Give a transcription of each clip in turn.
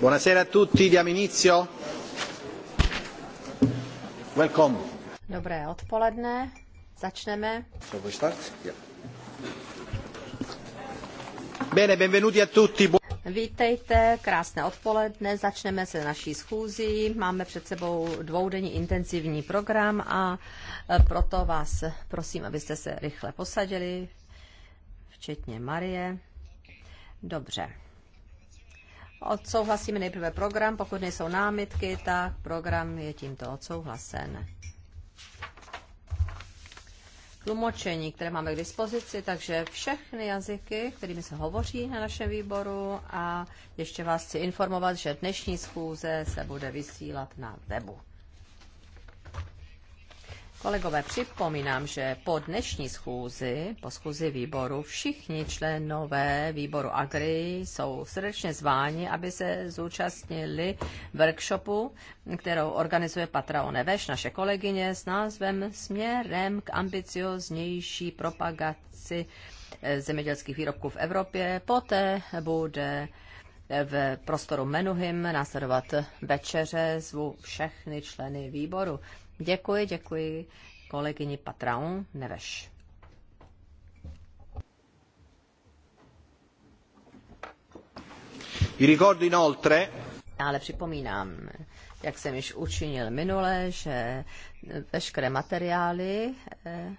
Buonasera a tutti, diamo inizio. Welcome. Dobré odpoledne, začneme. start? Bene, benvenuti a tutti. Vítejte, krásné odpoledne, začneme se naší schůzí. Máme před sebou dvoudenní intenzivní program a e, proto vás prosím, abyste se rychle posadili, včetně Marie. Dobře. Odsouhlasíme nejprve program, pokud nejsou námitky, tak program je tímto odsouhlasen. Tlumočení, které máme k dispozici, takže všechny jazyky, kterými se hovoří na našem výboru a ještě vás chci informovat, že dnešní schůze se bude vysílat na webu. Kolegové, připomínám, že po dnešní schůzi, po schůzi výboru, všichni členové výboru Agri jsou srdečně zváni, aby se zúčastnili workshopu, kterou organizuje Patra Oneveš, naše kolegyně, s názvem Směrem k ambicioznější propagaci eh, zemědělských výrobků v Evropě. Poté bude eh, v prostoru Menuhim následovat večeře zvu všechny členy výboru. Děkuji, děkuji kolegyni Patraun Neveš. Ale připomínám, jak jsem již učinil minule, že veškeré materiály eh,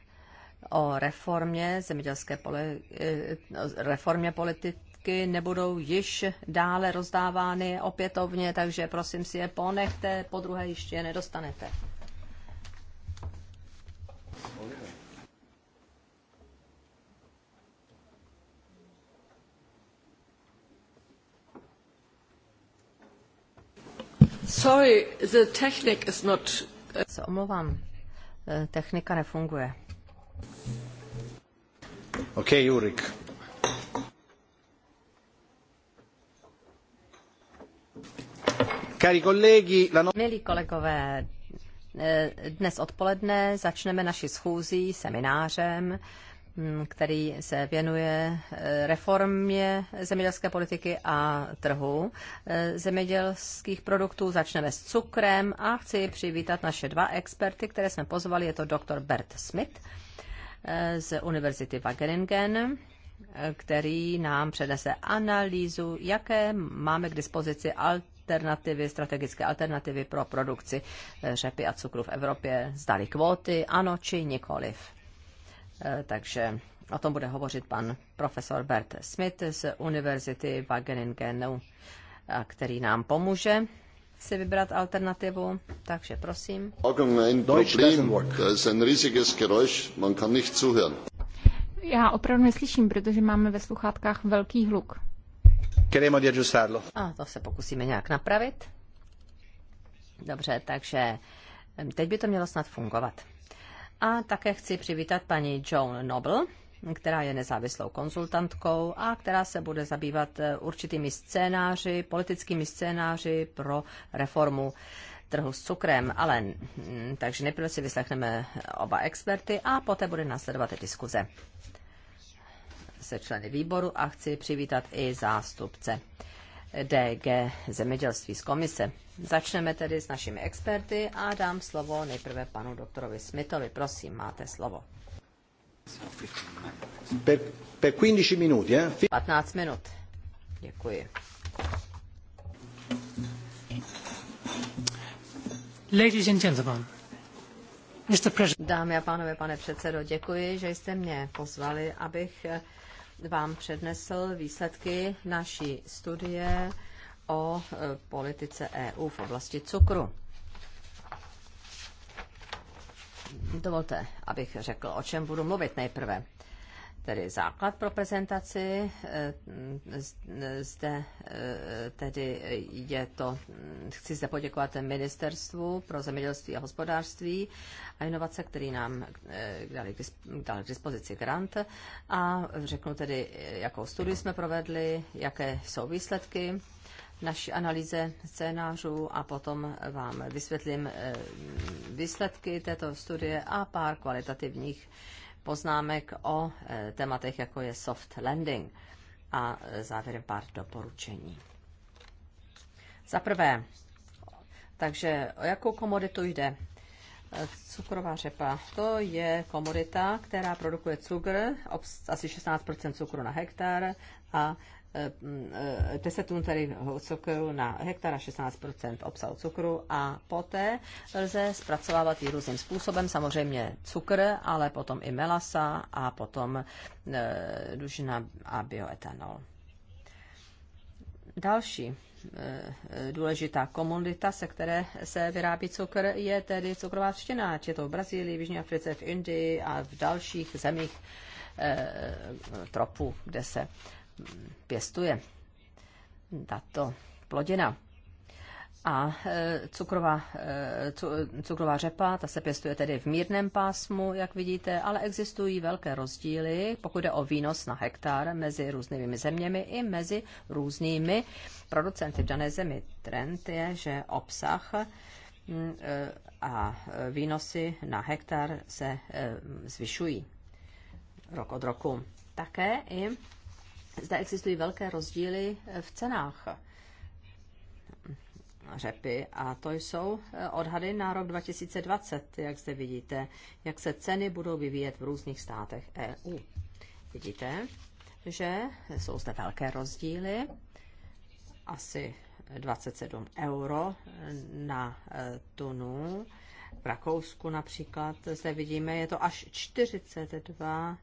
o reformě zemědělské poli, eh, reformě politiky nebudou již dále rozdávány opětovně, takže prosím si je ponechte, po druhé ještě je nedostanete. Sorry, the technique is not... Uh, Se omlouvám, eh, technika nefunguje. OK, Jurik. Cari colleghi, la no... Milí kolegové, eh, dnes odpoledne začneme naši schůzí seminářem, Mm, který se věnuje eh, reformě zemědělské politiky a trhu eh, zemědělských produktů. Začneme s cukrem a chci přivítat naše dva experty, které jsme pozvali. Je to doktor Bert Smith eh, z Univerzity Wageningen, který nám přednese analýzu, jaké máme k dispozici alternativy, strategické alternativy pro produkci řepy a cukru v Evropě. Zdali kvóty, ano či nikoliv. Eh, takže o tom bude hovořit pan profesor Bert Smith z Univerzity Wageningenu, eh, který nám pomůže si vybrat alternativu, takže prosím. Já opravdu neslyším, protože máme ve sluchátkách velký hluk. A to se pokusíme nějak napravit. Dobře, takže teď by to mělo snad fungovat. A také chci přivítat paní Joan Noble, která je nezávislou konzultantkou a která se bude zabývat eh, určitými scénáři, politickými scénáři pro reformu trhu s cukrem, ale mm, takže nejprve si vyslechneme oba experty a poté bude následovat diskuze se členy výboru a chci přivítat i zástupce DG Zemědělství z komise. Začneme tedy s našimi experty a dám slovo nejprve panu doktorovi Smitovi. Prosím, máte slovo. 15 minut, 15 minut. Děkuji. Ladies and gentlemen, Mr. President. Dámy a pánové, pane předsedo, děkuji, že jste mě pozvali, abych vám přednesl výsledky naší studie o e, politice EU v oblasti cukru. Dovolte, abych řekl, o čem budu mluvit nejprve tedy základ pro prezentaci. Eh, zde eh, tedy je to, hm, chci zde poděkovat Ministerstvu pro zemědělství a hospodářství a inovace, který nám eh, dali, dali k dispozici grant. A řeknu tedy, jakou studii jsme provedli, jaké jsou výsledky naší analýze scénářů a potom vám vysvětlím výsledky této studie a pár kvalitativních poznámek o e, tématech, jako je soft landing a e, závěrem pár doporučení. Za prvé, takže o jakou komoditu jde? E, cukrová řepa. To je komodita, která produkuje cukr, asi 16 cukru na hektar a 10 eh, tun tedy cukru na hektara 16 obsahu cukru a poté lze zpracovávat ji různým způsobem, samozřejmě cukr, ale potom i melasa a potom eh, dužina a bioetanol. Další eh, důležitá komodita, se které se vyrábí cukr, je tedy cukrová třtina, či je to v Brazílii, v Jižní Africe, v Indii a v dalších zemích tropu, kde se pěstuje tato plodina. A e, cukrová, e, cukrová řepa, ta se pěstuje tedy v mírném pásmu, jak vidíte, ale existují velké rozdíly, pokud jde o výnos na hektar mezi různými zeměmi i mezi různými producenty v dané zemi. Trend je, že obsah e, a výnosy na hektar se zvyšují rok od roku. Také i zde existují velké rozdíly v cenách řepy a to jsou eh, odhady na rok 2020, jak zde vidíte, jak se ceny budou vyvíjet v různých státech EU. Vidíte, že jsou zde velké rozdíly, asi 27 euro na eh, tunu. V Rakousku například zde vidíme, je to až 42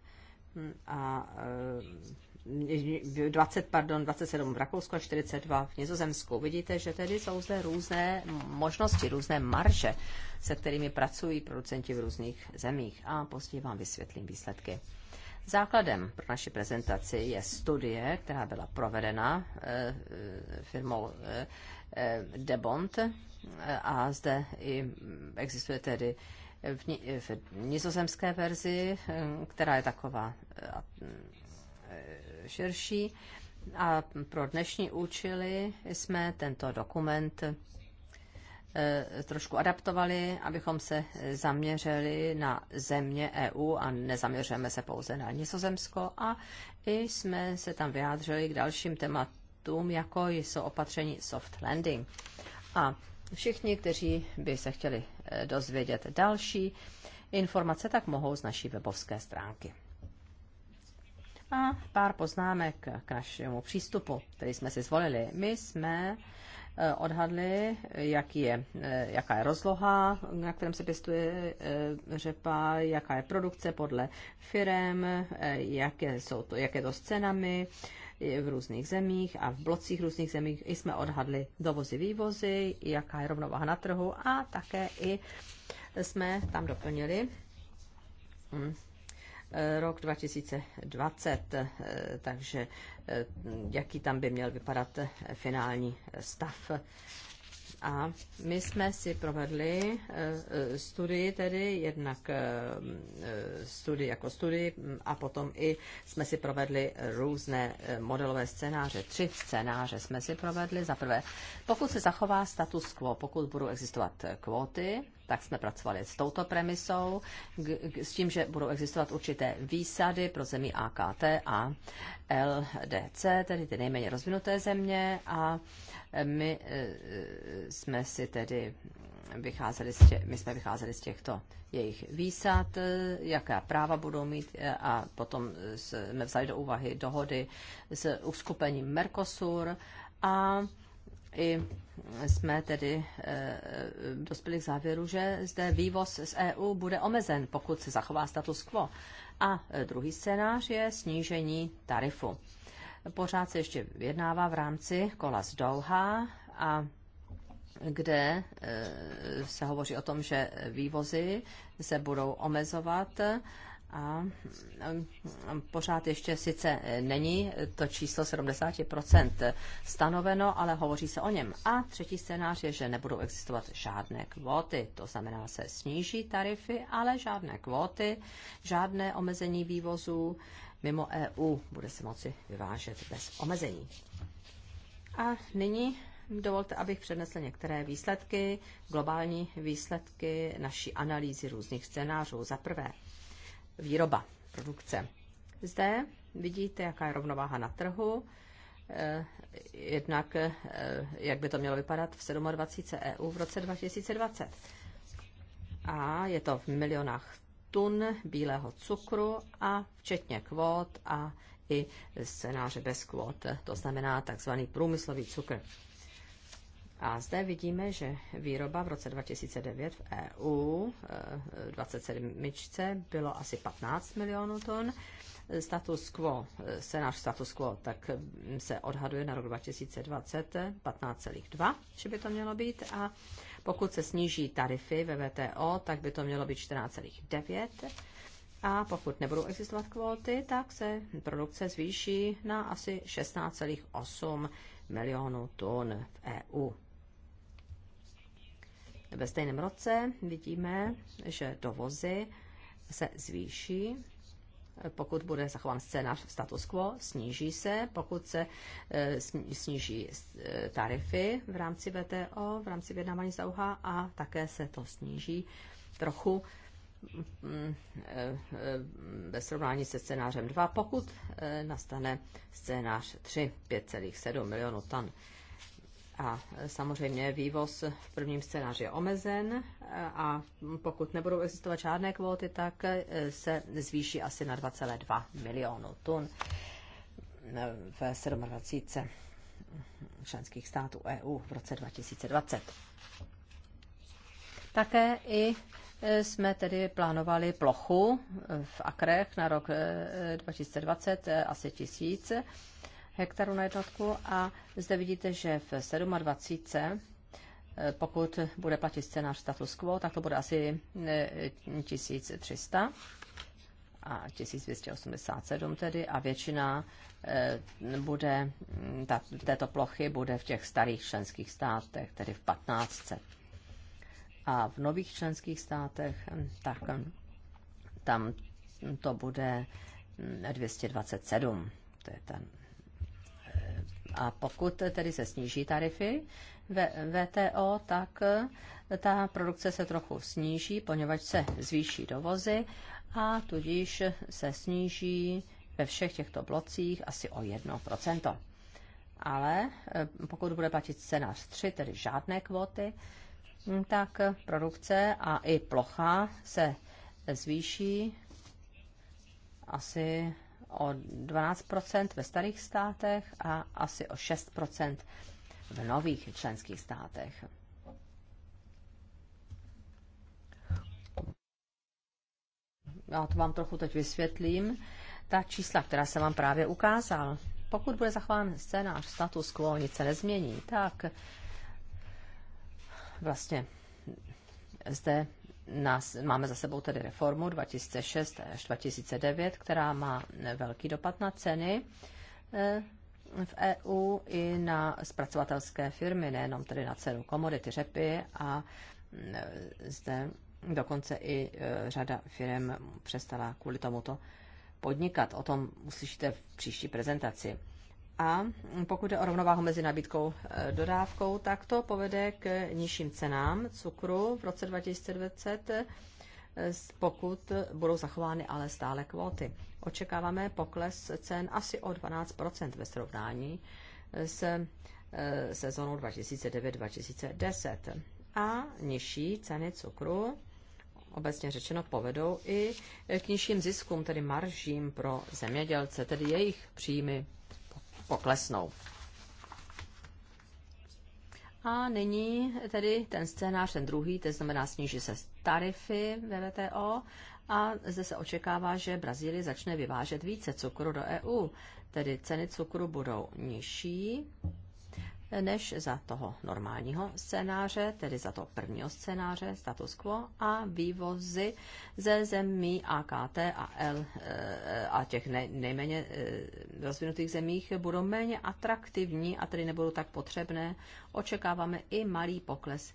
hm, a eh, 20, pardon, 27 v Rakousku a 42 v Nizozemsku. Vidíte, že tedy jsou zde různé možnosti, různé marže, se kterými pracují producenti v různých zemích. A později vám vysvětlím výsledky. Základem pro naši prezentaci je studie, která byla provedena eh, firmou eh, eh, Debont a zde i existuje tedy v, v nizozemské verzi, která je taková širší. A pro dnešní účely jsme tento dokument e, trošku adaptovali, abychom se zaměřili na země EU a nezaměřujeme se pouze na Nizozemsko a i jsme se tam vyjádřili k dalším tématům, jako jsou opatření soft landing. A všichni, kteří by se chtěli e, dozvědět další informace, tak mohou z naší webovské stránky. A pár poznámek k našemu přístupu, který jsme si zvolili. My jsme eh, odhadli, jaký je, eh, jaká je rozloha, na kterém se pěstuje eh, řepa, jaká je produkce podle firem, jaké, jsou to, jaké to s cenami v různých zemích a v blocích různých zemích I jsme odhadli dovozy, vývozy, jaká je rovnováha na trhu a také i jsme tam doplnili hm, Eh, rok 2020, eh, takže eh, jaký tam by měl vypadat finální stav. A my jsme si provedli studii tedy, jednak studii jako studii a potom i jsme si provedli různé modelové scénáře. Tři scénáře jsme si provedli. Za prvé, pokud se zachová status quo, pokud budou existovat kvóty, tak jsme pracovali s touto premisou, s tím, že budou existovat určité výsady pro zemi AKT a LDC, tedy ty nejméně rozvinuté země a my e, jsme si tedy vycházeli z tě, my jsme vycházeli z těchto jejich výsad, e, jaká práva budou mít e, a potom jsme vzali do úvahy dohody s uskupením Mercosur a i jsme tedy eh, dospěli k závěru, že zde vývoz z EU bude omezen, pokud se zachová status quo. A eh, druhý scénář je snížení tarifu. Pořád se ještě vyjednává v rámci kola z Doha a kde eh, se hovoří o tom, že vývozy se budou omezovat a pořád ještě sice není to číslo 70% stanoveno, ale hovoří se o něm. A třetí scénář je, že nebudou existovat žádné kvóty, to znamená se sníží tarify, ale žádné kvóty, žádné omezení vývozů mimo EU bude se moci vyvážet bez omezení. A nyní dovolte, abych přednesl některé výsledky, globální výsledky naší analýzy různých scénářů. Za prvé, výroba, produkce. Zde vidíte, jaká je rovnováha na trhu. Eh, jednak, eh, jak by to mělo vypadat v 27 EU v roce 2020. A je to v milionách tun bílého cukru a včetně kvót a i scénáře bez kvót, to znamená takzvaný průmyslový cukr. A zde vidíme, že výroba v roce 2009 v EU 27 eh, bylo asi 15 milionů ton. Status quo, eh, scénář status quo, tak hm, se odhaduje na rok 2020 15,2, eh, že by to mělo být. A pokud se sníží tarify ve VTO, tak by to mělo být 14,9. A pokud nebudou existovat kvóty, tak se produkce zvýší na asi 16,8 milionů tun v EU ve stejném roce vidíme, že dovozy se zvýší, pokud bude zachován scénář status quo, sníží se, pokud se eh, sníží eh, tarify v rámci VTO, v rámci vyjednávání za UHA a také se to sníží trochu mm, eh, ve srovnání se scénářem 2, pokud nastane scénář 3, 5,7 milionů tan. A samozřejmě vývoz v prvním scénáři je omezen a pokud nebudou existovat žádné kvóty, tak se zvýší asi na 2,2 milionu tun v 27 členských států EU v roce 2020. Také i jsme tedy plánovali plochu v Akrech na rok 2020 eh, eh, asi tisíc hektarů na jednotku a zde vidíte, že v 27 eh, pokud bude platit scénář status quo, tak to bude asi 1300 eh, a 1287 tedy a většina eh, bude, hm, ta, této plochy bude v těch starých členských státech, tedy v 15. A v nových členských státech, hm, tak hm, tam to bude 227. To je ten a pokud tedy se sníží tarify VTO, tak ta produkce se trochu sníží, poněvadž se zvýší dovozy a tudíž se sníží ve všech těchto blocích asi o 1%. Ale eh, pokud bude platit scénář 3, tedy žádné kvóty, hm, tak produkce a i plocha se zvýší asi o 12 ve starých státech a asi o 6 v nových členských státech. Já to vám trochu teď vysvětlím. Ta čísla, která jsem vám právě ukázal, pokud bude zachován scénář status quo, nic se nezmění, tak vlastně zde nás, máme za sebou tedy reformu 2006 až 2009, která má velký dopad na ceny eh, v EU i na zpracovatelské firmy, nejenom tedy na cenu komodity řepy a eh, zde dokonce i eh, řada firm přestala kvůli tomuto podnikat. O tom uslyšíte v příští prezentaci. A pokud je o rovnováhu mezi nabídkou a e, dodávkou, tak to povede k nižším cenám cukru v roce 2020, e, pokud budou zachovány ale stále kvóty. Očekáváme pokles cen asi o 12 ve srovnání e, s sezónou 2009-2010. A nižší ceny cukru obecně řečeno povedou i k nižším ziskům, tedy maržím pro zemědělce, tedy jejich příjmy poklesnou. A nyní tedy ten scénář, ten druhý, to znamená sníží se tarify VVTO a zde se očekává, že Brazílie začne vyvážet více cukru do EU, tedy ceny cukru budou nižší než za toho normálního scénáře, tedy za toho prvního scénáře, status quo, a vývozy ze zemí AKT a, L, eh, a těch nejméně eh, rozvinutých zemích budou méně atraktivní a tedy nebudou tak potřebné. Očekáváme i malý pokles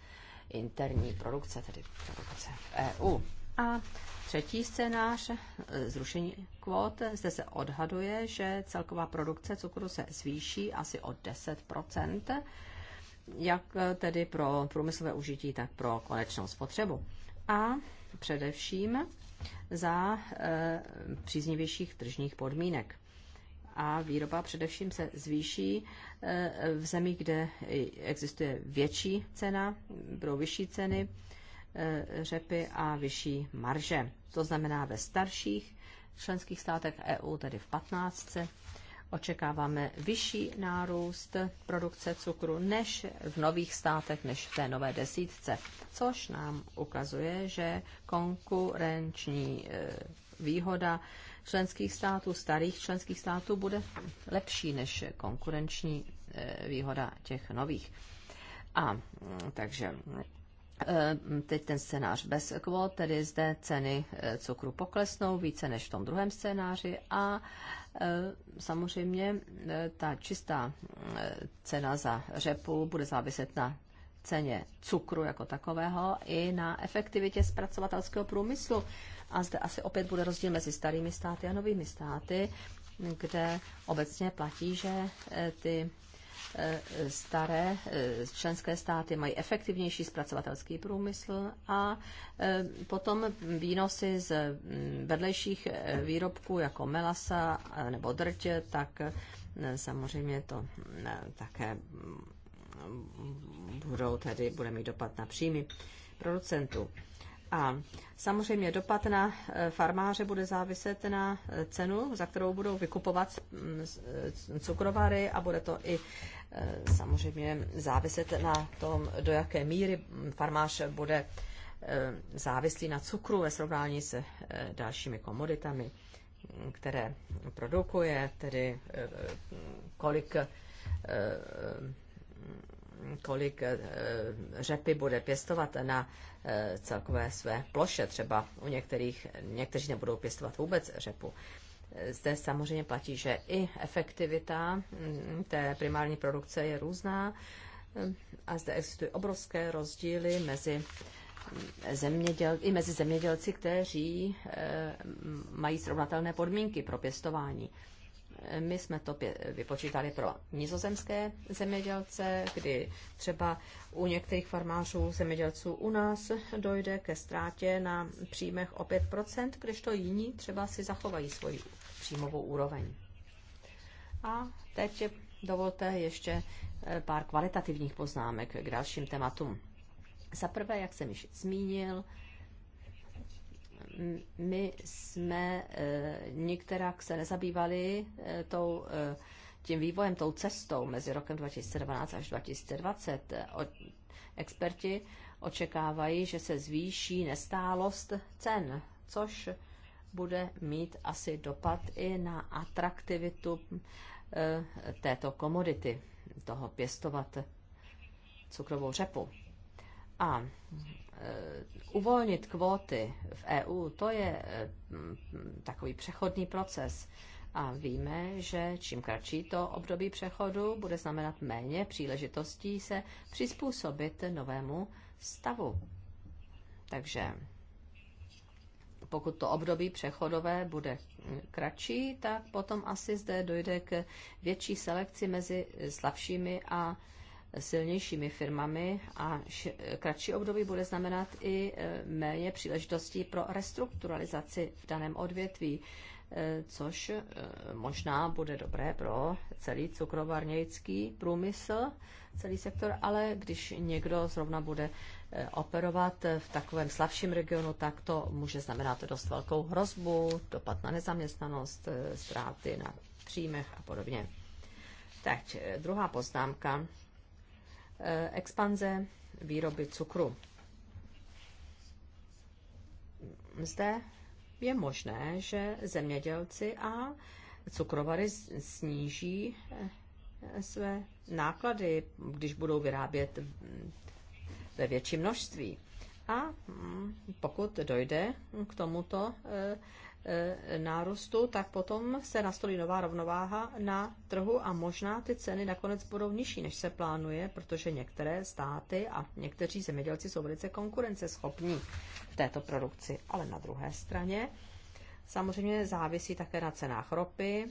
interní produkce, tedy produkce v EU. A třetí scénář, eh, zrušení kvót, zde se odhaduje, že celková produkce cukru se zvýší asi o 10 jak eh, tedy pro průmyslové užití, tak pro konečnou spotřebu. A především za e, příznivějších tržních podmínek. A výroba především se zvýší e, v zemích, kde existuje větší cena, budou vyšší ceny E, řepy a vyšší marže. To znamená ve starších členských státech EU, tedy v 15, očekáváme vyšší nárůst produkce cukru než v nových státech, než v té nové desítce, což nám ukazuje, že konkurenční e, výhoda členských států, starých členských států, bude lepší než konkurenční e, výhoda těch nových. A takže Eh, teď ten scénář bez kvót, tedy zde ceny eh, cukru poklesnou více než v tom druhém scénáři a eh, samozřejmě ta čistá cena za řepu bude záviset na ceně cukru jako takového i na efektivitě zpracovatelského průmyslu. A zde asi opět bude rozdíl mezi starými státy a novými státy, kde obecně platí, že ty Eh, staré eh, členské státy mají efektivnější zpracovatelský průmysl a eh, potom výnosy z mm, vedlejších výrobků jako melasa nebo drtě, tak samozřejmě to mm, také mm, budou tedy, bude mít dopad na příjmy producentů. A samozřejmě dopad na farmáře bude záviset na cenu, za kterou budou vykupovat cukrovary a bude to i Eh, samozřejmě záviset na tom, do jaké míry farmář bude eh, závislý na cukru ve srovnání s eh, dalšími komoditami, mm, které produkuje, tedy kolik, mm, kolik řepy bude pěstovat na celkové své ploše. Třeba u některých, někteří nebudou pěstovat vůbec řepu zde samozřejmě platí, že i efektivita mm, té primární produkce je různá mm, a zde existují obrovské rozdíly mezi mm, zeměděl, i mezi zemědělci, kteří eh, mají srovnatelné podmínky pro pěstování. Eh, my jsme to vypočítali pro nizozemské zemědělce, kdy třeba u některých farmářů, zemědělců u nás dojde ke ztrátě na příjmech o 5%, když to jiní třeba si zachovají svoji příjmovou úroveň. A teď dovolte ještě eh, pár kvalitativních poznámek k dalším tématům. Za prvé, jak jsem již zmínil, my jsme e, nikterak se nezabývali e, tou, e, tím vývojem, tou cestou mezi rokem 2012 až 2020. O, experti očekávají, že se zvýší nestálost cen, což bude mít asi dopad i na atraktivitu eh, této komodity, toho pěstovat cukrovou řepu. A eh, uvolnit kvóty v EU, to je eh, takový přechodný proces. A víme, že čím kratší to období přechodu, bude znamenat méně příležitostí se přizpůsobit novému stavu. Takže pokud to období přechodové bude kratší, tak potom asi zde dojde k větší selekci mezi slabšími a silnějšími firmami a kratší období bude znamenat i e, méně příležitostí pro restrukturalizaci v daném odvětví což eh, možná bude dobré pro celý cukrovarnický průmysl, celý sektor, ale když někdo zrovna bude eh, operovat v takovém slabším regionu, tak to může znamenat dost velkou hrozbu, dopad na nezaměstnanost, eh, ztráty na příjmech a podobně. Teď druhá poznámka. Expanze výroby cukru. Zde je možné, že zemědělci a cukrovary sníží eh, své náklady, když budou vyrábět mm, ve větším množství. A mm, pokud dojde k tomuto eh, Eh, nárůstu, tak potom se nastolí nová rovnováha na trhu a možná ty ceny nakonec budou nižší, než se plánuje, protože některé státy a někteří zemědělci jsou velice konkurenceschopní v této produkci. Ale na druhé straně samozřejmě závisí také na cenách ropy,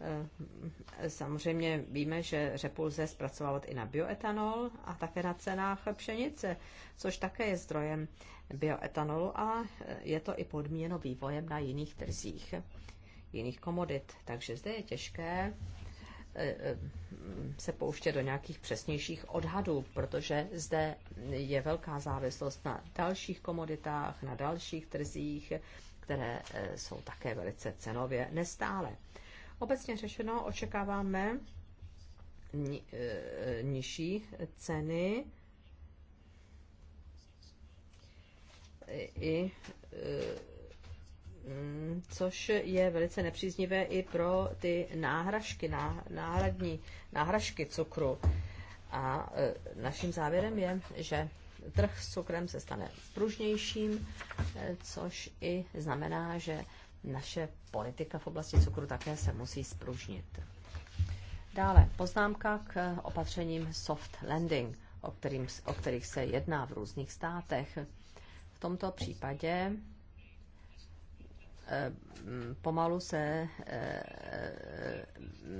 Eh, samozřejmě víme, že řepu lze zpracovávat i na bioetanol a také na cenách pšenice, což také je zdrojem bioetanolu a eh, je to i podmíněno vývojem na jiných trzích, jiných komodit. Takže zde je těžké eh, se pouštět do nějakých přesnějších odhadů, protože zde je velká závislost na dalších komoditách, na dalších trzích, které jsou také velice cenově nestále. Obecně řešeno očekáváme ni, e, nižší ceny i e, mm, což je velice nepříznivé i pro ty náhražky, náhradní náhražky cukru. A e, naším závěrem je, že trh s cukrem se stane pružnějším, což i znamená, že naše politika v oblasti cukru také se musí spružnit. Dále poznámka k opatřením soft landing, o, kterým, o kterých se jedná v různých státech. V tomto případě eh, pomalu se eh,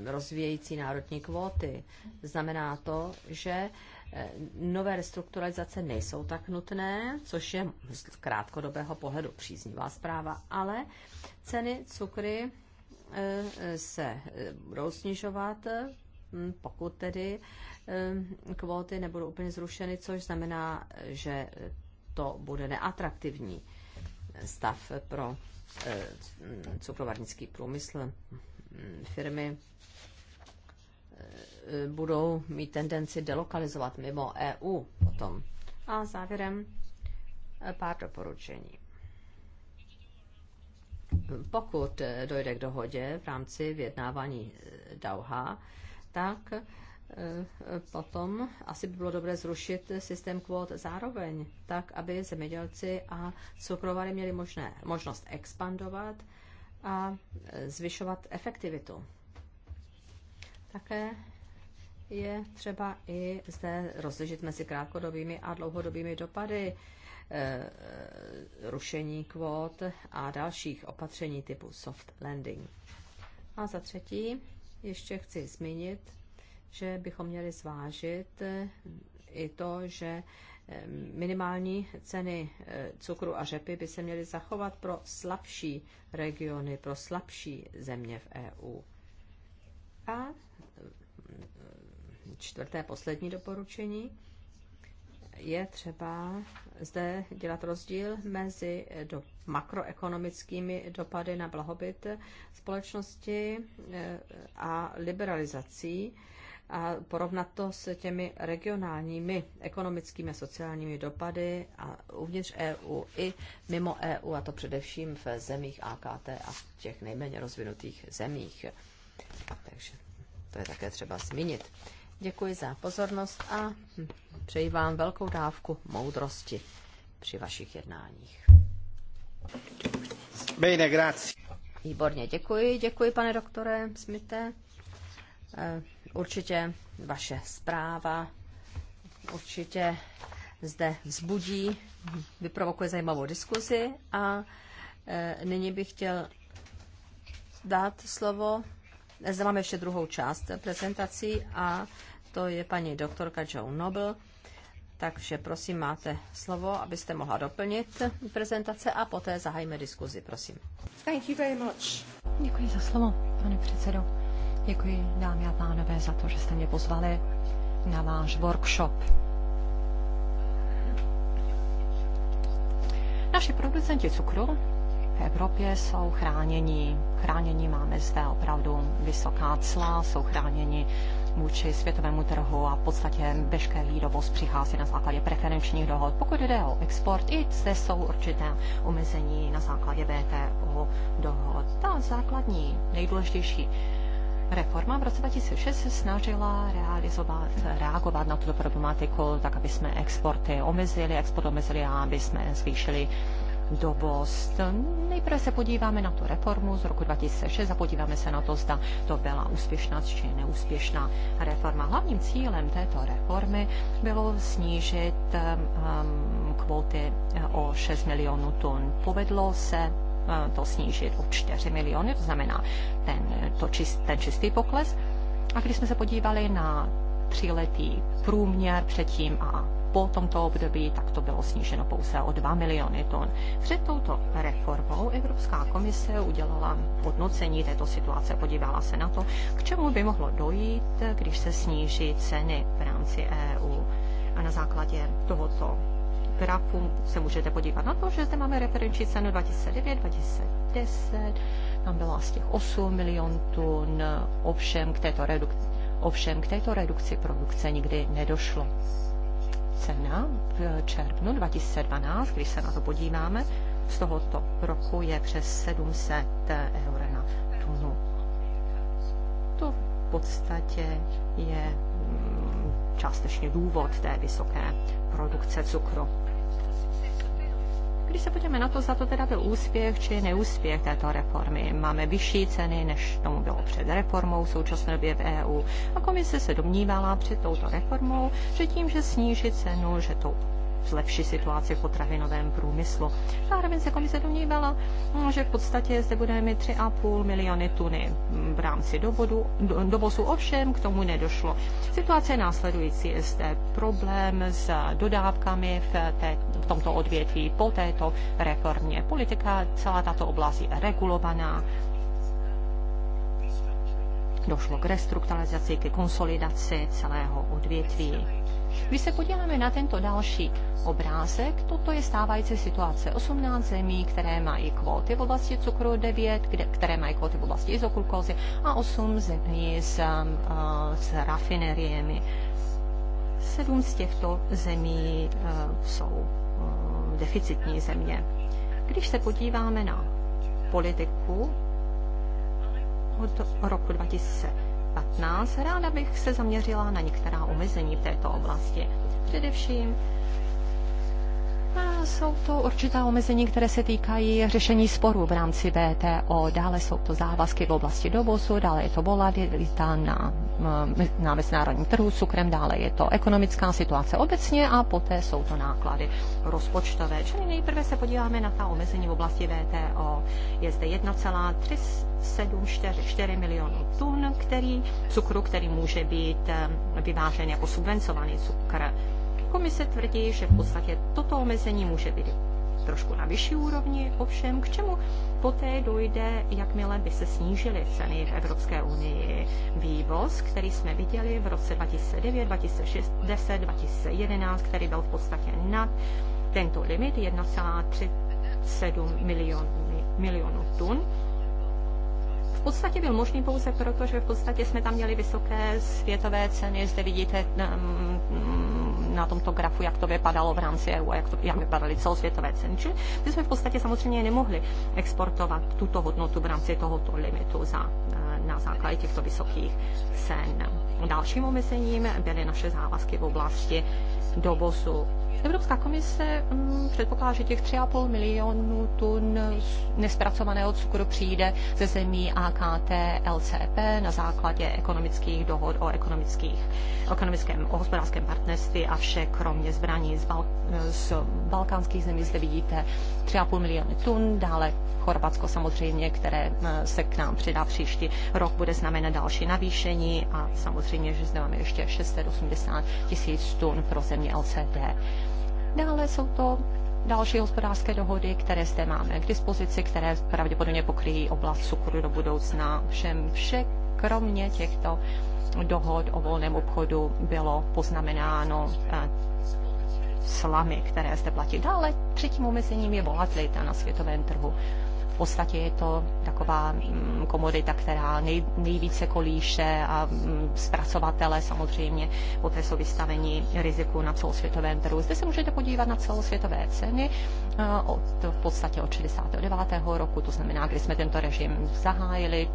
rozvíjející národní kvóty. Znamená to, že E, nové restrukturalizace nejsou tak nutné, což je z krátkodobého pohledu příznivá zpráva, ale ceny cukry e, e, se budou snižovat, hm, pokud tedy kvóty nebudou úplně zrušeny, což znamená, že to bude neatraktivní stav pro hm, cukrovarnický průmysl hm, firmy Eh, budou mít tendenci delokalizovat mimo EU potom. A závěrem eh, pár doporučení. Pokud eh, dojde k dohodě v rámci vyjednávání Dauha, tak potom asi by bylo dobré zrušit systém kvót zároveň, tak aby zemědělci a cukrovary měli možné, možnost expandovat a zvyšovat efektivitu také je třeba i zde rozlišit mezi krátkodobými a dlouhodobými dopady e, rušení kvót a dalších opatření typu soft landing. A za třetí ještě chci zmínit, že bychom měli zvážit eh, i to, že minimální ceny cukru a řepy by se měly zachovat pro slabší regiony, pro slabší země v EU. A čtvrté poslední doporučení, je třeba zde dělat rozdíl mezi do makroekonomickými dopady na blahobyt společnosti eh, a liberalizací a porovnat to s těmi regionálními ekonomickými a sociálními dopady a uvnitř EU i mimo EU, a to především v zemích AKT a v těch nejméně rozvinutých zemích. Takže to je také třeba zmínit. Děkuji za pozornost a přeji vám velkou dávku moudrosti při vašich jednáních. Bene, grazie. Výborně, děkuji, děkuji pane doktore Smite. Eh, určitě vaše zpráva určitě zde vzbudí, vyprovokuje zajímavou diskuzi a eh, nyní bych chtěl dát slovo. Zde máme ještě druhou část prezentací a to je paní doktorka Joe Noble. Takže prosím, máte slovo, abyste mohla doplnit prezentace a poté zahajíme diskuzi, prosím. Thank you very much. Děkuji za slovo, pane předsedo. Děkuji, dámy a pánové, za to, že jste mě pozvali na váš workshop. Naši producenti cukru v Evropě jsou chráněni. Chránění máme zde opravdu vysoká cla, jsou chráněni vůči světovému trhu a v podstatě veškerý výrobost přichází na základě preferenčních dohod. Pokud jde o export, i zde jsou určité omezení na základě VTO dohod. Ta základní, nejdůležitější Reforma v roce 2006 se snažila realizovat, reagovat na tuto problematiku, tak aby jsme exporty omezili, export omezili a aby jsme zvýšili Boston. Nejprve se podíváme na tu reformu z roku 2006 a podíváme se na to, zda to byla úspěšná či neúspěšná reforma. Hlavním cílem této reformy bylo snížit um, kvóty eh, o 6 milionů tun. Povedlo se eh, to snížit o 4 miliony, to znamená ten, to čist, ten čistý pokles. A když jsme se podívali na tříletý průměr předtím a po tomto období, tak to bylo sníženo pouze o 2 miliony tun. Před touto reformou Evropská komise udělala hodnocení této situace, podívala se na to, k čemu by mohlo dojít, když se sníží ceny v rámci EU. A na základě tohoto grafu se můžete podívat na to, že zde máme referenční cenu 2009, 2010, tam bylo asi těch 8 milion tun, ovšem k této redukci, ovšem k této redukci produkce nikdy nedošlo cena v červnu 2012, když se na to podíváme, z tohoto roku je přes 700 eur na tunu. To v podstatě je mm, částečně důvod té vysoké produkce cukru. Když se podíváme na to, za to teda byl úspěch či neúspěch této reformy. Máme vyšší ceny, než tomu bylo před reformou v současné době v EU. A komise se domnívala před touto reformou, že tím, že sníží cenu, že to lepší situaci v potravinovém průmyslu. Zároveň se komise domnívala, mm, že v podstatě zde budeme mít 3,5 miliony tuny v rámci dovodu, dovozu. Ovšem k tomu nedošlo. Situace je následující. Je zde problém s dodávkami v, té, v tomto odvětví po této reformě. Politika, celá tato oblast je regulovaná, došlo k restrukturalizaci, ke konsolidaci celého odvětví. Když se podíváme na tento další obrázek, toto je stávající situace. 18 zemí, které mají kvóty v oblasti cukru, 9, kde, které mají kvóty v oblasti izoklukozy a 8 zemí s, um, uh, s rafineriemi. Sedm z těchto zemí uh, jsou uh, deficitní země. Když se podíváme na politiku od roku 2000, 2015, ráda bych se zaměřila na některá omezení v této oblasti. Především jsou to určitá omezení, které se týkají řešení sporů v rámci VTO. Dále jsou to závazky v oblasti dovozu, dále je to volatilita na, na mezinárodním trhu s cukrem, dále je to ekonomická situace obecně a poté jsou to náklady rozpočtové. Čili nejprve se podíváme na ta omezení v oblasti VTO. Je zde 1,3744 milionů tun který, cukru, který může být vyvážen jako subvencovaný cukr Komise tvrdí, že v podstatě toto omezení může být trošku na vyšší úrovni, ovšem k čemu poté dojde, jakmile by se snížily ceny v Evropské unii. Vývoz, který jsme viděli v roce 2009, 2006, 2011, který byl v podstatě nad tento limit 1,37 milionů tun, podstatě byl možný pouze proto, že v podstatě jsme tam měli vysoké světové ceny. Zde vidíte mm, na tomto grafu, jak to vypadalo v rámci EU a jak, to, jak vypadaly celosvětové ceny. Čili my jsme v podstatě samozřejmě nemohli exportovat tuto hodnotu v rámci tohoto limitu za, e, na základě těchto vysokých cen. Dalším omezením byly naše závazky v oblasti dovozu Evropská komise mm, předpokládá, že těch 3,5 milionů tun nespracovaného cukru přijde ze zemí AKT, LCP na základě ekonomických dohod o ekonomických, ekonomickém o hospodářském partnerství a vše kromě zbraní z, Bal, z balkánských zemí. Zde vidíte 3,5 milionů tun, dále Chorvatsko samozřejmě, které eh, se k nám přidá příští rok, bude znamenat další navýšení a samozřejmě, že zde máme ještě 680 tisíc tun pro země LCD. Dále jsou to další hospodářské dohody, které zde máme k dispozici, které pravděpodobně pokryjí oblast cukru do budoucna. Všem vše, kromě těchto dohod o volném obchodu bylo poznamenáno eh, slamy, které zde platí. Dále třetím omezením je volatilita na světovém trhu v podstatě je to taková mm, komodita, která nej, nejvíce kolíše a mm, zpracovatele samozřejmě poté jsou vystaveni riziku na celosvětovém trhu. Zde se můžete podívat na celosvětové ceny eh, od, v podstatě od 69. roku, to znamená, kdy jsme tento režim zahájili,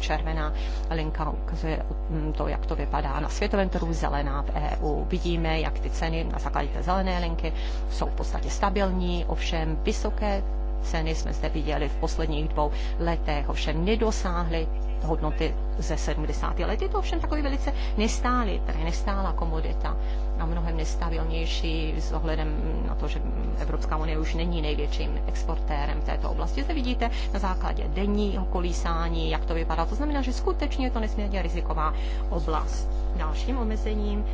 červená linka ukazuje mm, to, jak to vypadá na světovém trhu, zelená v EU. Vidíme, jak ty ceny na základě té zelené linky jsou v podstatě stabilní, ovšem vysoké ceny jsme zde viděli v posledních dvou letech, ovšem nedosáhly hodnoty ze 70. let. Je to ovšem takový velice nestálý, tedy nestála komodita a mnohem nestabilnější s ohledem na to, že Evropská unie už není největším exportérem této oblasti. Zde vidíte na základě denního kolísání, jak to vypadá. To znamená, že skutečně je to nesmírně riziková oblast. Dalším omezením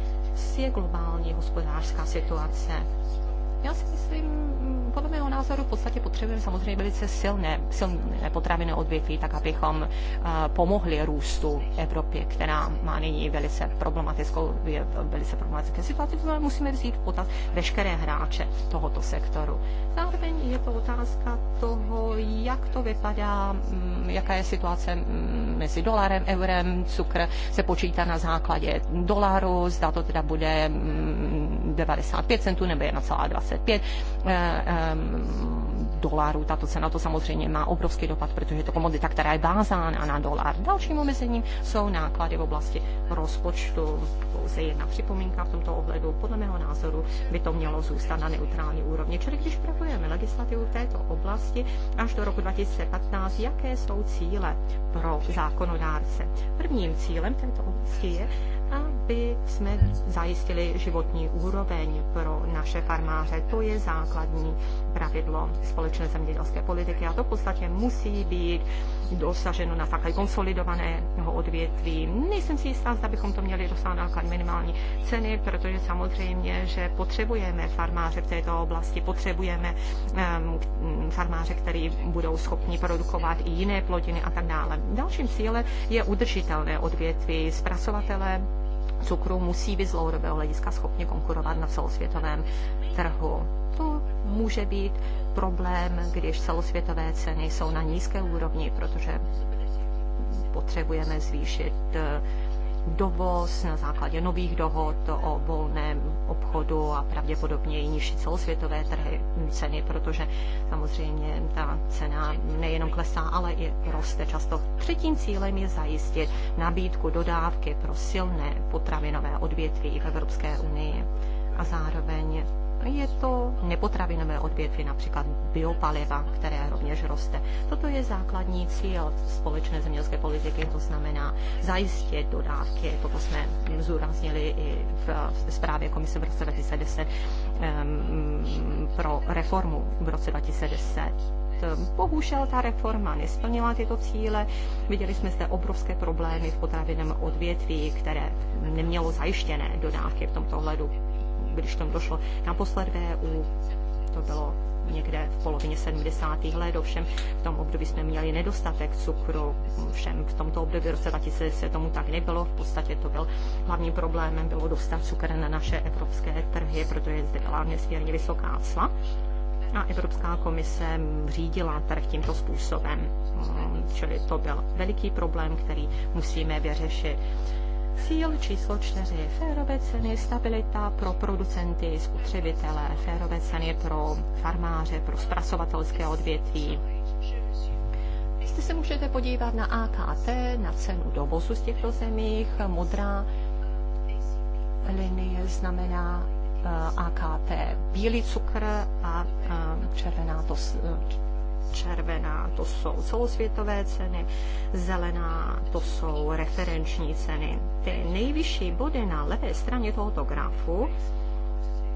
je globální hospodářská situace já si myslím, mm, podle mého názoru v podstatě potřebujeme samozřejmě velice silné, silné potraviny odvětví, tak abychom eh, pomohli růstu Evropě, která má nyní velice problematickou, velice problematické situaci, musíme vzít v potaz veškeré hráče tohoto sektoru. Zároveň je to otázka toho, jak to vypadá, mm, jaká je situace mm, mezi dolarem, eurem, cukr se počítá na základě dolaru, zda to teda bude 95 centů nebo 1,20 25 eh, eh, dolarů. Tato cena to samozřejmě má obrovský dopad, protože je to komodita, která je bázána na dolar. Dalším omezením jsou náklady v oblasti rozpočtu. Pouze jedna připomínka v tomto ohledu. Podle mého názoru by to mělo zůstat na neutrální úrovni. Čili když pravujeme legislativu v této oblasti až do roku 2015, jaké jsou cíle pro zákonodárce? Prvním cílem této oblasti je, aby jsme zajistili životní úroveň pro naše farmáře. To je základní pravidlo společné zemědělské politiky a to v podstatě musí být dosaženo na základě konsolidovaného odvětví. Nejsem si jistá, zda bychom to měli dosáhnout na minimální ceny, protože samozřejmě, že potřebujeme farmáře v této oblasti, potřebujeme um, farmáře, který budou schopni produkovat i jiné plodiny a tak dále. Dalším cílem je udržitelné odvětví. Zpracovatele cukru musí být z dlouhodobého hlediska schopni konkurovat na celosvětovém trhu. To může být problém, když celosvětové ceny jsou na nízké úrovni, protože potřebujeme zvýšit uh, dovoz na základě nových dohod o volném obchodu a pravděpodobně i nižší celosvětové trhy ceny, protože samozřejmě ta cena nejenom klesá, ale i roste často. Třetím cílem je zajistit nabídku dodávky pro silné potravinové odvětví v Evropské unii a zároveň je to nepotravinové odvětví, například biopaliva, které rovněž roste. Toto je základní cíl společné zemědělské politiky, to znamená zajistit dodávky. Toto jsme zúraznili i v zprávě komise v roce 2010 pro reformu v roce 2010 bohužel ta reforma nesplnila tyto cíle. Viděli jsme zde obrovské problémy v potravinném odvětví, které nemělo zajištěné dodávky v tomto ohledu když tomu došlo naposled u to bylo někde v polovině 70. let, ovšem v tom období jsme měli nedostatek cukru, všem v tomto období roce se tomu tak nebylo, v podstatě to byl hlavním problémem, bylo dostat cukr na naše evropské trhy, protože zde byla nesmírně vysoká cla a Evropská komise řídila trh tímto způsobem. Mm, čili to byl veliký problém, který musíme vyřešit. Cíl číslo čtyři. Férové ceny, stabilita pro producenty, spotřebitele, férové ceny pro farmáře, pro zpracovatelské odvětví. Zde se můžete podívat na AKT, na cenu dovozu z těchto zemích. Modrá linie znamená eh, AKT bílý cukr a eh, červená to eh, červená to jsou celosvětové ceny, zelená to jsou referenční ceny. Ty nejvyšší body na levé straně tohoto grafu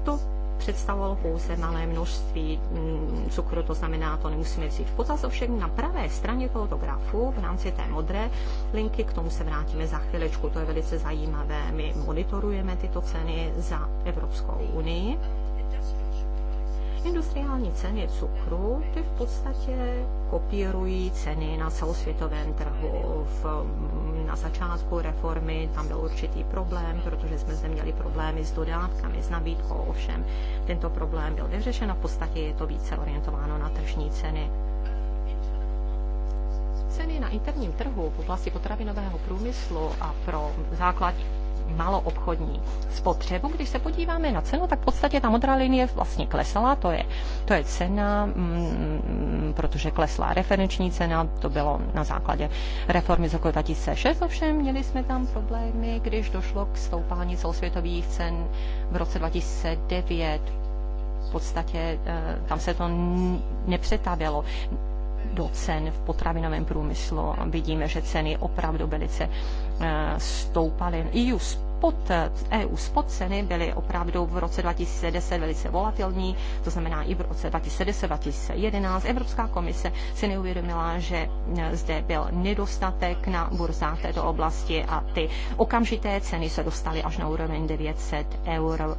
to představovalo pouze malé množství mm, cukru, to znamená, to nemusíme vzít v potaz. Ovšem na pravé straně tohoto grafu, v rámci té modré linky, k tomu se vrátíme za chvilečku, to je velice zajímavé. My monitorujeme tyto ceny za Evropskou unii Industriální ceny cukru, ty v podstatě kopírují ceny na celosvětovém trhu. V, mm, na začátku reformy tam byl určitý problém, protože jsme zde měli problémy s dodávkami, s nabídkou, ovšem tento problém byl vyřešen a v podstatě je to více orientováno na tržní ceny. Ceny na interním trhu v oblasti potravinového průmyslu a pro základní maloobchodní spotřebu. Když se podíváme na cenu, tak v podstatě ta modrá linie vlastně klesala, to je, to je cena, mm, protože klesla referenční cena, to bylo na základě reformy z roku 2006, ovšem měli jsme tam problémy, když došlo k stoupání celosvětových cen v roce 2009, v podstatě eh, tam se to nepřetavilo do cen v potravinovém průmyslu. Vidíme, že ceny opravdu velice stoupaly. EU pod EU eh, e spod ceny byly opravdu v roce 2010 velice volatilní, to znamená i v roce 2010, 2011. Evropská komise si neuvědomila, že eh, zde byl nedostatek na burzách této oblasti a ty okamžité ceny se dostaly až na úroveň 900 eur eh,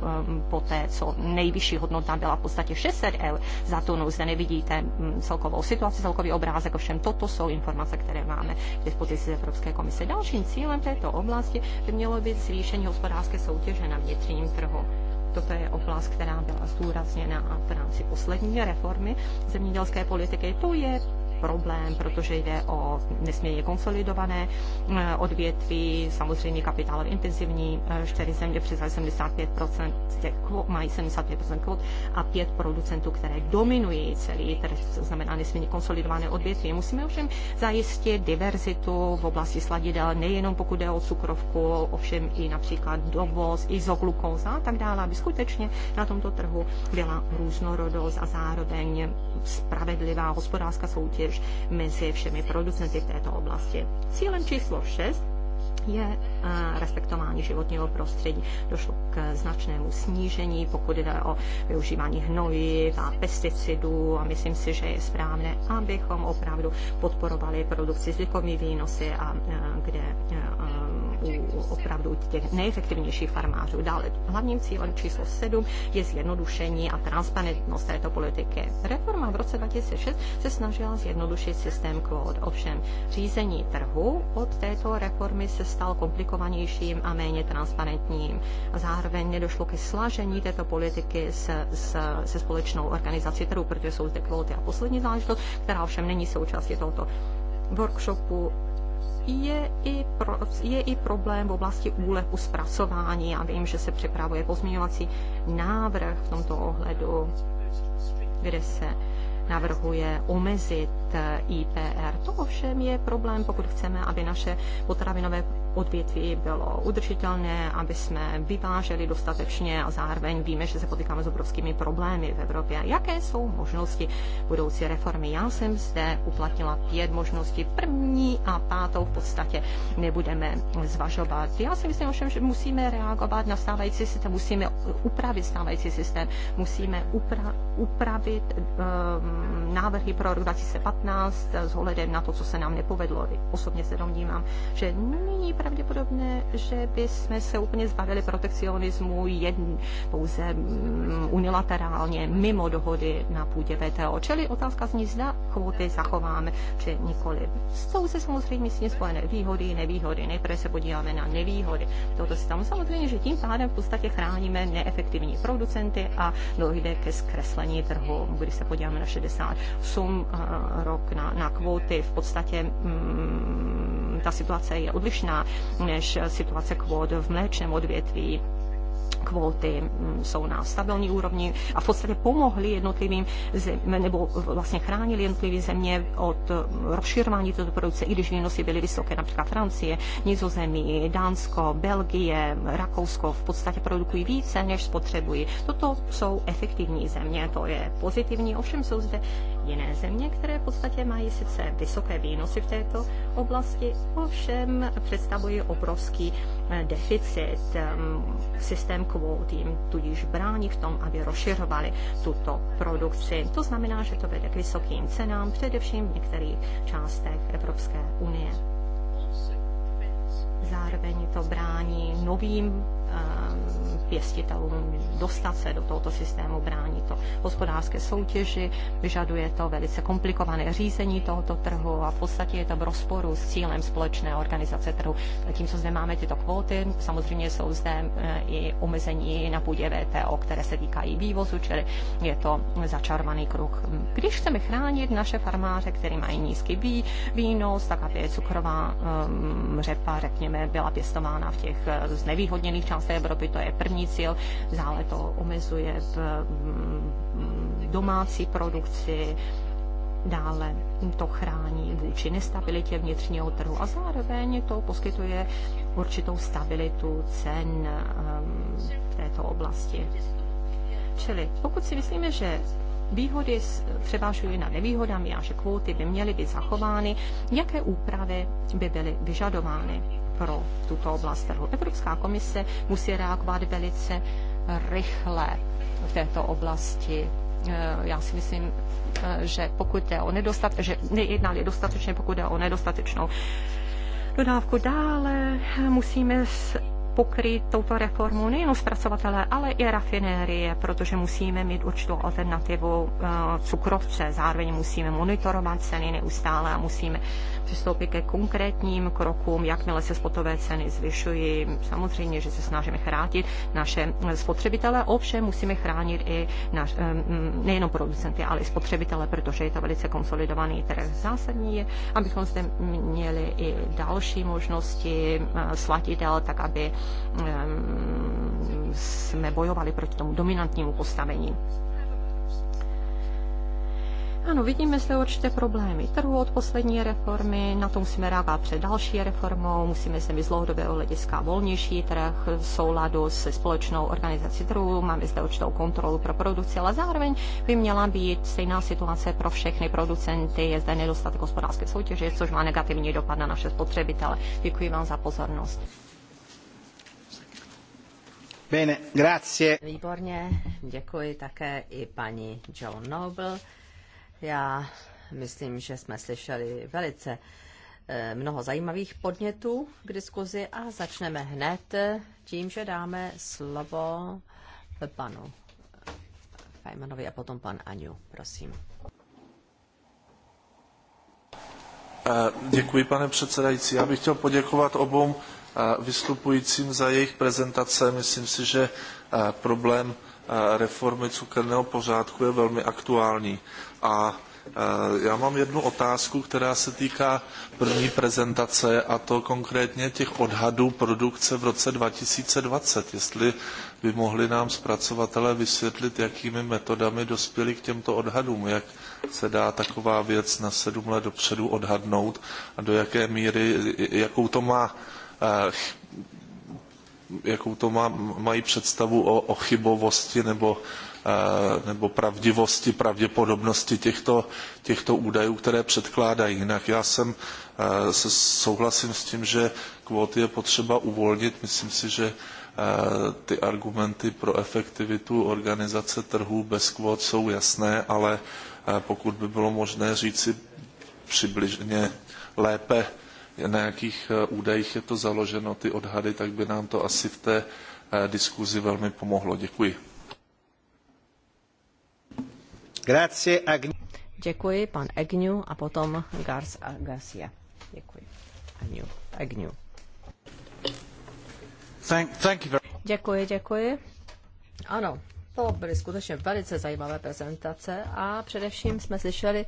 poté, co nejvyšší hodnota byla v podstatě 600 eur za tunu. No, zde nevidíte hm, celkovou situaci, celkový obrázek, ovšem toto jsou informace, které máme k dispozici z Evropské komise. Dalším cílem této oblasti by mělo být zvýšit zvýšení hospodářské soutěže na vnitřním trhu. Toto je oblast, která byla zdůrazněna v rámci poslední reformy zemědělské politiky. To je problém, protože jde o nesmírně konsolidované eh, odvětví, samozřejmě kapitálově intenzivní, eh, čtyři země přes 75% těch kvot, mají 75% kvot a pět producentů, které dominují celý trh, to znamená nesmírně konsolidované odvětví. Musíme ovšem zajistit diverzitu v oblasti sladidel, nejenom pokud jde o cukrovku, ovšem i například dovoz, izoglukóza a tak dále, aby skutečně na tomto trhu byla různorodost a zároveň spravedlivá hospodářská soutěž soutěž mezi všemi producenty v této oblasti. Cílem číslo 6 je eh, respektování životního prostředí. Došlo k značnému snížení, pokud jde o využívání hnojiv a pesticidů a myslím si, že je správné, abychom opravdu podporovali produkci z výnosy a eh, kde eh, u opravdu u těch nejefektivnějších farmářů. Dále hlavním cílem číslo 7 je zjednodušení a transparentnost této politiky. Reforma v roce 2006 se snažila zjednodušit systém kvót. Ovšem řízení trhu od této reformy se stal komplikovanějším a méně transparentním. Zároveň nedošlo ke slažení této politiky se, se, se společnou organizací trhu, protože jsou zde kvóty a poslední záležitost, která ovšem není součástí tohoto workshopu je i, pro, je i problém v oblasti úlepu zpracování. Já vím, že se připravuje pozměňovací návrh v tomto ohledu, kde se navrhuje omezit eh, IPR. To ovšem je problém, pokud chceme, aby naše potravinové odvětví bylo udržitelné, aby jsme vyváželi dostatečně a zároveň víme, že se potýkáme s obrovskými problémy v Evropě. Jaké jsou možnosti budoucí reformy? Já jsem zde uplatnila pět možností. První a pátou v podstatě nebudeme zvažovat. Já si myslím ovšem, že musíme reagovat na stávající systém, musíme upravit stávající systém, musíme upra- upravit um, návrhy pro rok 2015 s ohledem na to, co se nám nepovedlo. Osobně se domnívám, že nyní pravděpodobné, že by jsme se úplně zbavili protekcionismu jedn, pouze mm, unilaterálně, mimo dohody na půdě VTO. Čili otázka zní, zda kvóty zachováme, či nikoli. Jsou se samozřejmě s tím spojené výhody nevýhody. Nejprve se podíváme na nevýhody se tam Samozřejmě, že tím pádem v podstatě chráníme neefektivní producenty a dojde ke zkreslení trhu. Když se podíváme na 68 eh, rok na, na kvóty, v podstatě mm, ta situace je odlišná než situace kvót v mléčném odvětví kvóty mm, jsou na stabilní úrovni a v podstatě pomohly jednotlivým zem, nebo vlastně chránili jednotlivé země od mm, rozširování této produkce, i když výnosy byly vysoké, například Francie, Nizozemí, Dánsko, Belgie, Rakousko v podstatě produkují více, než spotřebují. Toto jsou efektivní země, to je pozitivní, ovšem jsou zde jiné země, které v podstatě mají sice vysoké výnosy v této oblasti, ovšem představují obrovský eh, deficit. Eh, systém kvót jim tudíž brání v tom, aby rozšiřovali tuto produkci. To znamená, že to vede k vysokým cenám, především v některých částech Evropské unie zároveň to brání novým eh, pěstitelům dostat se do tohoto systému, brání to hospodářské soutěži, vyžaduje to velice komplikované řízení tohoto trhu a v podstatě je to v rozporu s cílem společné organizace trhu. tím co zde máme tyto kvóty, samozřejmě jsou zde eh, i omezení na půdě VTO, které se týkají vývozu, čili je to začarovaný kruh. Když chceme chránit naše farmáře, který mají nízký výnos, tak aby je cukrová ehm, řepa, řekněme, řekněme, byla pěstována v těch eh, znevýhodněných částech Evropy, to je první cíl, dále to omezuje v mm, domácí produkci, dále to chrání vůči nestabilitě vnitřního trhu a zároveň to poskytuje určitou stabilitu cen ehm, v této oblasti. Čili pokud si myslíme, že výhody převážují nad nevýhodami a že kvóty by měly být zachovány, jaké úpravy by byly vyžadovány pro tuto oblast trhu. Evropská komise musí reagovat velice rychle v této oblasti. Eh, já si myslím, eh, že pokud je o nedostat, že nejednali dostatečně, pokud je o nedostatečnou dodávku dále, musíme pokryt touto reformou nejen zpracovatele, ale i rafinérie, protože musíme mít určitou alternativu eh, cukrovce. Zároveň musíme monitorovat ceny neustále a musíme přistoupit ke konkrétním krokům, jakmile se spotové ceny zvyšují. Samozřejmě, že se snažíme chránit naše eh, spotřebitele, ovšem musíme chránit i naš, eh, mm, nejenom producenty, ale i spotřebitele, protože je to velice konsolidovaný trh. Zásadní je, abychom zde měli i další možnosti eh, sladidel, tak aby mm, jsme bojovali proti tomu dominantnímu postavení. Ano, vidíme zde určité problémy trhu od poslední reformy, na to musíme reagovat před další reformou, musíme se mít z dlouhodobého hlediska volnější trh v souladu se společnou organizací trhu, máme zde určitou kontrolu pro produkci, ale zároveň by měla být stejná situace pro všechny producenty, je zde nedostatek hospodářské soutěže, což má negativní dopad na naše spotřebitele. Děkuji vám za pozornost. Bene, grazie. Výborně, děkuji také i paní Joan Noble. Já myslím, že jsme slyšeli velice eh, mnoho zajímavých podnětů k diskuzi a začneme hned eh, tím, že dáme slovo panu Fajmanovi a potom pan Aňu. Prosím. Eh, děkuji, pane předsedající. Já bych chtěl poděkovat obou vystupujícím za jejich prezentace. Myslím si, že problém Eh, reformy cukerného pořádku je velmi aktuální. A eh, já mám jednu otázku, která se týká první prezentace a to konkrétně těch odhadů produkce v roce 2020. Jestli by mohli nám zpracovatelé vysvětlit, jakými metodami dospěli k těmto odhadům, jak se dá taková věc na sedm let dopředu odhadnout a do jaké míry, jakou to má eh, jakou to má, mají představu o, o chybovosti nebo, e, nebo pravdivosti, pravděpodobnosti těchto, těchto údajů, které předkládají. Jinak já jsem e, se souhlasím s tím, že kvóty je potřeba uvolnit. Myslím si, že e, ty argumenty pro efektivitu organizace trhů bez kvót jsou jasné, ale pokud by bylo možné říci přibližně lépe, na jakých eh, údajích je to založeno, ty odhady, tak by nám to asi v té eh, diskuzi velmi pomohlo. Děkuji. Děkuji, pan Egnu a potom Gars a Garcia. Děkuji. Agnew. Agnew. Thank, thank you very... Děkuji, děkuji. Ano, to byly skutečně velice zajímavé prezentace a především jsme slyšeli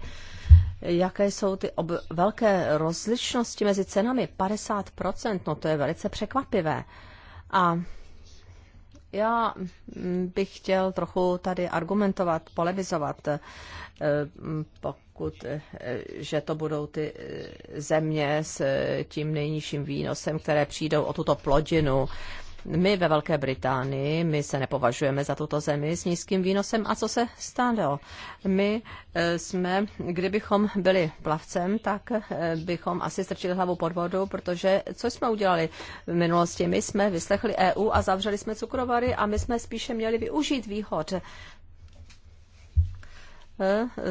jaké jsou ty ob- velké rozlišnosti mezi cenami. 50%, no to je velice překvapivé. A já mm, bych chtěl trochu tady argumentovat, polemizovat, eh, pokud, eh, že to budou ty eh, země s tím nejnižším výnosem, které přijdou o tuto plodinu my ve Velké Británii, my se nepovažujeme za tuto zemi s nízkým výnosem. A co se stalo? My eh, jsme, kdybychom byli plavcem, tak eh, bychom asi strčili hlavu pod vodu, protože co jsme udělali v minulosti? My jsme vyslechli EU a zavřeli jsme cukrovary a my jsme spíše měli využít výhod eh,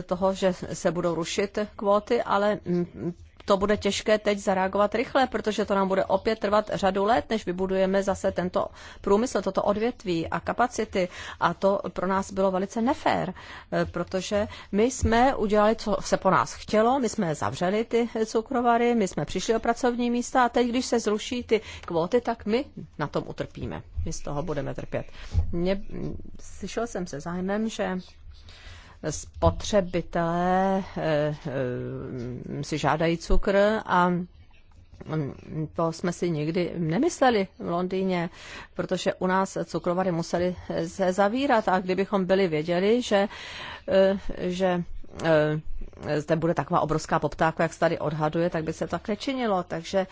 toho, že se budou rušit kvóty, ale mm, to bude těžké teď zareagovat rychle, protože to nám bude opět trvat řadu let, než vybudujeme zase tento průmysl, toto odvětví a kapacity. A to pro nás bylo velice nefér, eh, protože my jsme udělali, co se po nás chtělo, my jsme zavřeli ty cukrovary, my jsme přišli o pracovní místa a teď, když se zruší ty kvóty, tak my na tom utrpíme. My z toho budeme trpět. Mě, slyšel jsem se zájmem, že spotřebitelé eh, eh, si žádají cukr a mm, to jsme si nikdy nemysleli v Londýně, protože u nás cukrovary museli eh, se zavírat a kdybychom byli věděli, že, že zde bude taková obrovská poptávka, jak se tady odhaduje, tak by se to také činilo. Takže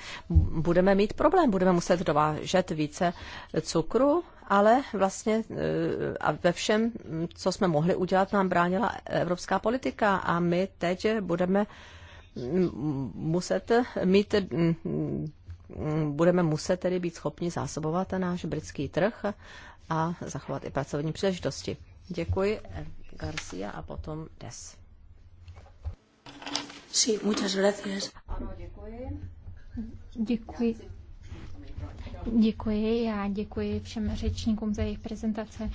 budeme mít problém, budeme muset dovážet více cukru ale vlastně eh, a ve všem, co jsme mohli udělat, nám bránila evropská politika a my teď budeme muset mít mm, budeme muset tedy být schopni zásobovat náš britský trh a zachovat i pracovní příležitosti. Děkuji eh, Garcia a potom Des. Sí, muchas gracias. Ano, děkuji. Děkuji. Děkuji, já děkuji všem řečníkům za jejich prezentace.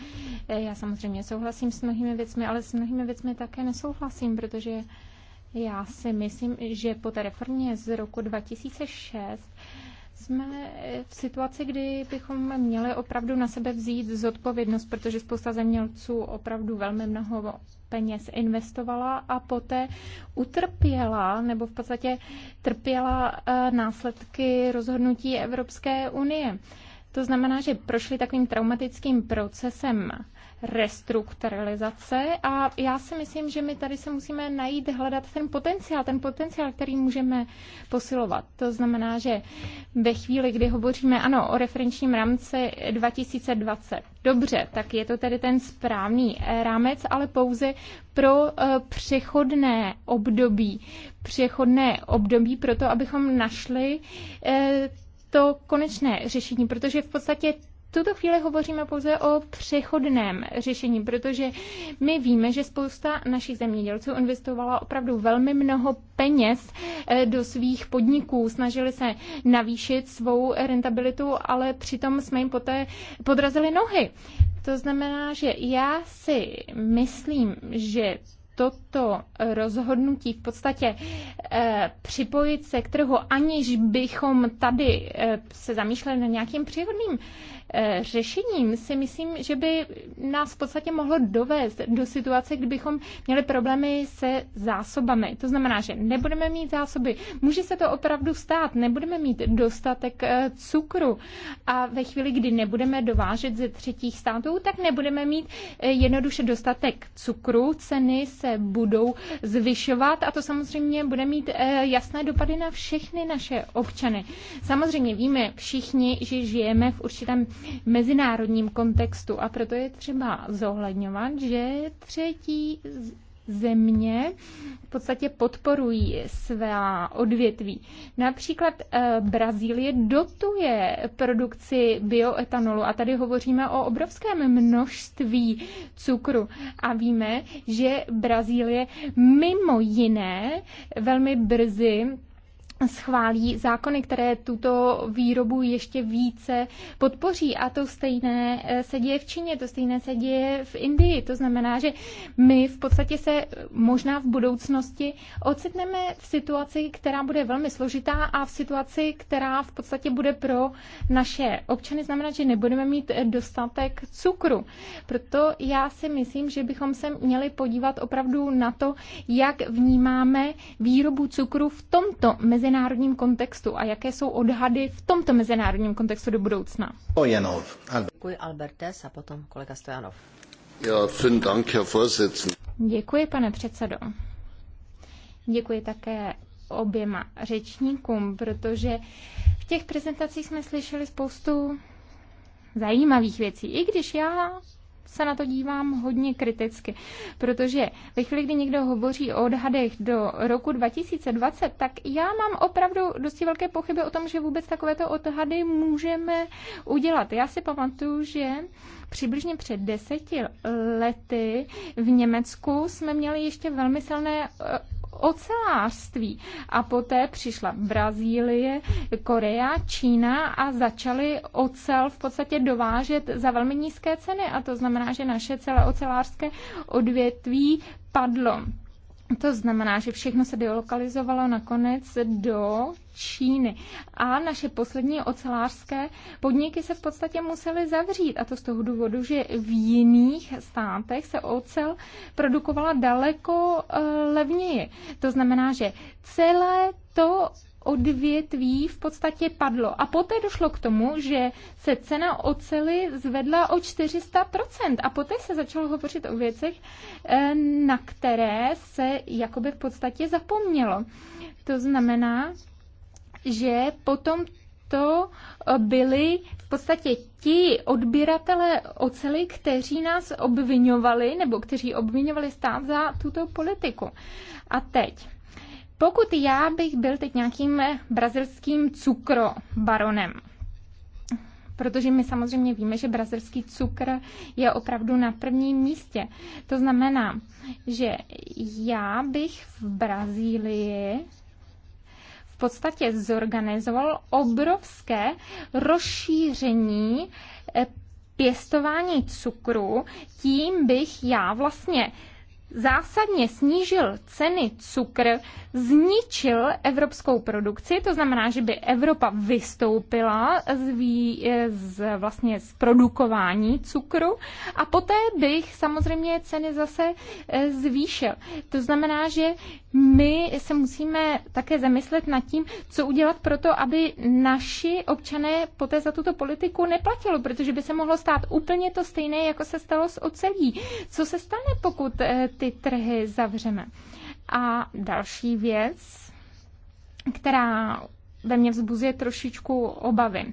Eh, já samozřejmě souhlasím s mnohými věcmi, ale s mnohými věcmi také nesouhlasím, protože já si myslím, že po té reformě z roku 2006 jsme eh, v situaci, kdy bychom měli opravdu na sebe vzít zodpovědnost, protože spousta zemělců opravdu velmi mnoho peněz investovala a poté utrpěla, nebo v podstatě trpěla eh, následky rozhodnutí Evropské unie. To znamená, že prošli takovým traumatickým procesem restrukturalizace a já si myslím, že my tady se musíme najít, hledat ten potenciál, ten potenciál, který můžeme posilovat. To znamená, že ve chvíli, kdy hovoříme, ano, o referenčním rámci 2020, dobře, tak je to tedy ten správný eh, rámec, ale pouze pro eh, přechodné období, přechodné období pro to, abychom našli eh, to konečné řešení, protože v podstatě tuto chvíli hovoříme pouze o přechodném řešení, protože my víme, že spousta našich zemědělců investovala opravdu velmi mnoho peněz eh, do svých podniků, snažili se navýšit svou rentabilitu, ale přitom jsme jim poté podrazili nohy. To znamená, že já si myslím, že toto rozhodnutí v podstatě eh, připojit se k trhu, aniž bychom tady eh, se zamýšleli na nějakým příhodným Eh, řešením si myslím, že by nás v podstatě mohlo dovést do situace, kdybychom měli problémy se zásobami. To znamená, že nebudeme mít zásoby. Může se to opravdu stát. Nebudeme mít dostatek eh, cukru. A ve chvíli, kdy nebudeme dovážet ze třetích států, tak nebudeme mít eh, jednoduše dostatek cukru. Ceny se budou zvyšovat a to samozřejmě bude mít jasné dopady na všechny naše občany. Samozřejmě víme všichni, že žijeme v určitém mezinárodním kontextu a proto je třeba zohledňovat, že třetí země v podstatě podporují svá odvětví. Například eh, Brazílie dotuje produkci bioetanolu a tady hovoříme o obrovském množství cukru a víme, že Brazílie mimo jiné velmi brzy schválí zákony, které tuto výrobu ještě více podpoří. A to stejné eh, se děje v Číně, to stejné se děje v Indii. To znamená, že my v podstatě se možná v budoucnosti ocitneme v situaci, která bude velmi složitá a v situaci, která v podstatě bude pro naše občany znamenat, že nebudeme mít dostatek cukru. Proto já si myslím, že bychom se měli podívat opravdu na to, jak vnímáme výrobu cukru v tomto mezi mezinárodním kontextu a jaké jsou odhady v tomto mezinárodním kontextu do budoucna? Děkuji Albertes a potom kolega Stojanov. Děkuji, pane předsedo. Děkuji také oběma řečníkům, protože v těch prezentacích jsme slyšeli spoustu zajímavých věcí, i když já se na to dívám hodně kriticky, protože ve chvíli, kdy někdo hovoří o odhadech do roku 2020, tak já mám opravdu dosti velké pochyby o tom, že vůbec takovéto odhady můžeme udělat. Já si pamatuju, že přibližně před deseti lety v Německu jsme měli ještě velmi silné eh, ocelářství. A poté přišla Brazílie, Korea, Čína a začaly ocel v podstatě dovážet za velmi nízké ceny. A to znamená, že naše celé ocelářské odvětví padlo. To znamená, že všechno se delokalizovalo nakonec do Číny. A naše poslední ocelářské podniky se v podstatě musely zavřít. A to z toho důvodu, že v jiných státech se ocel produkovala daleko eh, levněji. To znamená, že celé to odvětví v podstatě padlo. A poté došlo k tomu, že se cena ocely zvedla o 400%. A poté se začalo hovořit o věcech, eh, na které se jakoby v podstatě zapomnělo. To znamená, že potom to eh, byly v podstatě ti odběratelé oceli, kteří nás obvinovali, nebo kteří obvinovali stát za tuto politiku. A teď pokud já bych byl teď nějakým eh, brazilským cukrobaronem, protože my samozřejmě víme, že brazilský cukr je opravdu na prvním místě. To znamená, že já bych v Brazílii v podstatě zorganizoval obrovské rozšíření eh, pěstování cukru. Tím bych já vlastně zásadně snížil ceny cukr, zničil evropskou produkci, to znamená, že by Evropa vystoupila z, vý, z, vlastně z produkování cukru a poté bych samozřejmě ceny zase eh, zvýšil. To znamená, že my se musíme také zamyslet nad tím, co udělat pro to, aby naši občané poté za tuto politiku neplatilo, protože by se mohlo stát úplně to stejné, jako se stalo s ocelí. Co se stane, pokud eh, ty trhy zavřeme? A další věc, která ve mně vzbuzuje trošičku obavy.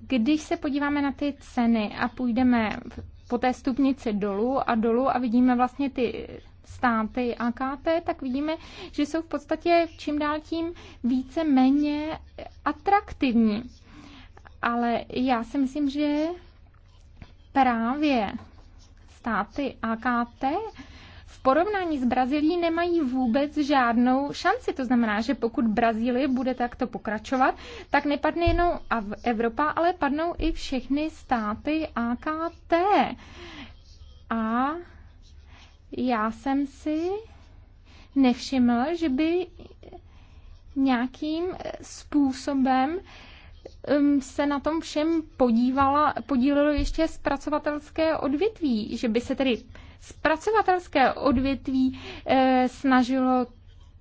Když se podíváme na ty ceny a půjdeme po té stupnici dolů a dolů a vidíme vlastně ty státy AKT, tak vidíme, že jsou v podstatě čím dál tím více méně atraktivní. Ale já si myslím, že právě státy AKT v porovnání s Brazílií nemají vůbec žádnou šanci. To znamená, že pokud Brazílie bude takto pokračovat, tak nepadne jenom Evropa, ale padnou i všechny státy AKT. A já jsem si nevšiml, že by nějakým eh, způsobem hm, se na tom všem podívala, podílelo ještě zpracovatelské odvětví, že by se tedy zpracovatelské odvětví eh, snažilo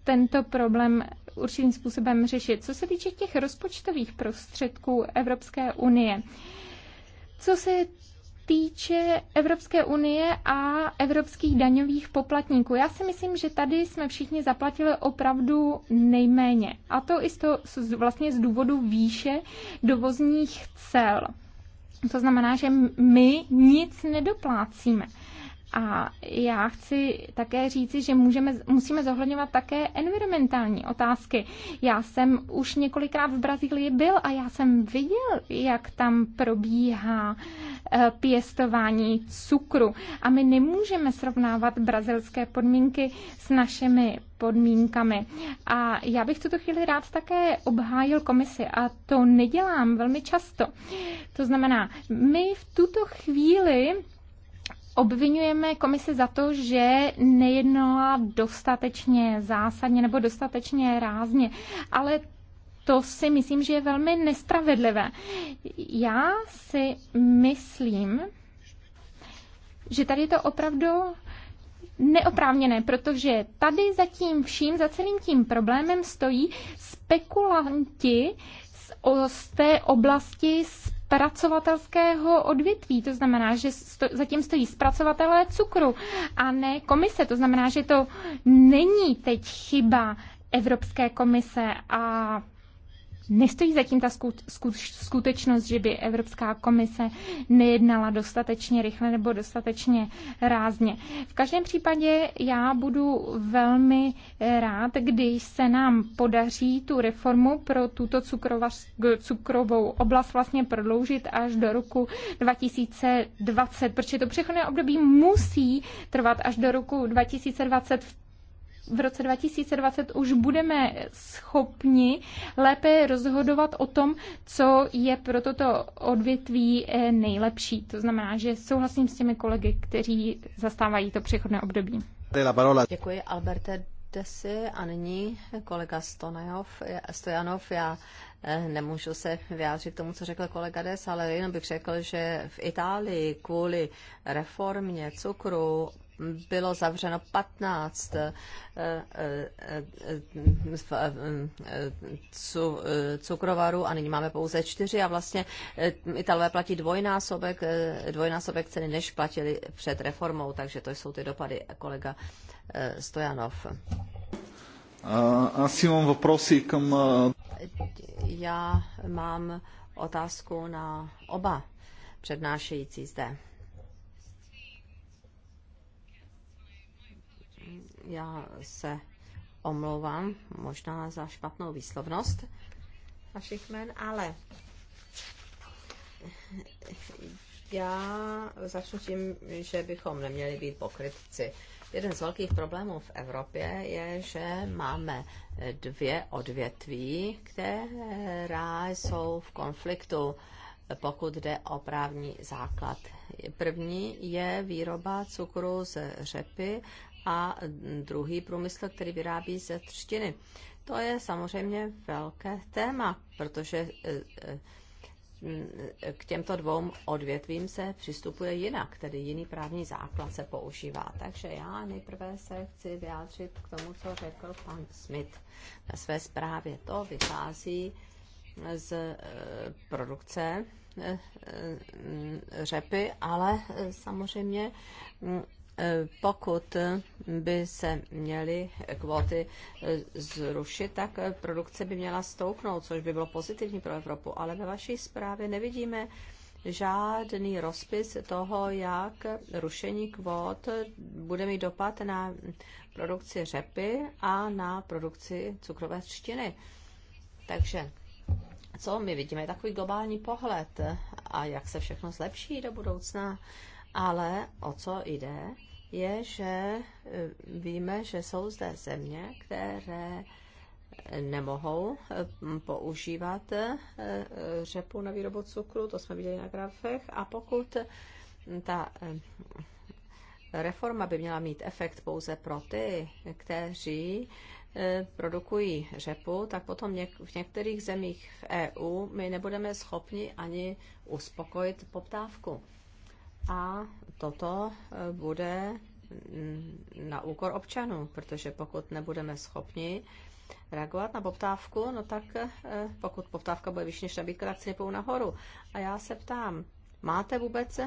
tento problém určitým způsobem řešit. Co se týče těch rozpočtových prostředků Evropské unie, co se týče Evropské unie a evropských daňových poplatníků. Já si myslím, že tady jsme všichni zaplatili opravdu nejméně. A to i z to, vlastně z důvodu výše dovozních cel. To znamená, že my nic nedoplácíme. A já chci také říci, že můžeme, musíme zohledňovat také environmentální otázky. Já jsem už několikrát v Brazílii byl a já jsem viděl, jak tam probíhá eh, pěstování cukru. A my nemůžeme srovnávat brazilské podmínky s našimi podmínkami. A já bych tuto chvíli rád také obhájil komisi a to nedělám velmi často. To znamená, my v tuto chvíli obvinujeme komisi za to, že nejednala dostatečně zásadně nebo dostatečně rázně, ale to si myslím, že je velmi nespravedlivé. Já si myslím, že tady je to opravdu neoprávněné, protože tady za tím vším, za celým tím problémem stojí spekulanti z, z té oblasti zpracovatelského odvětví. To znamená, že sto, zatím stojí zpracovatelé cukru a ne komise. To znamená, že to není teď chyba Evropské komise a Nestojí zatím ta skutečnost, že by Evropská komise nejednala dostatečně rychle nebo dostatečně rázně. V každém případě já budu velmi rád, když se nám podaří tu reformu pro tuto cukrovou oblast vlastně prodloužit až do roku 2020, protože to přechodné období musí trvat až do roku 2020 v v roce 2020 už budeme schopni lépe rozhodovat o tom, co je pro toto odvětví eh, nejlepší. To znamená, že souhlasím s těmi kolegy, kteří zastávají to přechodné období. Děkuji, Alberte Desi. A nyní kolega Stonajov, Stojanov. Já eh, nemůžu se vyjádřit k tomu, co řekl kolega Des, ale jenom bych řekl, že v Itálii kvůli reformě cukru bylo zavřeno 15 eh, eh, eh, cukrovarů a nyní máme pouze čtyři a vlastně Italové platí dvojnásobek, dvojnásobek ceny, než platili před reformou, takže to jsou ty dopady, kolega Stojanov. Asi mám vopřosy kam... Já mám otázku na oba přednášející zde. já se omlouvám možná za špatnou výslovnost vašich jmen, ale já začnu tím, že bychom neměli být pokrytci. Jeden z velkých problémů v Evropě je, že máme dvě odvětví, která jsou v konfliktu, pokud jde o právní základ. První je výroba cukru z řepy a druhý průmysl, který vyrábí ze třtiny. To je samozřejmě velké téma, protože e, e, k těmto dvou odvětvím se přistupuje jinak, tedy jiný právní základ se používá. Takže já nejprve se chci vyjádřit k tomu, co řekl pan Smith ve své zprávě. To vychází z e, produkce řepy, ale samozřejmě Eh, pokud by se měly kvóty eh, zrušit, tak eh, produkce by měla stoupnout, což by bylo pozitivní pro Evropu. Ale ve vaší zprávě nevidíme žádný rozpis toho, jak rušení kvót bude mít dopad na produkci řepy a na produkci cukrové třtiny. Takže co my vidíme, je takový globální pohled a jak se všechno zlepší do budoucna. Ale o co jde? je, že eh, víme, že jsou zde země, které eh, nemohou eh, používat řepu na výrobu cukru, to jsme viděli na grafech, a pokud ta reforma by měla mít efekt pouze pro ty, kteří produkují řepu, tak potom v některých zemích v EU my nebudeme schopni ani uspokojit poptávku. A toto eh, bude mm, na úkor občanů, protože pokud nebudeme schopni reagovat na poptávku, no tak eh, pokud poptávka bude vyšší než nabídka, tak se nahoru. A já se ptám, máte vůbec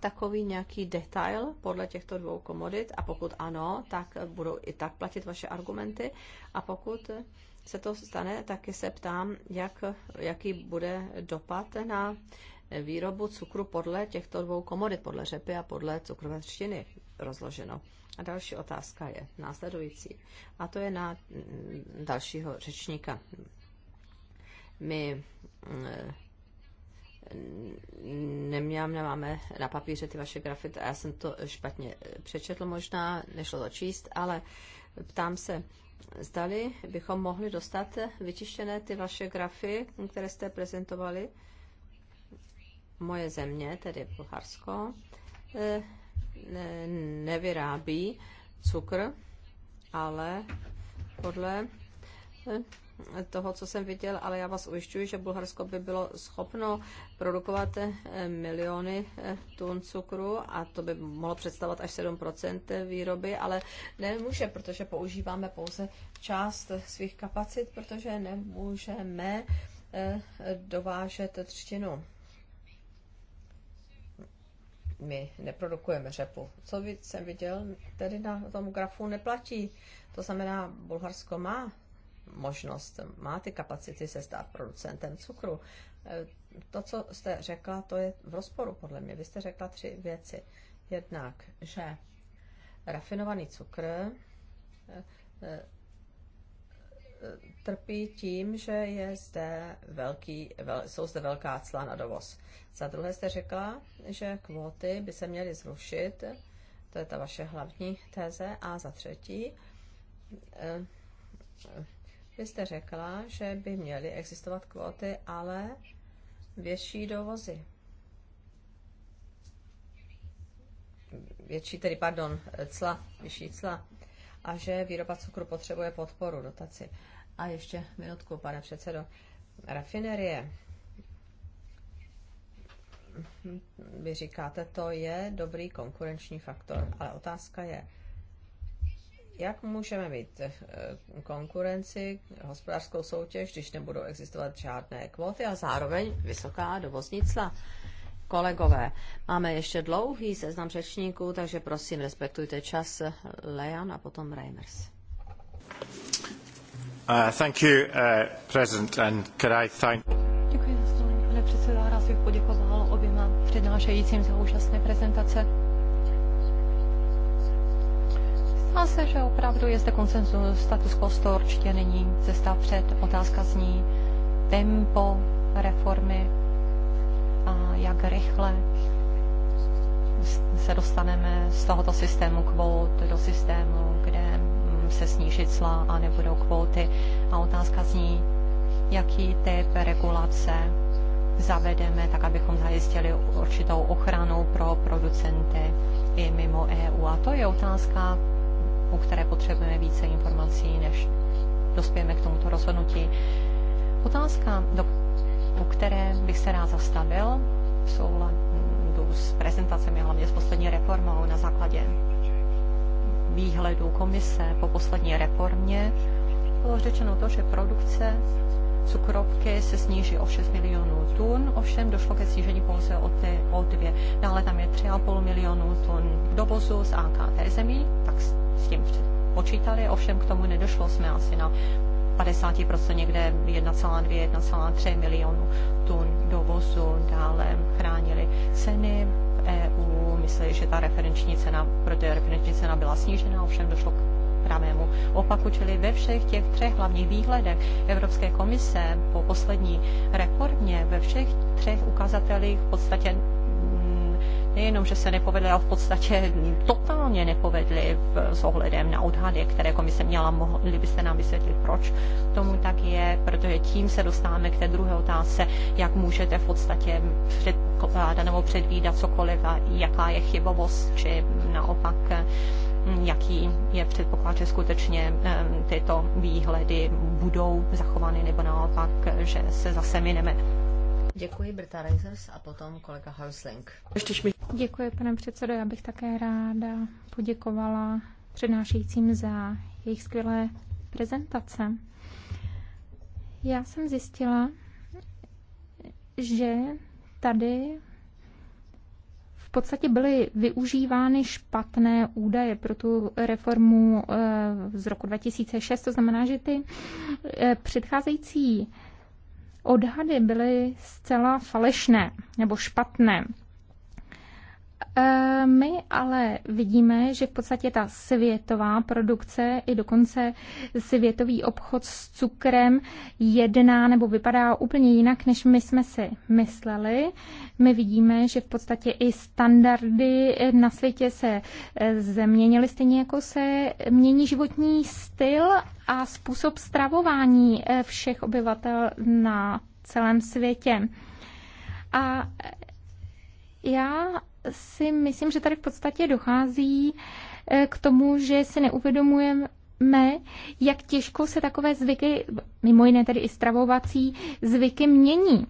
takový nějaký detail podle těchto dvou komodit? A pokud ano, tak budou i tak platit vaše argumenty. A pokud se to stane, taky se ptám, jak, jaký bude dopad na výrobu cukru podle těchto dvou komodit, podle řepy a podle cukrové třtiny rozloženo. A další otázka je následující. A to je na mm, dalšího řečníka. My mm, neměl, nemáme na papíře ty vaše grafity a já jsem to špatně eh, přečetl možná, nešlo to číst, ale ptám se, zdali bychom mohli dostat vyčištěné ty vaše grafy, které jste prezentovali, moje země, tedy Bulharsko, eh, nevyrábí cukr, ale podle eh, toho, co jsem viděl, ale já vás ujišťuji, že Bulharsko by bylo schopno produkovat eh, miliony tun cukru a to by mohlo představovat až 7 výroby, ale nemůže, protože používáme pouze část svých kapacit, protože nemůžeme dovážet třetinu my neprodukujeme řepu. Co jsem viděl, tedy na tom grafu neplatí. To znamená, Bulharsko má možnost, má ty kapacity se stát producentem cukru. E, to, co jste řekla, to je v rozporu podle mě. Vy jste řekla tři věci. Jednak, že rafinovaný cukr e, e, trpí tím, že je zde velký, vel, jsou zde velká cla na dovoz. Za druhé jste řekla, že kvóty by se měly zrušit, to je ta vaše hlavní téze. A za třetí, eh, eh, vy jste řekla, že by měly existovat kvóty, ale větší dovozy. Větší, tedy pardon, cla, vyšší cla. A že výroba cukru potřebuje podporu, dotaci. A ještě minutku, pane předsedo. Rafinerie. Vy říkáte, to je dobrý konkurenční faktor, ale otázka je, jak můžeme mít eh, konkurenci, hospodářskou soutěž, když nebudou existovat žádné kvóty a zároveň vysoká dovozní cla. Kolegové, máme ještě dlouhý seznam řečníků, takže prosím, respektujte čas Lejan a potom Reimers. Uh, uh, Děkuji pane předsedo. Rád bych poděkoval oběma přednášejícím za úžasné prezentace. Zdá se, že opravdu je zde konsenzus. Status quo to určitě není cesta před. Otázka zní tempo reformy a jak rychle se dostaneme z tohoto systému kvót do systému se snížit cla a nebudou kvóty. A otázka zní, jaký typ regulace zavedeme, tak abychom zajistili určitou ochranu pro producenty i mimo EU. A to je otázka, u které potřebujeme více informací, než dospějeme k tomuto rozhodnutí. Otázka, do, u které bych se rád zastavil, v souladu s prezentacemi, hlavně s poslední reformou na základě výhledu komise po poslední reformě bylo řečeno to, že produkce cukrovky se sníží o 6 milionů tun, ovšem došlo ke snížení pouze o, ty, o dvě. Dále tam je 3,5 milionů tun dovozu z AKT zemí, tak s tím počítali, ovšem k tomu nedošlo, jsme asi na 50% někde 1,2, 1,3 milionů tun dovozu. Dále chránili ceny v EU komise, že ta referenční cena, protože referenční cena byla snížena, ovšem došlo k pravému opaku, čili ve všech těch třech hlavních výhledech Evropské komise po poslední reformě ve všech třech ukazatelích v podstatě nejenom, že se nepovedly, ale v podstatě totálně nepovedly v, s ohledem na odhady, které komise měla. Mohli byste nám vysvětlit, proč tomu tak je, protože tím se dostáváme k té druhé otázce, jak můžete v podstatě předpokládat nebo předvídat cokoliv a jaká je chybovost, či naopak jaký je předpoklad, že skutečně tyto výhledy budou zachovány nebo naopak, že se zase mineme. Děkuji, Brita Reisers a potom kolega Hausling. Děkuji, pane předsedo. Já bych také ráda poděkovala přednášejícím za jejich skvělé prezentace. Já jsem zjistila, že tady v podstatě byly využívány špatné údaje pro tu reformu eh, z roku 2006. To znamená, že ty eh, předcházející odhady byly zcela falešné nebo špatné. E, my ale vidíme, že v podstatě ta světová produkce i dokonce světový obchod s cukrem jedná nebo vypadá úplně jinak, než my jsme si mysleli. My vidíme, že v podstatě i standardy na světě se e, změnily, stejně jako se mění životní styl a způsob stravování e, všech obyvatel na celém světě. A já si myslím, že tady v podstatě dochází eh, k tomu, že si neuvědomujeme, víme, jak těžko se takové zvyky, mimo jiné tedy i stravovací zvyky, mění.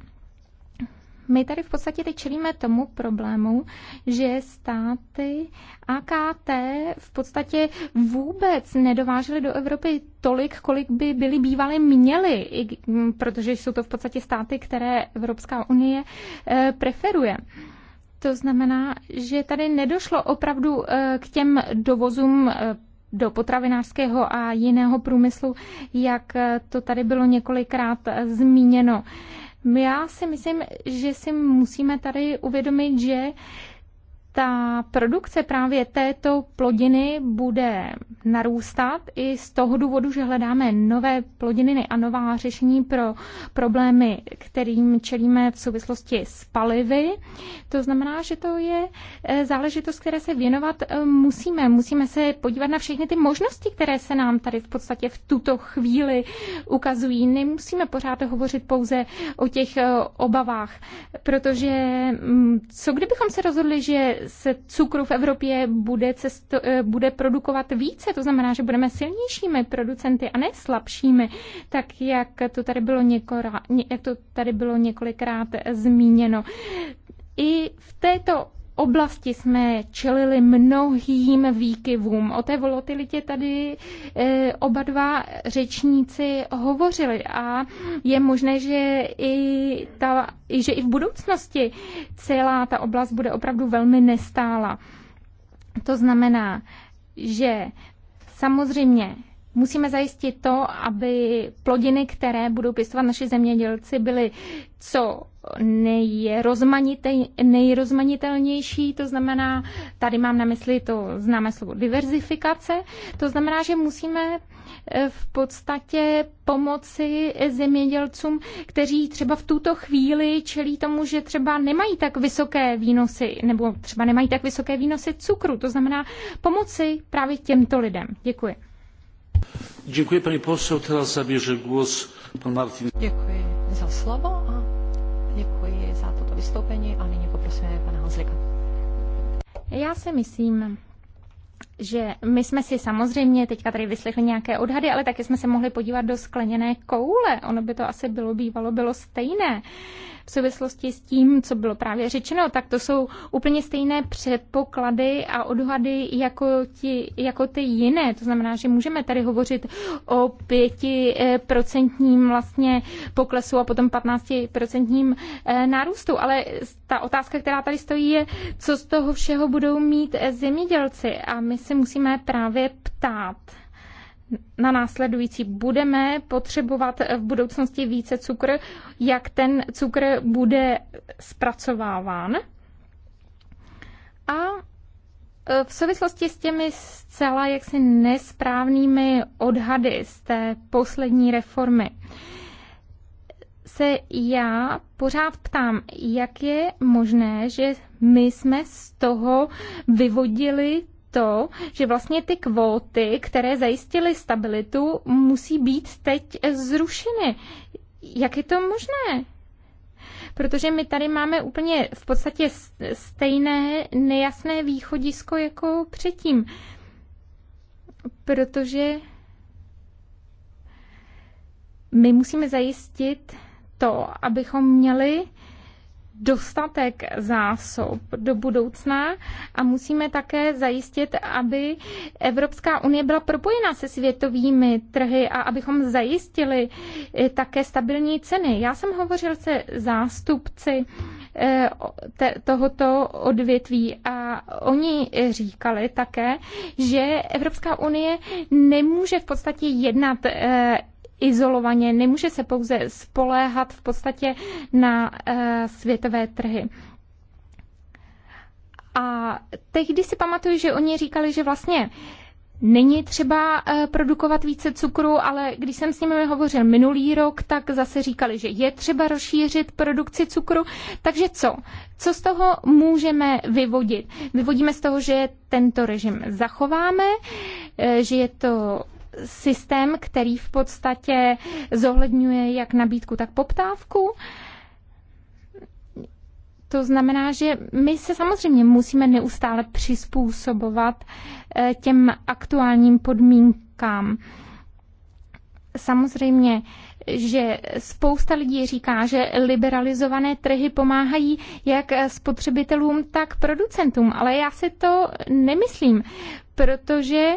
My tady v podstatě teď čelíme tomu problému, že státy AKT v podstatě vůbec nedovážely do Evropy tolik, kolik by byly bývaly měly, protože jsou to v podstatě státy, které Evropská unie eh, preferuje. To znamená, že tady nedošlo opravdu eh, k těm dovozům eh, do potravinářského a jiného průmyslu, jak eh, to tady bylo několikrát zmíněno. Já si myslím, že si musíme tady uvědomit, že ta produkce právě této plodiny bude narůstat i z toho důvodu, že hledáme nové plodiny a nová řešení pro problémy, kterým čelíme v souvislosti s palivy. To znamená, že to je eh, záležitost, které se věnovat eh, musíme. Musíme se podívat na všechny ty možnosti, které se nám tady v podstatě v tuto chvíli ukazují. Nemusíme pořád hovořit pouze o těch eh, obavách, protože mm, co kdybychom se rozhodli, že se cukru v Evropě bude, cesto, eh, bude produkovat více, to znamená, že budeme silnějšími producenty a ne slabšími, tak jak to tady bylo, několikrát jak to tady bylo několikrát zmíněno. I v této oblasti jsme čelili mnohým výkyvům. O té volatilitě tady e, oba dva řečníci hovořili a je možné, že i, ta, že i v budoucnosti celá ta oblast bude opravdu velmi nestála. To znamená, že samozřejmě Musíme zajistit to, aby plodiny, které budou pěstovat naši zemědělci, byly co nejrozmanitelnější, to znamená, tady mám na mysli to známé slovo diverzifikace, to znamená, že musíme eh, v podstatě pomoci eh, zemědělcům, kteří třeba v tuto chvíli čelí tomu, že třeba nemají tak vysoké výnosy, nebo třeba nemají tak vysoké výnosy cukru, to znamená pomoci právě těmto lidem. Děkuji. Děkuji, paní posel, teraz zabíře głos pan Martin. Děkuji za slovo a vystoupení a nyní poprosíme pana Hazlika. Já si myslím, že my jsme si samozřejmě teďka tady vyslechli nějaké odhady, ale taky jsme se mohli podívat do skleněné koule. Ono by to asi bylo bývalo, bylo stejné. V souvislosti s tím, co bylo právě řečeno, tak to jsou úplně stejné předpoklady a odhady jako, ti, jako ty jiné. To znamená, že můžeme tady hovořit o pětiprocentním vlastně poklesu a potom 15% eh, nárůstu, ale ta otázka, která tady stojí, je, co z toho všeho budou mít eh, zemědělci. A my se musíme právě ptát na následující. Budeme potřebovat eh, v budoucnosti více cukr, jak ten cukr bude zpracováván. A eh, v souvislosti s těmi zcela jaksi nesprávnými odhady z té poslední reformy, se já pořád ptám, jak je možné, že my jsme z toho vyvodili to, že vlastně ty kvóty, které zajistily stabilitu, musí být teď zrušeny. Jak je to možné? Protože my tady máme úplně v podstatě stejné nejasné východisko jako předtím. Protože my musíme zajistit to, abychom měli dostatek zásob do budoucna a musíme také zajistit, aby Evropská unie byla propojena se světovými trhy a abychom zajistili eh, také stabilní ceny. Já jsem hovořil se zástupci eh, tohoto odvětví a oni říkali také, že Evropská unie nemůže v podstatě jednat eh, izolovaně, nemůže se pouze spoléhat v podstatě na eh, světové trhy. A tehdy si pamatuju, že oni říkali, že vlastně není třeba eh, produkovat více cukru, ale když jsem s nimi hovořil minulý rok, tak zase říkali, že je třeba rozšířit produkci cukru. Takže co? Co z toho můžeme vyvodit? Vyvodíme z toho, že tento režim zachováme, eh, že je to systém, který v podstatě zohledňuje jak nabídku, tak poptávku. To znamená, že my se samozřejmě musíme neustále přizpůsobovat eh, těm aktuálním podmínkám. Samozřejmě, že spousta lidí říká, že liberalizované trhy pomáhají jak spotřebitelům, tak producentům, ale já si to nemyslím, protože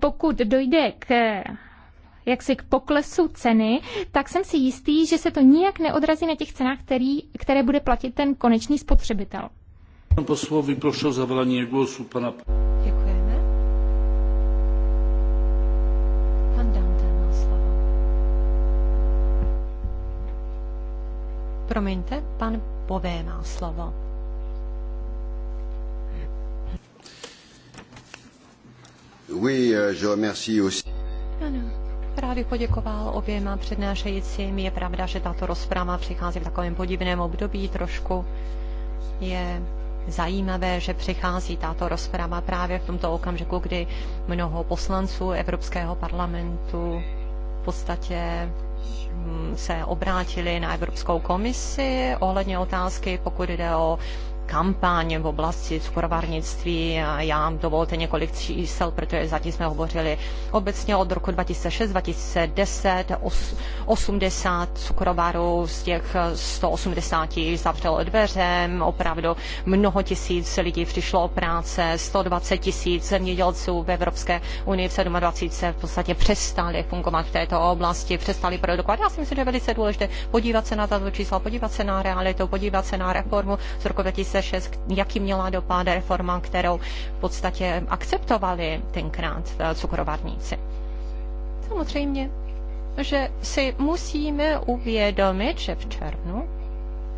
pokud dojde k jaksi k poklesu ceny, tak jsem si jistý, že se to nijak neodrazí na těch cenách, který, které bude platit ten konečný spotřebitel. Pan poslovi, prosím zavolání hlasu pana... Děkujeme. Pan Danten má slovo. Promiňte, pan Pové má slovo. Euh, ano. Rád bych poděkoval oběma přednášejícím. Je pravda, že tato rozprava přichází v takovém podivném období trošku. Je zajímavé, že přichází tato rozprava právě v tomto okamžiku, kdy mnoho poslanců Evropského parlamentu v podstatě hm, se obrátili na Evropskou komisi ohledně otázky, pokud jde o kampaň v oblasti cukrovarnictví. Já dovolte několik čísel, protože zatím jsme hovořili obecně od roku 2006-2010 80 cukrovarů z těch 180 zavřelo dveře, opravdu mnoho tisíc lidí přišlo o práce, 120 tisíc zemědělců v Evropské unii v 27 v podstatě přestali fungovat v této oblasti, přestali produkovat. Já si myslím, že je velice důležité podívat se na tato čísla, podívat se na realitu, podívat se na reformu z roku 2006 2006, jaký měla dopad reforma, kterou v podstatě akceptovali tenkrát v cukrovarníci. Samozřejmě, že si musíme uvědomit, že v červnu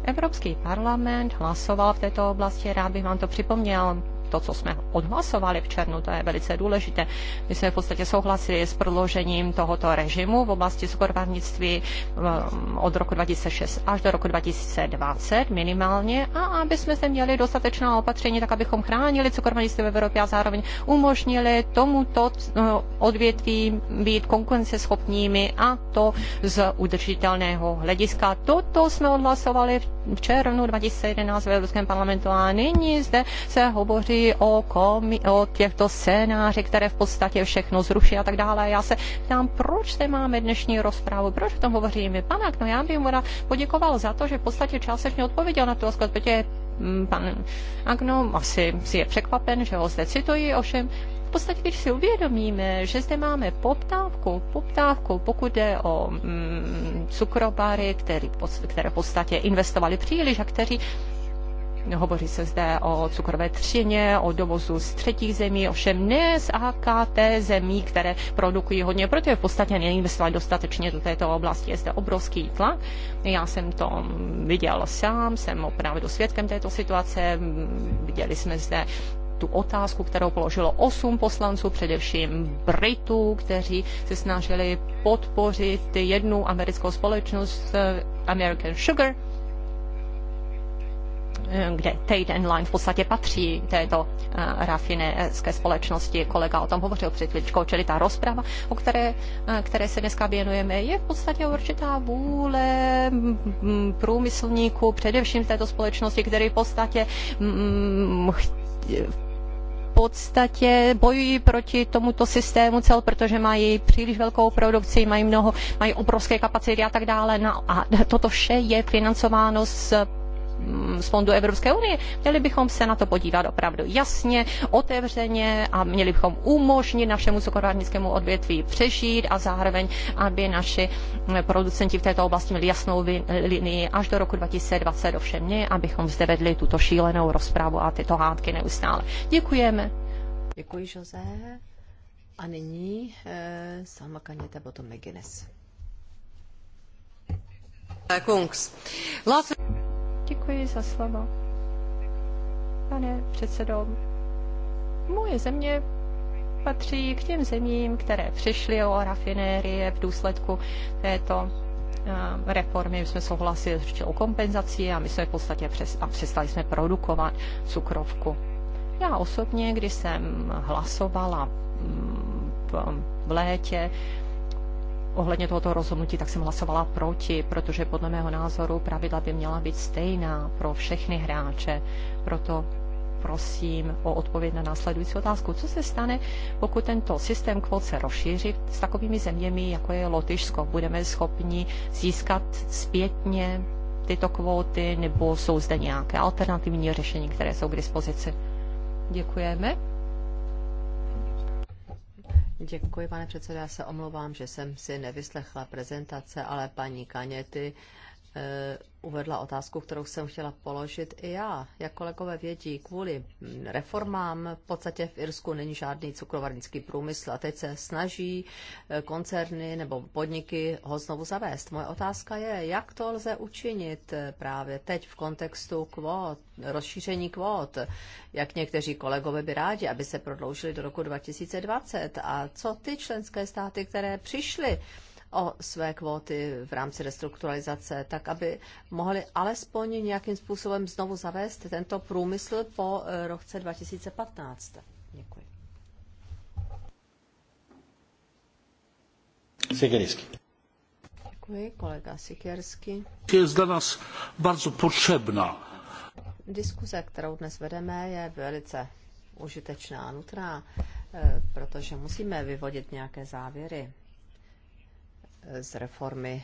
Evropský parlament hlasoval v této oblasti, rád bych vám to připomněl, to, co jsme odhlasovali v červnu, to je velice důležité. My jsme v podstatě souhlasili s prodloužením tohoto režimu v oblasti skorovarnictví ehm, od roku 2006 až do roku 2020 minimálně a aby jsme se měli dostatečná opatření, tak abychom chránili cukrovarnictví v Evropě a zároveň umožnili tomuto no, odvětví být konkurenceschopnými a to z udržitelného hlediska. Toto jsme odhlasovali v červnu 2011 v Evropském parlamentu a nyní zde se hovoří o, komi, o těchto scénářích, které v podstatě všechno zruší a tak dále. Já se ptám, proč zde máme dnešní rozprávu, proč o tom hovoříme. Panak, no já bych mu poděkoval za to, že v podstatě částečně odpověděl na tu otázku, protože mm, pan Agno asi si je překvapen, že ho zde cituji, ovšem v podstatě, když si uvědomíme, že zde máme poptávku, poptávku, pokud jde o mm, cukrobary, které v podstatě investovali příliš a kteří Hovoří se zde o cukrové třině, o dovozu z třetích zemí, ovšem ne z AKT zemí, které produkují hodně, protože v podstatě neinvestovali dostatečně do této oblasti. Je zde obrovský tlak. Já jsem to viděl sám, jsem opravdu svědkem této situace. Viděli jsme zde tu otázku, kterou položilo osm poslanců, především Britů, kteří se snažili podpořit jednu americkou společnost eh, American Sugar, kde Tate Line v podstatě patří této eh, rafinéské společnosti. Kolega o tom hovořil před chvíličkou, čili ta rozprava, o které, eh, které se dneska věnujeme, je v podstatě určitá vůle průmyslníků, především této společnosti, který v podstatě v podstatě bojují proti tomuto systému cel, protože mají příliš velkou produkci, mají mnoho, mají obrovské kapacity a tak dále. No a toto vše je financováno z Mm, z fondu Evropské unie. Měli bychom se na to podívat opravdu jasně, otevřeně a měli bychom umožnit našemu cukrovarnickému odvětví přežít a zároveň, aby naši mm, producenti v této oblasti měli jasnou linii až do roku 2020 ovšem ne, abychom zde vedli tuto šílenou rozpravu a tyto hádky neustále. Děkujeme. Děkuji, Jose. A nyní eh, sama kaněte potom McGuinness. Kungs. Děkuji za slovo. Pane předsedo, moje země patří k těm zemím, které přišly o rafinérie v důsledku této eh, reformy. My jsme souhlasili s určitou kompenzací a my jsme v podstatě přes, a přestali jsme produkovat cukrovku. Já osobně, když jsem hlasovala mm, v, v létě ohledně tohoto rozhodnutí, tak jsem hlasovala proti, protože podle mého názoru pravidla by měla být stejná pro všechny hráče. Proto prosím o odpověď na následující otázku. Co se stane, pokud tento systém kvot se rozšíří s takovými zeměmi, jako je Lotyšsko? Budeme schopni získat zpětně tyto kvóty, nebo jsou zde nějaké alternativní řešení, které jsou k dispozici? Děkujeme. Děkuji, pane předsedo. Já se omlouvám, že jsem si nevyslechla prezentace, ale paní Kaněty Eh, uvedla otázku, kterou jsem chtěla položit i já. Jak kolegové vědí, kvůli reformám v podstatě v Irsku není žádný cukrovarnický průmysl a teď se snaží eh, koncerny nebo podniky ho znovu zavést. Moje otázka je, jak to lze učinit eh, právě teď v kontextu kvót, rozšíření kvót, jak někteří kolegové by rádi, aby se prodloužili do roku 2020 a co ty členské státy, které přišly o své kvóty v rámci restrukturalizace, tak aby mohli alespoň nějakým způsobem znovu zavést tento průmysl po eh, roce 2015. Děkuji. Sikierski. Děkuji, kolega Sikierski. Je dla nás bardzo potřebná. Diskuze, kterou dnes vedeme, je velice užitečná a nutná, eh, protože musíme vyvodit nějaké závěry z reformy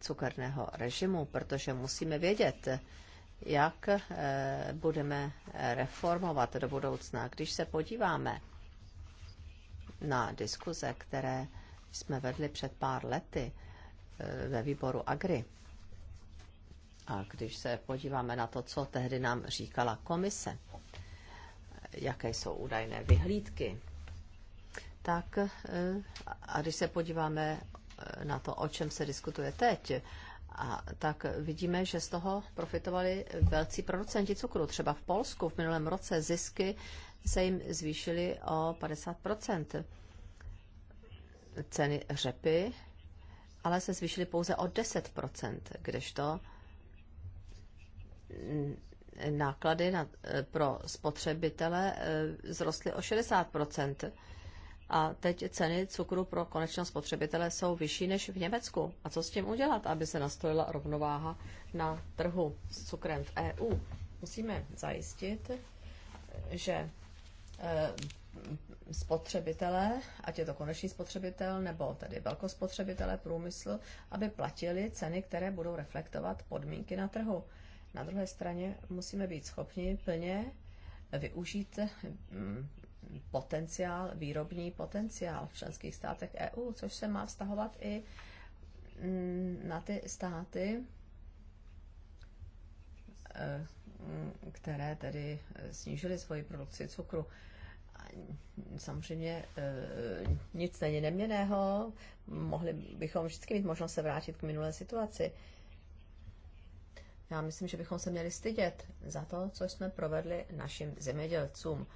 cukerného režimu, protože musíme vědět, jak eh, budeme reformovat do budoucna. Když se podíváme na diskuze, které jsme vedli před pár lety eh, ve výboru Agri, a když se podíváme na to, co tehdy nám říkala komise, jaké jsou údajné vyhlídky, tak eh, a když se podíváme na to, o čem se diskutuje teď, a tak vidíme, že z toho profitovali velcí producenti cukru. Třeba v Polsku v minulém roce zisky se jim zvýšily o 50 Ceny řepy ale se zvýšily pouze o 10 kdežto náklady na, pro spotřebitele e, vzrostly o 60 a teď ceny cukru pro konečného spotřebitele jsou vyšší než v Německu. A co s tím udělat, aby se nastolila rovnováha na trhu s cukrem v EU? Musíme zajistit, že eh, spotřebitelé, ať je to konečný spotřebitel nebo tedy velkospotřebitelé průmysl, aby platili ceny, které budou reflektovat podmínky na trhu. Na druhé straně musíme být schopni plně využít hm, potenciál, výrobní potenciál v členských státech EU, což se má vztahovat i mm, na ty státy, eh, které tedy eh, snížily svoji produkci cukru. Samozřejmě eh, nic není neměného, mohli bychom vždycky mít možnost se vrátit k minulé situaci. Já myslím, že bychom se měli stydět za to, co jsme provedli našim zemědělcům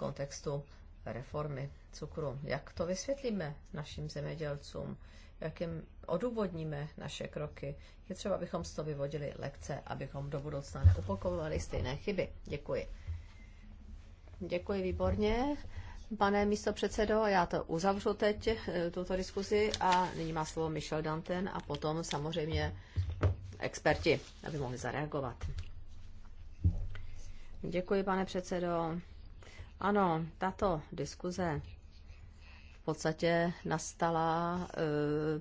kontextu reformy cukru. Jak to vysvětlíme našim zemědělcům? Jak jim odůvodníme naše kroky? Je třeba, abychom z toho vyvodili lekce, abychom do budoucna neupokovovali stejné chyby. Děkuji. Děkuji výborně. Pane místo předsedo, já to uzavřu teď, eh, tuto diskuzi a nyní má slovo Michel Danten a potom samozřejmě experti, aby mohli zareagovat. Děkuji, pane předsedo. Ano, tato diskuze v podstatě nastala eh,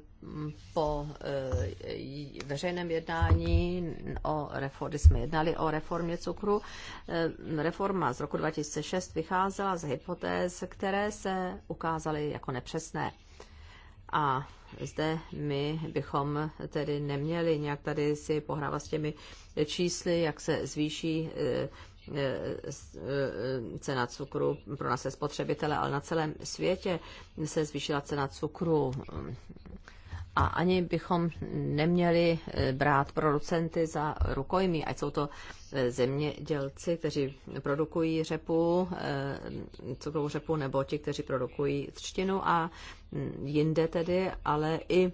po eh, veřejném jednání o reformě, jsme jednali o reformě cukru. Eh, reforma z roku 2006 vycházela z hypotéz, které se ukázaly jako nepřesné. A zde my bychom tedy neměli nějak tady si pohrávat s těmi čísly, jak se zvýší E, e, cena cukru pro nás je spotřebitele, ale na celém světě se zvýšila cena cukru. A ani bychom neměli e, brát producenty za rukojmí, ať jsou to zemědělci, kteří produkují řepu, cukrovou řepu, nebo ti, kteří produkují třtinu a jinde tedy, ale i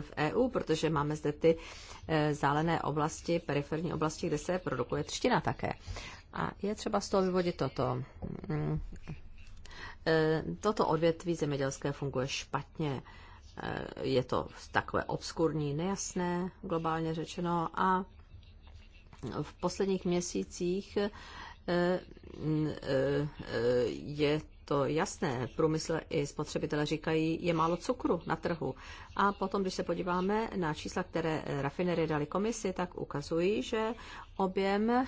v EU, protože máme zde ty zálené oblasti, periferní oblasti, kde se produkuje třtina také. A je třeba z toho vyvodit toto. Mm. E, toto odvětví zemědělské funguje špatně. E, je to takové obskurní, nejasné, globálně řečeno, a v posledních měsících e, je to jasné, průmysl i spotřebitelé říkají, je málo cukru na trhu. A potom, když se podíváme na čísla, které rafinery dali komisi, tak ukazují, že objem e,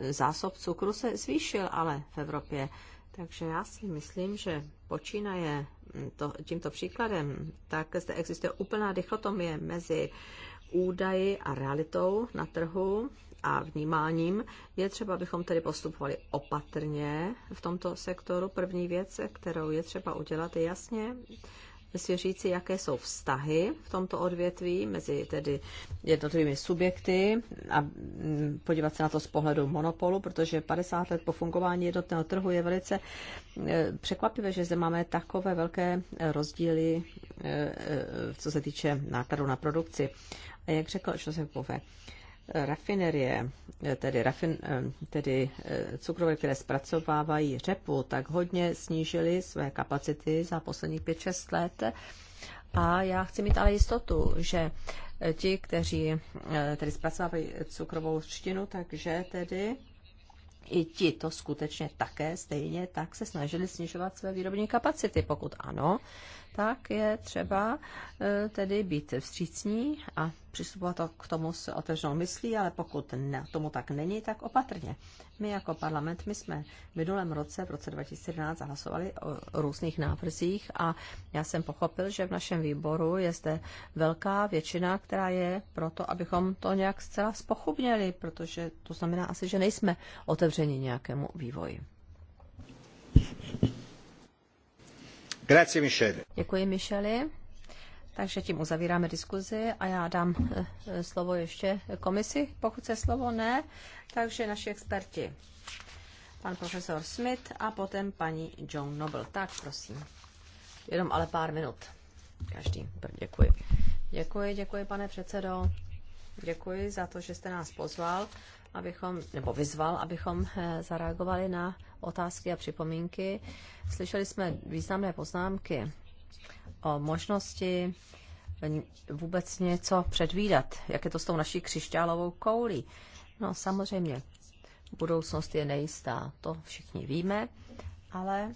e, zásob cukru se zvýšil ale v Evropě. Takže já si myslím, že počínaje mm, to, tímto příkladem, tak zde existuje úplná dichotomie mezi údaji a realitou na trhu a vnímáním. Je třeba, abychom tedy postupovali opatrně v tomto sektoru. První věc, kterou je třeba udělat, je jasně si říci, jaké jsou vztahy v tomto odvětví mezi tedy jednotlivými subjekty a mm, podívat se na to z pohledu monopolu, protože 50 let po fungování jednotného trhu je velice e, překvapivé, že zde máme takové velké rozdíly, e, e, co se týče nákladů na produkci. A jak řekl se Bove, rafinerie, tedy, rafin, eh, tedy eh, cukrové, které zpracovávají řepu, tak hodně snížily své kapacity za posledních 5-6 let. A já chci mít ale jistotu, že eh, ti, kteří tedy zpracovávají cukrovou třtinu, takže tedy i ti to skutečně také stejně tak se snažili snižovat své výrobní kapacity. Pokud ano, tak je třeba eh, tedy být vstřícní a přistupovat k tomu s otevřenou myslí, ale pokud ne, tomu tak není, tak opatrně. My jako parlament, my jsme v minulém roce, v roce 2011, hlasovali o různých návrzích a já jsem pochopil, že v našem výboru je zde velká většina, která je proto, abychom to nějak zcela spochubněli, protože to znamená asi, že nejsme otevřeni nějakému vývoji. Grazie, Michele. Děkuji, Micheli. Takže tím uzavíráme diskuzi a já dám eh, eh, slovo ještě komisi, pokud se slovo ne. Takže naši experti, pan profesor Smith a potom paní Joan Noble. Tak prosím, jenom ale pár minut. Každý, děkuji. Děkuji, děkuji, pane předsedo. Děkuji za to, že jste nás pozval abychom, nebo vyzval, abychom eh, zareagovali na otázky a připomínky. Slyšeli jsme významné poznámky o možnosti eh, vůbec něco předvídat, jak je to s tou naší křišťálovou koulí. No samozřejmě, budoucnost je nejistá, to všichni víme, ale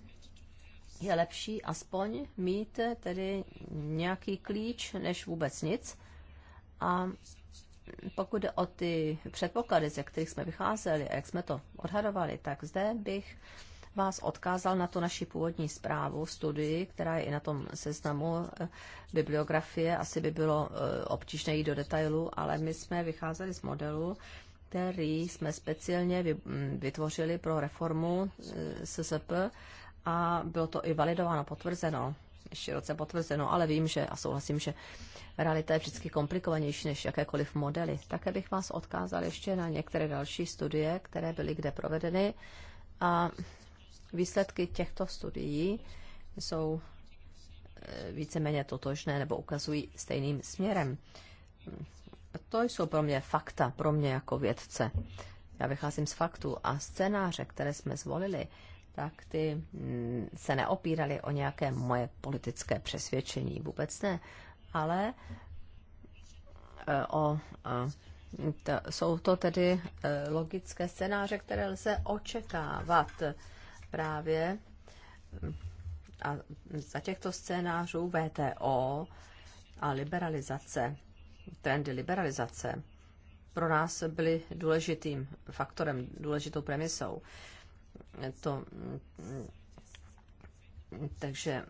je lepší aspoň mít tedy nějaký klíč než vůbec nic. A pokud jde o ty předpoklady, ze kterých jsme vycházeli a jak jsme to odhadovali, tak zde bych vás odkázal na tu naši původní zprávu, studii, která je i na tom seznamu eh, bibliografie. Asi by bylo eh, obtížné jít do detailu, ale my jsme vycházeli z modelu, který jsme speciálně mm, vytvořili pro reformu eh, SSP a bylo to i validováno, potvrzeno široce potvrzeno, ale vím, že a souhlasím, že realita je vždycky komplikovanější než jakékoliv modely. Také bych vás odkázal ještě na některé další studie, které byly kde provedeny a výsledky těchto studií jsou eh, víceméně totožné nebo ukazují stejným směrem. To jsou pro mě fakta, pro mě jako vědce. Já vycházím z faktů a scénáře, které jsme zvolili, tak ty mm, se neopíraly o nějaké moje politické přesvědčení, vůbec ne, ale eh, o, eh, to, jsou to tedy eh, logické scénáře, které lze očekávat právě mm, a za těchto scénářů VTO a liberalizace, trendy liberalizace pro nás byly důležitým faktorem, důležitou premisou to takže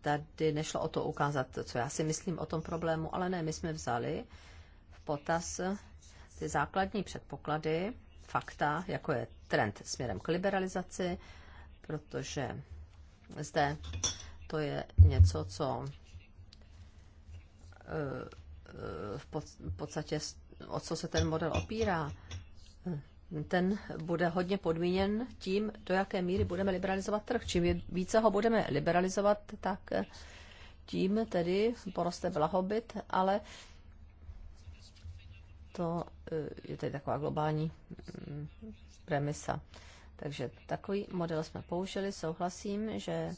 tady nešlo o to ukázat, co já si myslím o tom problému, ale ne, my jsme vzali v potaz ty základní předpoklady, fakta, jako je trend směrem k liberalizaci, protože zde to je něco, co eh, v podstatě o co se ten model opírá ten bude hodně podmíněn tím, do jaké míry budeme liberalizovat trh. Čím více ho budeme liberalizovat, tak eh, tím tedy poroste blahobyt, ale to eh, je tedy taková globální mm, premisa. Takže takový model jsme použili. Souhlasím, že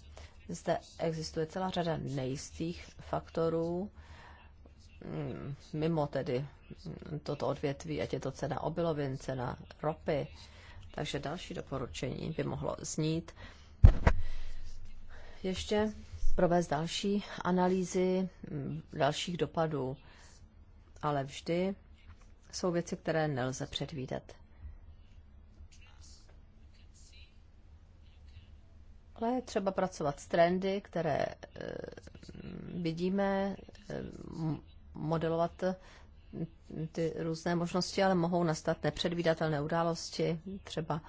zde existuje celá řada nejistých faktorů, Mm, mimo tedy mm, toto odvětví, ať je to cena obilovin, cena ropy. Takže další doporučení by mohlo znít ještě provést další analýzy mm, dalších dopadů, ale vždy jsou věci, které nelze předvídat. Ale je třeba pracovat s trendy, které eh, vidíme, eh, modelovat ty různé možnosti, ale mohou nastat nepředvídatelné události, třeba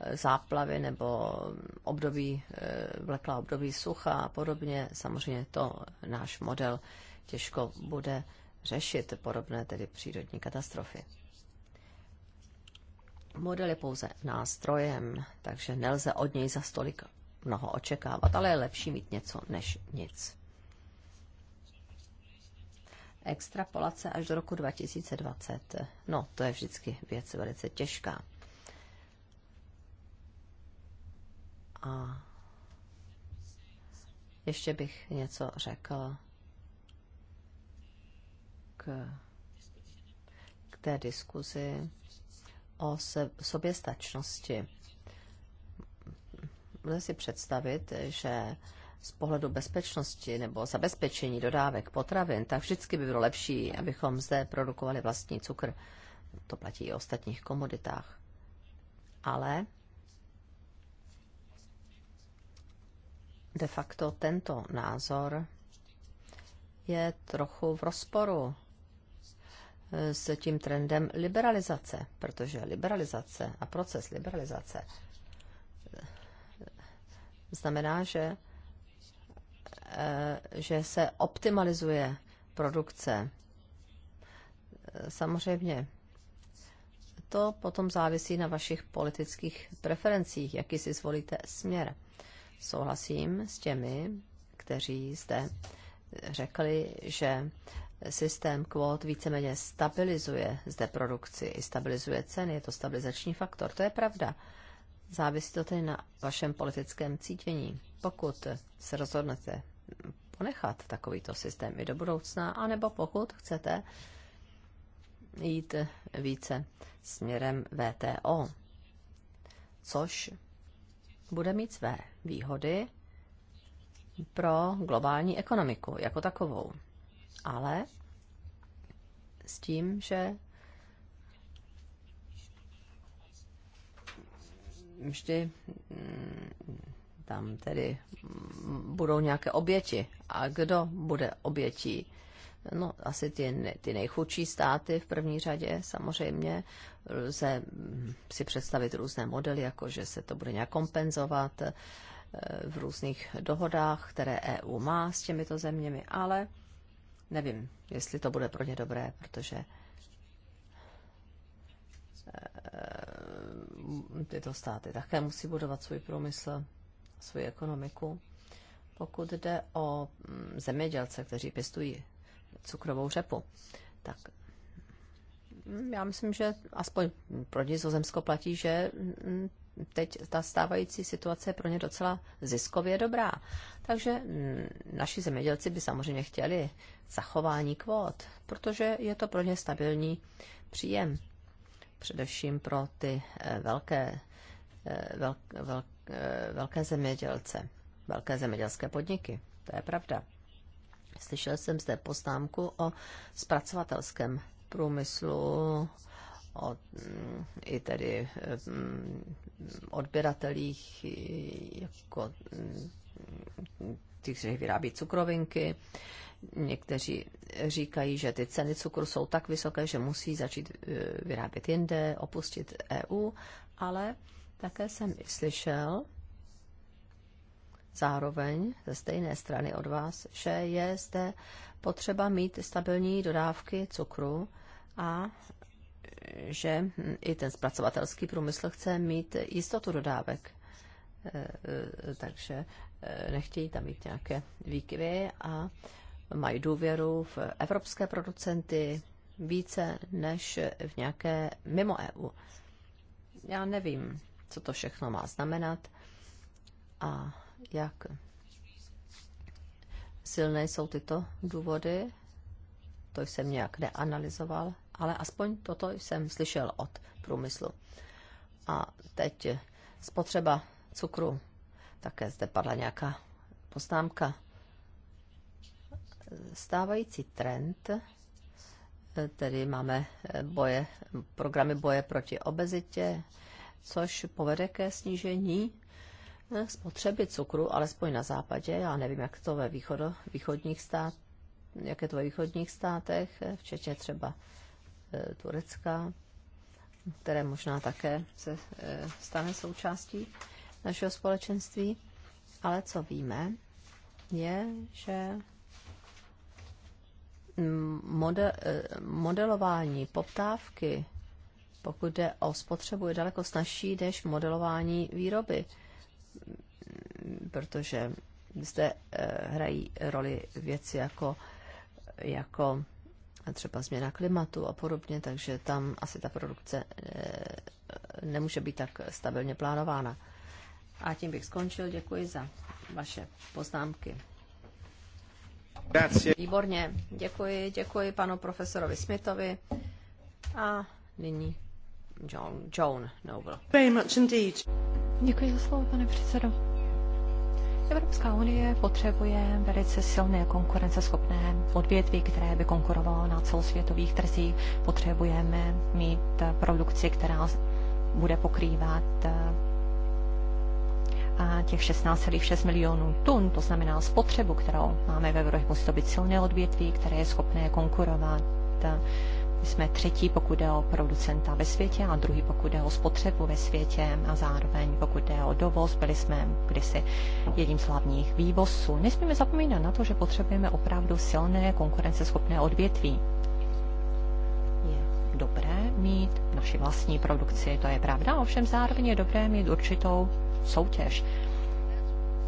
eh, záplavy nebo období, eh, vleklá období sucha a podobně. Samozřejmě to náš model těžko bude řešit podobné tedy přírodní katastrofy. Model je pouze nástrojem, takže nelze od něj za stolik mnoho očekávat, ale je lepší mít něco než nic extrapolace až do roku 2020. No, to je vždycky věc velice těžká. A ještě bych něco řekl k, k té diskuzi o se, soběstačnosti. Můžete si představit, že z pohledu bezpečnosti nebo zabezpečení dodávek potravin, tak vždycky by bylo lepší, abychom zde produkovali vlastní cukr. To platí i o ostatních komoditách. Ale de facto tento názor je trochu v rozporu eh, s tím trendem liberalizace, protože liberalizace a proces liberalizace eh, znamená, že Eh, že se optimalizuje produkce. Eh, samozřejmě to potom závisí na vašich politických preferencích, jaký si zvolíte směr. Souhlasím s těmi, kteří zde řekli, že systém kvót víceméně stabilizuje zde produkci i stabilizuje ceny, je to stabilizační faktor. To je pravda. Závisí to tedy na vašem politickém cítění. Pokud se rozhodnete ponechat takovýto systém i do budoucna, anebo pokud chcete jít více směrem VTO, což bude mít své výhody pro globální ekonomiku jako takovou. Ale s tím, že vždy mm, tam tedy budou nějaké oběti. A kdo bude obětí? No, asi ty, ty nejchudší státy v první řadě samozřejmě. Lze si představit různé modely, jako že se to bude nějak kompenzovat eh, v různých dohodách, které EU má s těmito zeměmi, ale nevím, jestli to bude pro ně dobré, protože eh, tyto státy také musí budovat svůj průmysl svou ekonomiku. Pokud jde o mm, zemědělce, kteří pěstují cukrovou řepu, tak mm, já myslím, že aspoň pro Nizozemsko platí, že mm, teď ta stávající situace je pro ně docela ziskově dobrá. Takže naši zemědělci by samozřejmě chtěli zachování kvót, protože je to pro ně stabilní příjem. Především pro ty eh, velké Eh, velk, velk, eh, velké zemědělce, velké zemědělské podniky. To je pravda. Slyšel jsem zde poznámku o zpracovatelském průmyslu, o, mm, i tedy mm, odběratelích, jako mm, těch, kteří vyrábí cukrovinky. Někteří říkají, že ty ceny cukru jsou tak vysoké, že musí začít eh, vyrábět jinde, opustit EU, ale také jsem slyšel zároveň ze stejné strany od vás, že je zde potřeba mít stabilní dodávky cukru a že i ten zpracovatelský průmysl chce mít jistotu dodávek. Eh, eh, takže eh, nechtějí tam mít nějaké výkyvy a mají důvěru v evropské producenty více než v nějaké mimo EU. Já nevím, co to všechno má znamenat a jak silné jsou tyto důvody. To jsem nějak neanalyzoval, ale aspoň toto jsem slyšel od průmyslu. A teď spotřeba cukru. Také zde padla nějaká poznámka. Stávající trend, tedy máme boje, programy boje proti obezitě, což povede ke snížení eh, spotřeby cukru, alespoň na západě, já nevím, jak to ve východo, východních stát, jak je to ve východních státech, eh, včetně třeba eh, Turecka, které možná také se stane součástí našeho společenství. Ale co víme, je, že model, modelování poptávky pokud jde o spotřebu, je daleko snažší než modelování výroby, protože zde eh, hrají roli věci jako, jako třeba změna klimatu a podobně, takže tam asi ta produkce eh, nemůže být tak stabilně plánována. A tím bych skončil. Děkuji za vaše poznámky. Výborně. Děkuji, děkuji panu profesorovi Smithovi. A nyní John, Joan Noble. Very much indeed. Děkuji za slovo, pane předsedo. Evropská unie potřebuje velice silné konkurenceschopné odvětví, které by konkurovalo na celosvětových trzích. Potřebujeme mít produkci, která bude pokrývat eh, a těch 16,6 milionů tun, to znamená spotřebu, kterou máme ve Evropě, musí to být silné odvětví, které je schopné konkurovat eh, jsme třetí, pokud jde o producenta ve světě a druhý, pokud jde o spotřebu ve světě a zároveň pokud jde o dovoz, byli jsme kdysi jedním z hlavních vývozců. Nesmíme zapomínat na to, že potřebujeme opravdu silné konkurenceschopné odvětví. Je dobré mít naši vlastní produkci, to je pravda, ovšem zároveň je dobré mít určitou soutěž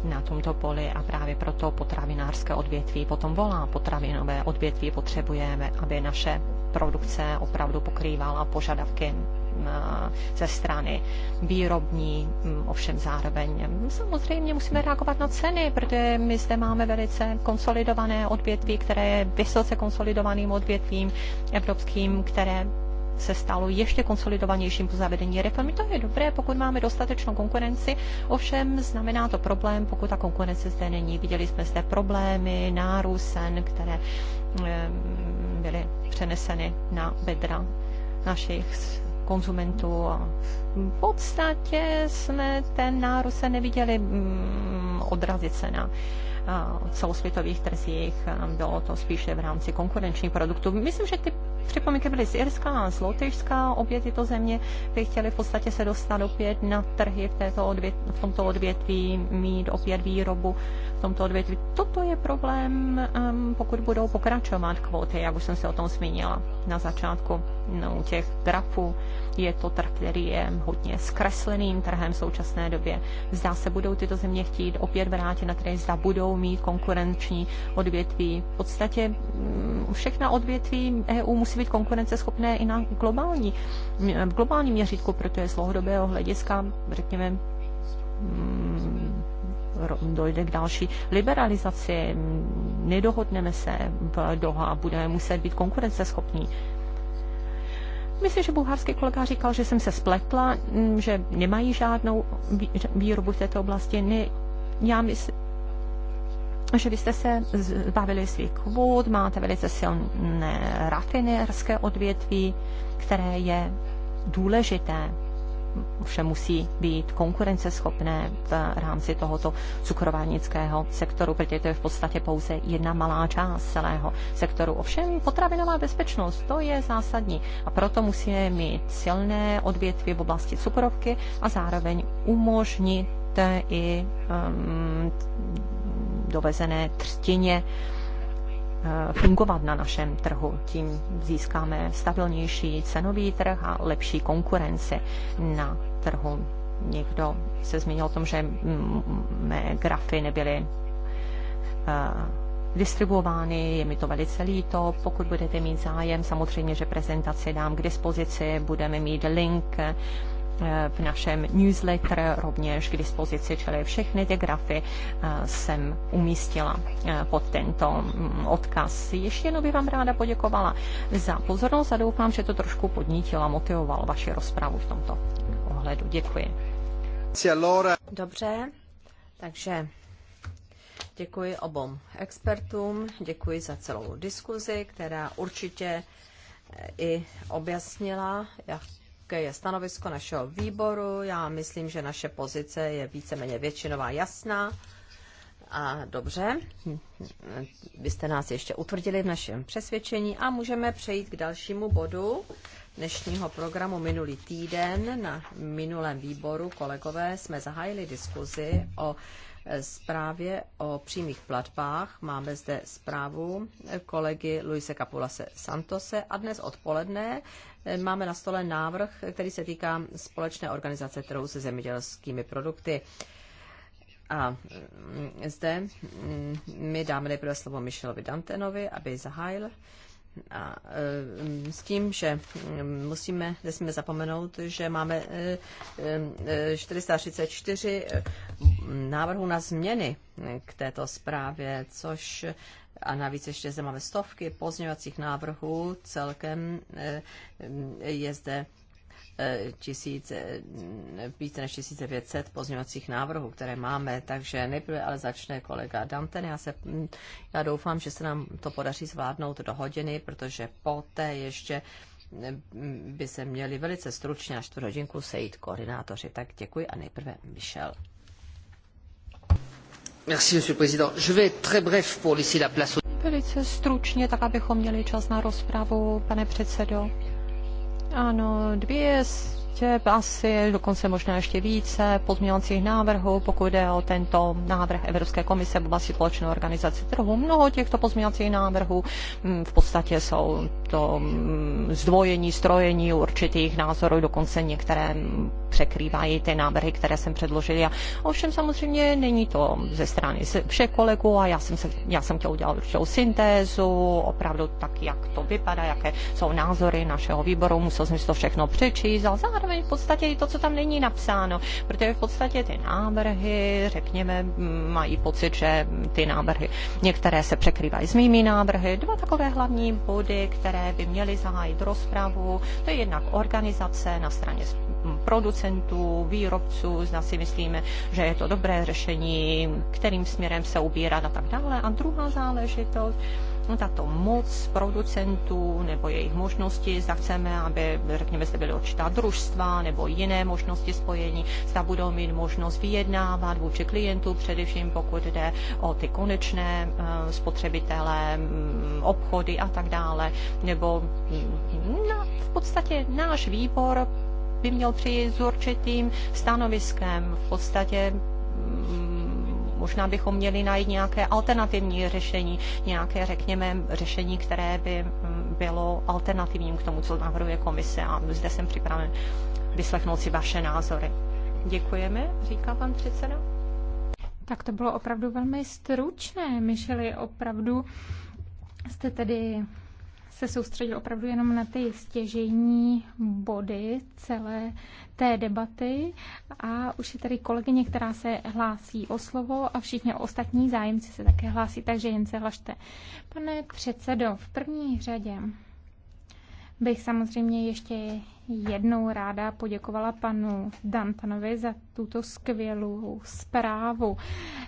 na tomto poli a právě proto potravinářské odvětví potom volá. Potravinové odvětví potřebujeme, aby naše produkce opravdu pokrývala požadavky eh, ze strany výrobní, hm, ovšem zároveň hm, samozřejmě musíme reagovat na ceny, protože my zde máme velice konsolidované odvětví, které je vysoce konsolidovaným odvětvím evropským, které se stalo ještě konsolidovanějším po zavedení reformy. To je dobré, pokud máme dostatečnou konkurenci, ovšem znamená to problém, pokud ta konkurence zde není. Viděli jsme zde problémy, nárůst cen, které Eh, byly přeneseny na bedra našich konzumentů. V podstatě jsme ten nárůst se neviděli mm, odrazit se na eh, celosvětových trzích. Bylo to spíše v rámci konkurenčních produktů. Myslím, že ty připomínky byly z Irska a z Lotyšska. Obě tyto země by chtěly v podstatě se dostat opět na trhy v, této odvě- v tomto odvětví, mít opět výrobu v tomto odvětví. Toto je problém, um, pokud budou pokračovat kvóty, jak už jsem se o tom zmínila na začátku. No, u těch grafů je to trh, který je hodně zkresleným trhem v současné době. Zdá se, budou tyto země chtít opět vrátit na trhy, zda budou mít konkurenční odvětví. V podstatě mm, všechna odvětví EU musí musí být konkurenceschopné i na globální, v eh, globálním měřítku, protože z dlouhodobého hlediska, řekněme, mm, dojde k další liberalizaci, nedohodneme se v Doha, budeme muset být konkurenceschopní. Myslím, že bulharský kolega říkal, že jsem se spletla, mm, že nemají žádnou výrobu v této oblasti. Ne, já myslím, že vy jste se zbavili svých kvůd, máte velice silné rafinerské odvětví, které je důležité vše musí být konkurenceschopné v rámci tohoto cukrovarnického sektoru, protože to je v podstatě pouze jedna malá část celého sektoru. Ovšem potravinová bezpečnost, to je zásadní a proto musíme mít silné odvětví v oblasti cukrovky a zároveň umožnit i um, dovezené třtině eh, fungovat na našem trhu. Tím získáme stabilnější cenový trh a lepší konkurenci na trhu. Někdo se zmínil o tom, že mé grafy nebyly eh, distribuovány, je mi to velice líto. Pokud budete mít zájem, samozřejmě, že prezentaci dám k dispozici, budeme mít link Eh, v našem newsletter rovněž k dispozici, čili všechny ty grafy eh, jsem umístila eh, pod tento mm, odkaz. Ještě jednou bych vám ráda poděkovala za pozornost a doufám, že to trošku podnítilo a motivovalo vaši rozpravu v tomto ohledu. Děkuji. Dobře, takže děkuji obom expertům, děkuji za celou diskuzi, která určitě i objasnila, jak jaké je stanovisko našeho výboru. Já myslím, že naše pozice je víceméně většinová jasná. A dobře, vy jste nás ještě utvrdili v našem přesvědčení a můžeme přejít k dalšímu bodu dnešního programu minulý týden na minulém výboru kolegové jsme zahájili diskuzi o zprávě o přímých platbách. Máme zde zprávu kolegy Luise Capulase Santose a dnes odpoledne eh, máme na stole návrh, který se týká společné organizace trhu se zemědělskými produkty. A mm, zde mi mm, dáme nejprve slovo Michelovi Dantenovi, aby zahájil a e, s tím, že mm, musíme, nesmíme zapomenout, že máme 434 e, e, návrhů na změny k této zprávě, což a navíc ještě zde máme stovky pozměňovacích návrhů, celkem je zde více než 1500 pozměňovacích návrhů, které máme, takže nejprve ale začne kolega Danten. Já, se, já doufám, že se nám to podaří zvládnout do hodiny, protože poté ještě by se měli velice stručně na čtvrt hodinku sejít koordinátoři. Tak děkuji a nejprve Michel. Merci, monsieur le président. Je vais très bref pour laisser la place au... Velice stručně, tak abychom měli čas na rozpravu, pane předsedo. Ano, dvě určitě asi dokonce možná ještě více pozměňovacích návrhů, pokud jde o tento návrh Evropské komise v oblasti společné organizace trhu. Mnoho těchto pozměňovacích návrhů mm, v podstatě jsou to mm, zdvojení, strojení určitých názorů, dokonce některé mm, překrývají ty návrhy, které jsem předložil. A Ovšem samozřejmě není to ze strany všech kolegů a já jsem, se, já jsem chtěl udělat určitou syntézu, opravdu tak, jak to vypadá, jaké jsou názory našeho výboru. Musel jsem si to všechno přečíst a zároveň zároveň v podstatě i to, co tam není napsáno, protože v podstatě ty návrhy, řekněme, mají pocit, že ty návrhy, některé se překrývají s mými návrhy, dva takové hlavní body, které by měly zahájit rozpravu, to je jednak organizace na straně producentů, výrobců, zda si myslíme, že je to dobré řešení, kterým směrem se ubírat a tak dále. A druhá záležitost, No, tato moc producentů nebo jejich možnosti, zda chceme, aby, řekněme, zde byly určitá družstva nebo jiné možnosti spojení, zda budou mít možnost vyjednávat vůči klientů, především pokud jde o ty konečné eh, spotřebitele, mm, obchody a tak dále, nebo mm, na, v podstatě náš výbor by měl přijít s určitým stanoviskem. V podstatě mm, Možná bychom měli najít nějaké alternativní řešení, nějaké, řekněme, řešení, které by mm, bylo alternativním k tomu, co navrhuje komise. A zde jsem připraven vyslechnout si vaše názory. Děkujeme, říká pan předseda. Tak to bylo opravdu velmi stručné, Michely, opravdu jste tedy se soustředil opravdu jenom na ty stěžejní body celé té debaty a už je tady kolegyně, která se hlásí o slovo a všichni ostatní zájemci se také hlásí, takže jen se hlašte. Pane předsedo, v první řadě bych samozřejmě ještě jednou ráda poděkovala panu Dantanovi za tuto skvělou zprávu.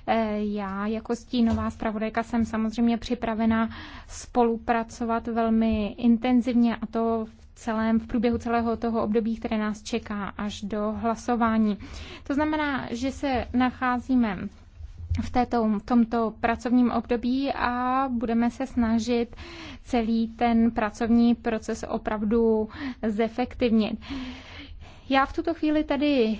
E, já jako stínová zpravodajka jsem samozřejmě připravena spolupracovat velmi intenzivně a to v celém, v průběhu celého toho období, které nás čeká až do hlasování. To znamená, že se nacházíme v, této, v tomto pracovním období a budeme se snažit celý ten pracovní proces opravdu zefektivnit. Já v tuto chvíli tady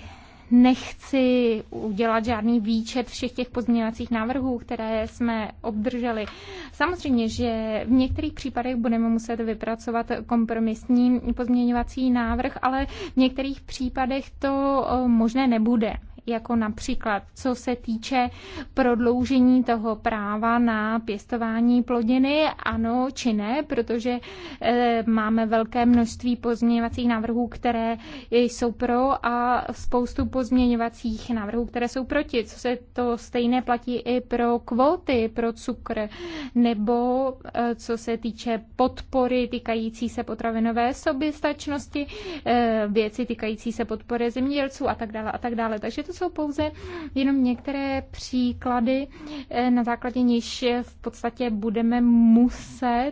nechci udělat žádný výčet všech těch pozměňovacích návrhů, které jsme obdrželi. Samozřejmě, že v některých případech budeme muset vypracovat kompromisní pozměňovací návrh, ale v některých případech to eh, možné nebude jako například co se týče prodloužení toho práva na pěstování plodiny, ano či ne, protože eh, máme velké množství pozměňovacích návrhů, které jsou pro a spoustu pozměňovacích návrhů, které jsou proti. Co se to stejné platí i pro kvóty, pro cukr, nebo eh, co se týče podpory týkající se potravinové soběstačnosti, eh, věci týkající se podpory zemědělců a tak dále a tak dále. Takže to jsou pouze jenom některé příklady, eh, na základě níž v podstatě budeme muset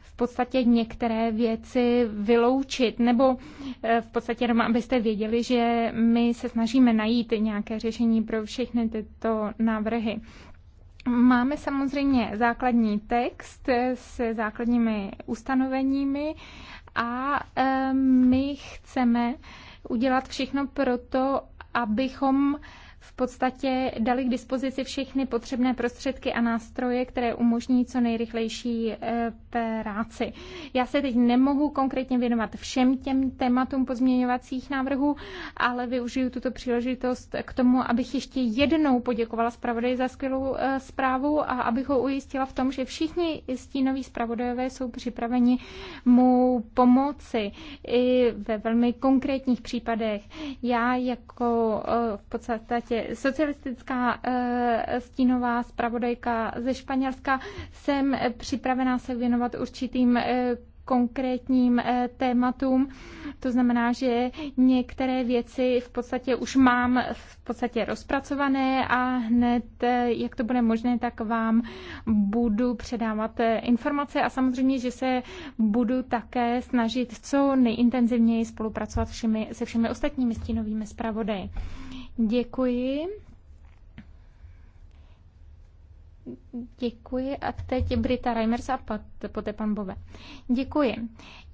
v podstatě některé věci vyloučit, nebo eh, v podstatě jenom abyste věděli, že my se snažíme najít nějaké řešení pro všechny tyto návrhy. Máme samozřejmě základní text eh, s základními ustanoveními a my chceme udělat všechno pro to, abychom v podstatě dali k dispozici všechny potřebné prostředky a nástroje, které umožní co nejrychlejší e, práci. Já se teď nemohu konkrétně věnovat všem těm tématům pozměňovacích návrhů, ale využiju tuto příležitost k tomu, abych ještě jednou poděkovala zpravodaji za skvělou e, zprávu a abych ho ujistila v tom, že všichni stínoví zpravodajové jsou připraveni mu pomoci i ve velmi konkrétních případech. Já jako e, v podstatě prostě Socialistická eh, stínová zpravodajka ze Španělska. Jsem připravená se věnovat určitým eh, konkrétním eh, tématům. To znamená, že některé věci v podstatě už mám v podstatě rozpracované a hned, jak to bude možné, tak vám budu předávat informace a samozřejmě, že se budu také snažit co nejintenzivněji spolupracovat všemi, se všemi ostatními stínovými zpravodaji. Děkuji. Děkuji. A teď Brita Reimers a poté pan Bove. Děkuji.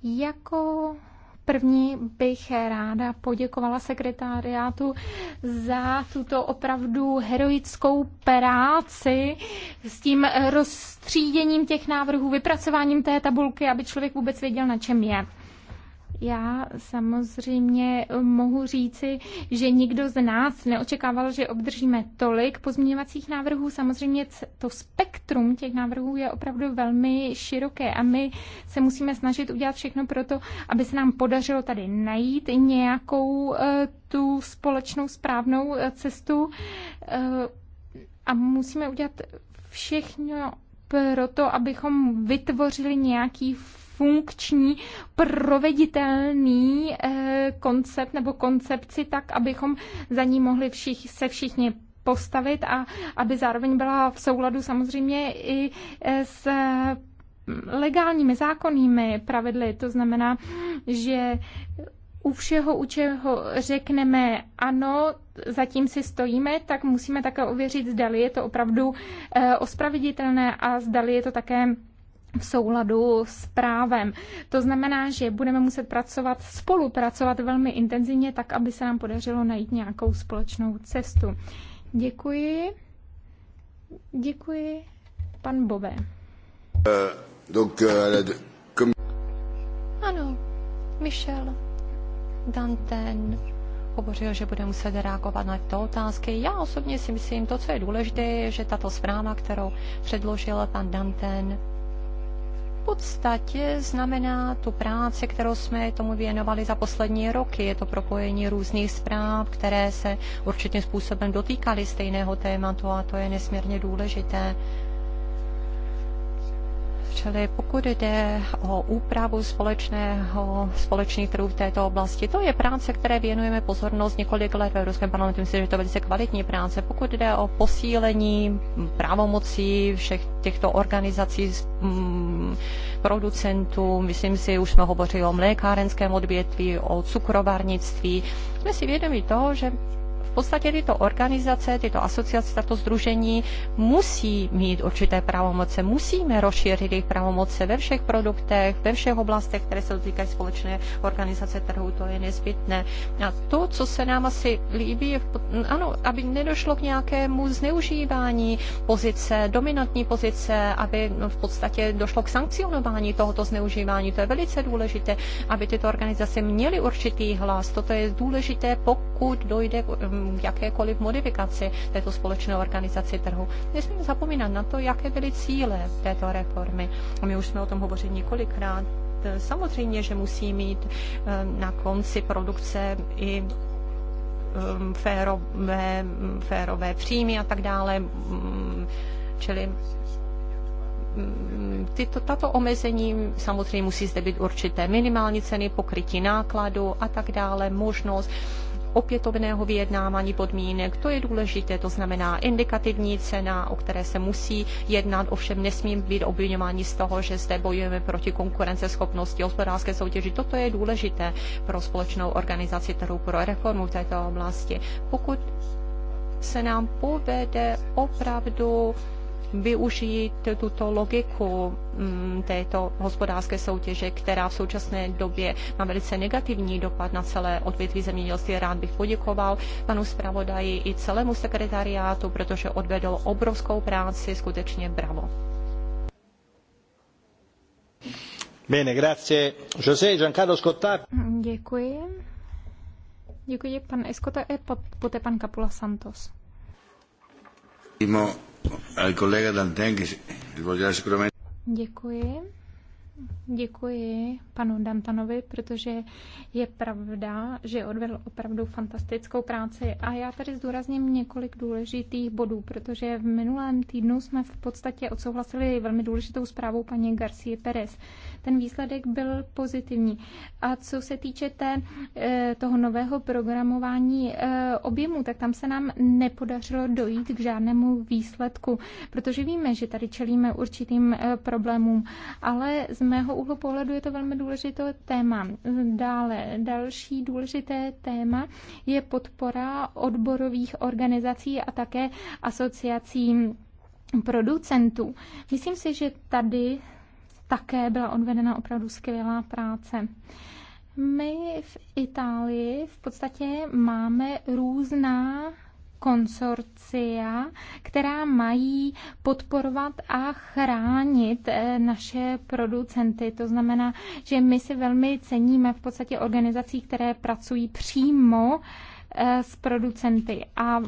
Jako První bych ráda poděkovala sekretariátu za tuto opravdu heroickou práci s tím rozstříděním těch návrhů, vypracováním té tabulky, aby člověk vůbec věděl, na čem je. Já samozřejmě eh, mohu říci, že nikdo z nás neočekával, že obdržíme tolik pozměňovacích návrhů. Samozřejmě to spektrum těch návrhů je opravdu velmi široké a my se musíme snažit udělat všechno pro to, aby se nám podařilo tady najít nějakou eh, tu společnou správnou eh, cestu a musíme udělat všechno pro to, abychom vytvořili nějaký funkční, proveditelný eh, koncept nebo koncepci tak, abychom za ní mohli všich, se všichni postavit a aby zároveň byla v souladu samozřejmě i eh, s legálními zákonnými pravidly. To znamená, že u všeho, u čeho řekneme ano, zatím si stojíme, tak musíme také ověřit, zdali je to opravdu eh, ospraviditelné a zdali je to také v souladu s právem. To znamená, že budeme muset pracovat, spolupracovat velmi intenzivně, tak aby se nám podařilo najít nějakou společnou cestu. Děkuji. Děkuji. Pan Bové. Eh, eh, ano, Michel Danten hovořil, že bude muset reagovat na tyto otázky. Já osobně si myslím, to, co je důležité, je, že tato zpráva, kterou předložil pan Danten, podstatě znamená tu práci, kterou jsme tomu věnovali za poslední roky. Je to propojení různých zpráv, které se určitým způsobem dotýkaly stejného tématu a to je nesmírně důležité. Čili pokud jde o úpravu společného, společných trhů v této oblasti, to je práce, které věnujeme pozornost několik let v Evropském parlamentu. Myslím, že je to velice kvalitní práce. Pokud jde o posílení právomocí všech těchto organizací, mm, producentů, myslím si, už jsme hovořili o mlékárenském odvětví, o cukrovarnictví, jsme si vědomi toho, že podstatě tyto organizace, tyto asociace, tato združení musí mít určité pravomoce. Musíme rozšířit jejich pravomoce ve všech produktech, ve všech oblastech, které se dotýkají společné organizace trhu. To je nezbytné. A to, co se nám asi líbí, je, ano, aby nedošlo k nějakému zneužívání pozice, dominantní pozice, aby no, v podstatě došlo k sankcionování tohoto zneužívání. To je velice důležité, aby tyto organizace měly určitý hlas. Toto je důležité, pokud dojde k jakékoliv modifikaci této společné organizaci trhu. Nesmíme zapomínat na to, jaké byly cíle této reformy. A my už jsme o tom hovořili několikrát. Samozřejmě, že musí mít eh, na konci produkce i eh, férové, férové příjmy a tak dále. Mm, čili mm, tyto, tato omezení samozřejmě musí zde být určité minimální ceny, pokrytí nákladu a tak dále, možnost opětovného vyjednávání podmínek. To je důležité, to znamená indikativní cena, o které se musí jednat, ovšem nesmí být obvinování z toho, že zde bojujeme proti konkurenceschopnosti hospodářské soutěži. Toto je důležité pro společnou organizaci trhu pro reformu v této oblasti. Pokud se nám povede opravdu využít tuto logiku mm, této hospodářské soutěže, která v současné době má velice negativní dopad na celé odvětví zemědělství. Rád bych poděkoval panu zpravodaji i celému sekretariátu, protože odvedl obrovskou práci, skutečně bravo. Bene, grazie. José Giancarlo Scotta. Děkuji. Děkuji pan Escota a eh, poté pan Capula Santos. Děkuji. Děkuji panu Dantanovi, protože je pravda, že odvedl opravdu fantastickou práci. A já tady zdůrazním několik důležitých bodů, protože v minulém týdnu jsme v podstatě odsouhlasili velmi důležitou zprávu paní Garcie Perez ten výsledek byl pozitivní. A co se týče té, eh, toho nového programování eh, objemu, tak tam se nám nepodařilo dojít k žádnému výsledku, protože víme, že tady čelíme určitým eh, problémům, ale z mého úhlu pohledu je to velmi důležité téma. Dále, další důležité téma je podpora odborových organizací a také asociací producentů. Myslím si, že tady také byla odvedena opravdu skvělá práce. My v Itálii v podstatě máme různá konsorcia, která mají podporovat a chránit eh, naše producenty. To znamená, že my si velmi ceníme v podstatě organizací, které pracují přímo eh, s producenty. A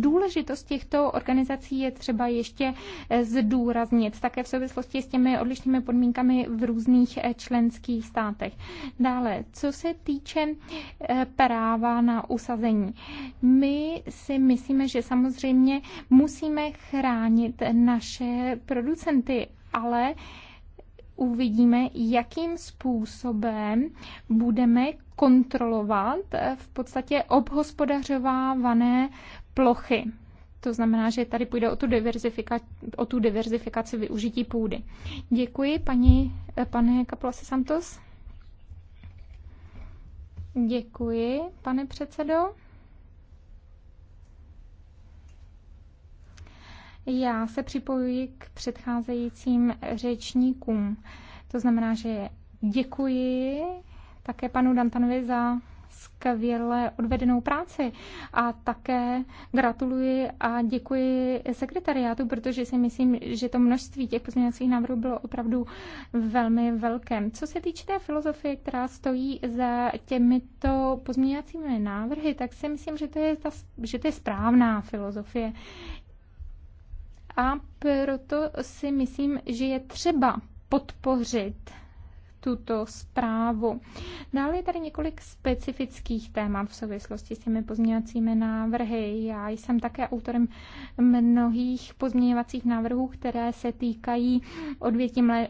důležitost těchto organizací je třeba ještě eh, zdůraznit, také v souvislosti s těmi odlišnými podmínkami v různých eh, členských státech. Dále, co se týče eh, práva na usazení. My si myslíme, že samozřejmě musíme chránit naše producenty, ale uvidíme, jakým způsobem budeme kontrolovat v podstatě obhospodařovávané plochy. To znamená, že tady půjde o tu, diverzifika, o tu diverzifikaci využití půdy. Děkuji, paní, eh, pane Kaplase Santos. Děkuji, pane předsedo. Já se připojuji k předcházejícím řečníkům. To znamená, že děkuji také panu Dantanovi za skvěle odvedenou práci. A také gratuluji a děkuji sekretariátu, protože si myslím, že to množství těch pozměňovacích návrhů bylo opravdu velmi velké. Co se týče té filozofie, která stojí za těmito pozměňovacími návrhy, tak si myslím, že to je, ta, že to je správná filozofie. A proto si myslím, že je třeba podpořit tuto zprávu. Dále je tady několik specifických témat v souvislosti s těmi pozměňovacími návrhy. Já jsem také autorem mnohých pozměňovacích návrhů, které se týkají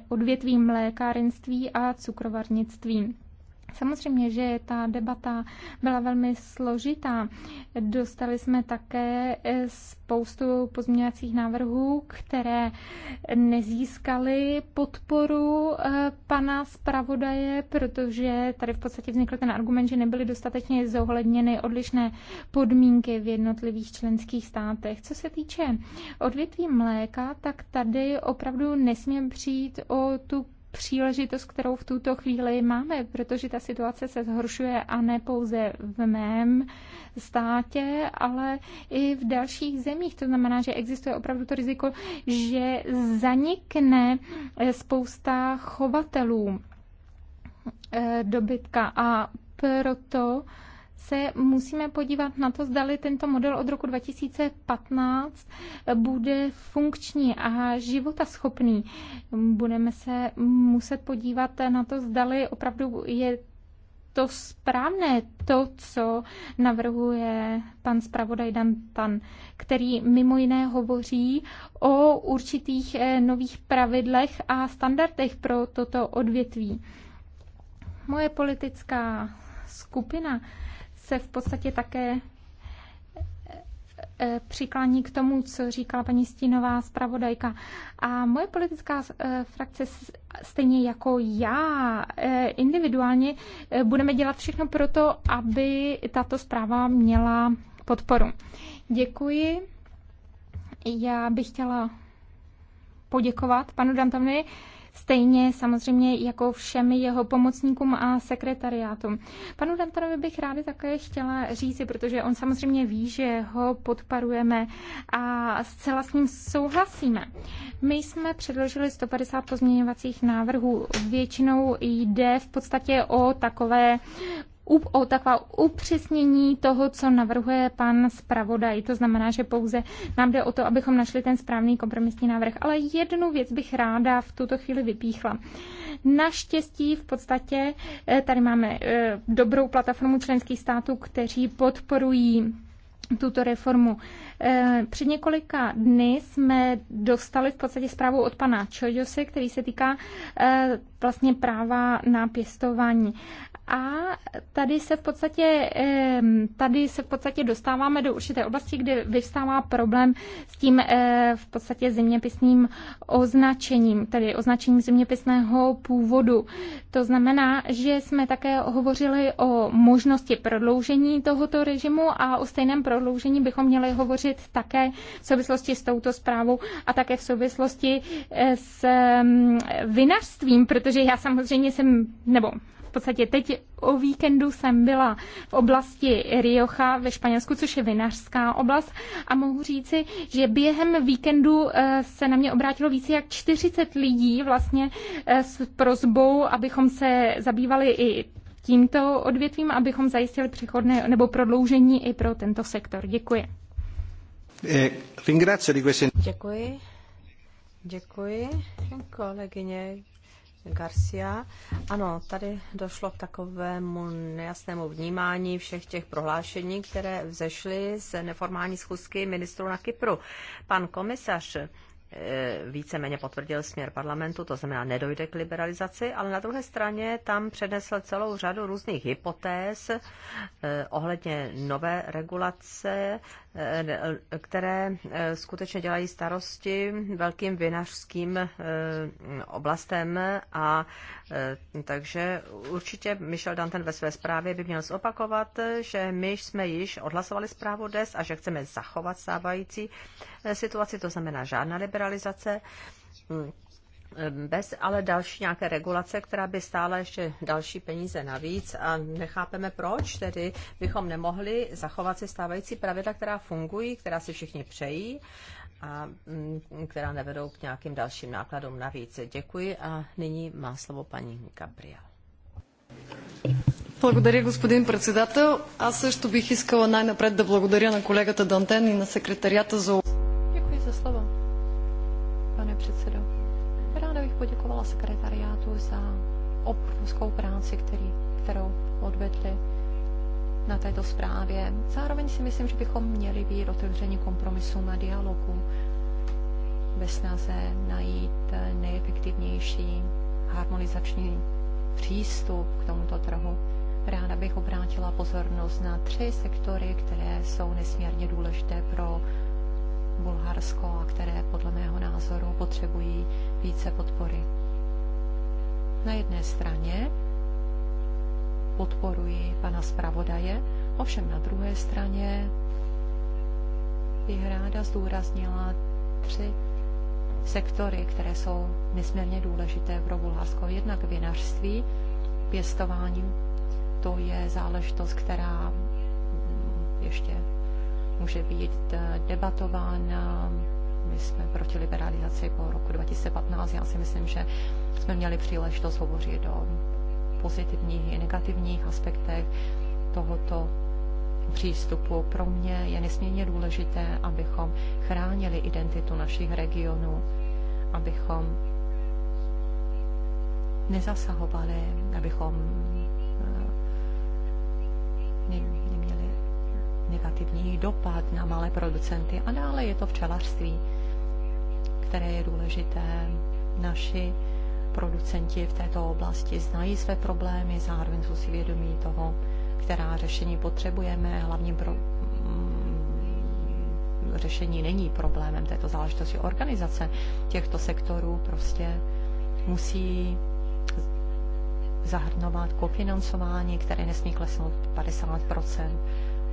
odvětví mlékárenství a cukrovarnictví. Samozřejmě, že ta debata byla velmi složitá. Dostali jsme také eh, spoustu pozměňovacích návrhů, které nezískaly podporu eh, pana zpravodaje, protože tady v podstatě vznikl ten argument, že nebyly dostatečně zohledněny odlišné podmínky v jednotlivých členských státech. Co se týče odvětví mléka, tak tady opravdu nesmím přijít o tu příležitost, kterou v tuto chvíli máme, protože ta situace se zhoršuje a ne pouze v mém státě, ale i v dalších zemích. To znamená, že existuje opravdu to riziko, že zanikne eh, spousta chovatelů eh, dobytka a proto se musíme podívat na to, zdali tento model od roku 2015 bude funkční a životaschopný. Budeme se muset podívat na to, zdali opravdu je to správné, to, co navrhuje pan zpravodaj Dantan, který mimo jiné hovoří o určitých eh, nových pravidlech a standardech pro toto odvětví. Moje politická skupina se v podstatě také e, e, přiklání k tomu, co říkala paní Stínová zpravodajka. A moje politická e, frakce, stejně jako já individuálně, budeme dělat všechno pro to, aby tato zpráva měla podporu. Děkuji. Já bych chtěla poděkovat panu Dantovny stejně samozřejmě jako všemi jeho pomocníkům a sekretariátům. Panu Dantanovi bych ráda také chtěla říci, protože on samozřejmě ví, že ho podparujeme a zcela s ním souhlasíme. My jsme předložili 150 pozměňovacích návrhů. Většinou jde v podstatě o takové Up, o taková upřesnění toho, co navrhuje pan zpravodaj. To znamená, že pouze nám jde o to, abychom našli ten správný kompromisní návrh. Ale jednu věc bych ráda v tuto chvíli vypíchla. Naštěstí v podstatě eh, tady máme eh, dobrou platformu členských států, kteří podporují tuto reformu. Eh, před několika dny jsme dostali v podstatě zprávu od pana Čojose, který se týká vlastně práva na pěstování. A tady se v podstatě, tady se v podstatě dostáváme do určité oblasti, kde vyvstává problém s tím eh, v podstatě zeměpisným označením, tedy označením zeměpisného původu. To znamená, že jsme také hovořili o možnosti prodloužení tohoto režimu a o stejném prodloužení bychom měli hovořit také v souvislosti s touto zprávou a také v souvislosti eh, s vinařstvím, protože já samozřejmě jsem, nebo podstatě teď o víkendu jsem byla v oblasti Rioja ve Španělsku, což je vinařská oblast a mohu říci, že během víkendu eh, se na mě obrátilo více jak 40 lidí vlastně eh, s prozbou, abychom se zabývali i tímto odvětvím, abychom zajistili přechodné nebo prodloužení i pro tento sektor. Děkuji. Eh, Děkuji. Děkuji. Kolegyně Garcia. Ano, tady došlo k takovému nejasnému vnímání všech těch prohlášení, které vzešly z neformální schůzky ministrů na Kypru. Pan komisař eh, víceméně potvrdil směr parlamentu, to znamená, nedojde k liberalizaci, ale na druhé straně tam přednesl celou řadu různých hypotéz eh, ohledně nové regulace, Eh, které eh, skutečně dělají starosti velkým vinařským eh, oblastem a takže určitě Michel Danten ve své zprávě by měl zopakovat, že my jsme již odhlasovali zprávu DES a že chceme zachovat stávající situaci, to znamená žádná liberalizace bez ale další nějaké regulace, která by stála ještě další peníze navíc a nechápeme proč, tedy bychom nemohli zachovat si stávající pravidla, která fungují, která si všichni přejí a mm, která nevedou k nějakým dalším nákladům navíc. Děkuji a nyní má slovo paní Gabriel. Благодаря, господин председател. Аз също бих искала най-напред да благодаря на колегата Дантен и на секретарията за poděkovala sekretariátu za obrovskou práci, který, kterou odvedli na této zprávě. Zároveň si myslím, že bychom měli být otevření kompromisům a dialogu ve snaze najít nejefektivnější harmonizační přístup k tomuto trhu. Ráda bych obrátila pozornost na tři sektory, které jsou nesmírně důležité pro Bulharsko a které podle mého názoru potřebují více podpory. Na jedné straně podporuji pana zpravodaje, ovšem na druhé straně bych ráda zdůraznila tři sektory, které jsou nesmírně důležité pro Bulharsko. Jednak vinařství, pěstování, to je záležitost, která ještě může být eh, debatován. My jsme proti liberalizaci po roku 2015. Já si myslím, že jsme měli příležitost hovořit o pozitivních i negativních aspektech tohoto přístupu. Pro mě je nesmírně důležité, abychom chránili identitu našich regionů, abychom nezasahovali, abychom negativní dopad na malé producenty. A dále je to včelařství, které je důležité. Naši producenti v této oblasti znají své problémy, zároveň jsou si vědomí toho, která řešení potřebujeme. Hlavním pro, mm, řešení není problémem této záležitosti. Organizace těchto sektorů prostě musí zahrnovat kofinancování, které nesmí klesnout 50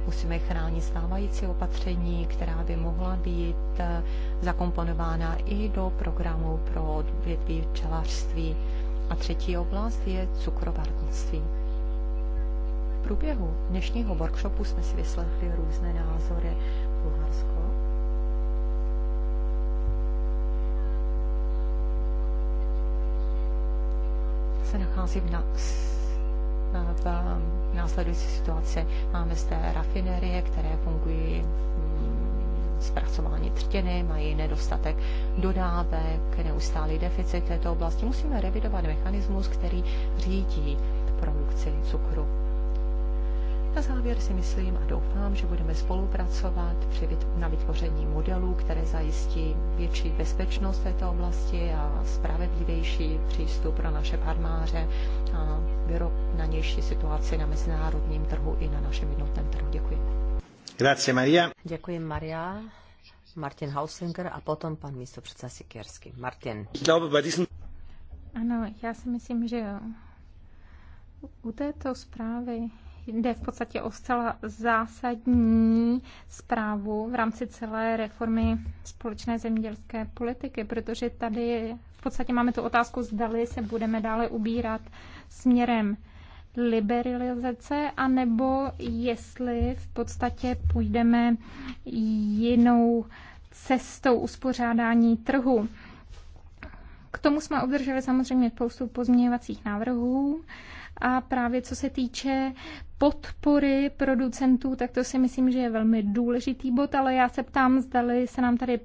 musíme chránit stávající opatření, která by mohla být eh, zakomponována i do programu pro odvětví včelařství. A třetí oblast je cukrovarnictví. V průběhu dnešního workshopu jsme si vyslechli různé názory. Bulharsko se nachází v nás v následující situaci. Máme zde rafinerie, které fungují mm, zpracování třtiny, mají nedostatek dodávek, neustálý deficit této oblasti. Musíme revidovat mechanismus, který řídí produkci cukru. Na závěr si myslím a doufám, že budeme spolupracovat při na vytvoření modelů, které zajistí větší bezpečnost této oblasti a spravedlivější přístup pro naše farmáře a vyrovnanější situaci na mezinárodním trhu i na našem jednotném trhu. Děkuji. Grazie, Maria. Děkuji, Maria. Martin Hausinger a potom pan místopředseda Sikersky. Martin. Ano, já si myslím, že jo. U této zprávy jde v podstatě o zcela zásadní zprávu v rámci celé reformy společné zemědělské politiky, protože tady v podstatě máme tu otázku, zdali se budeme dále ubírat směrem liberalizace, anebo jestli v podstatě půjdeme jinou cestou uspořádání trhu. K tomu jsme obdrželi samozřejmě spoustu pozměňovacích návrhů. A právě co se týče podpory producentů, tak to si myslím, že je velmi důležitý bod, ale já se ptám, zdali se nám tady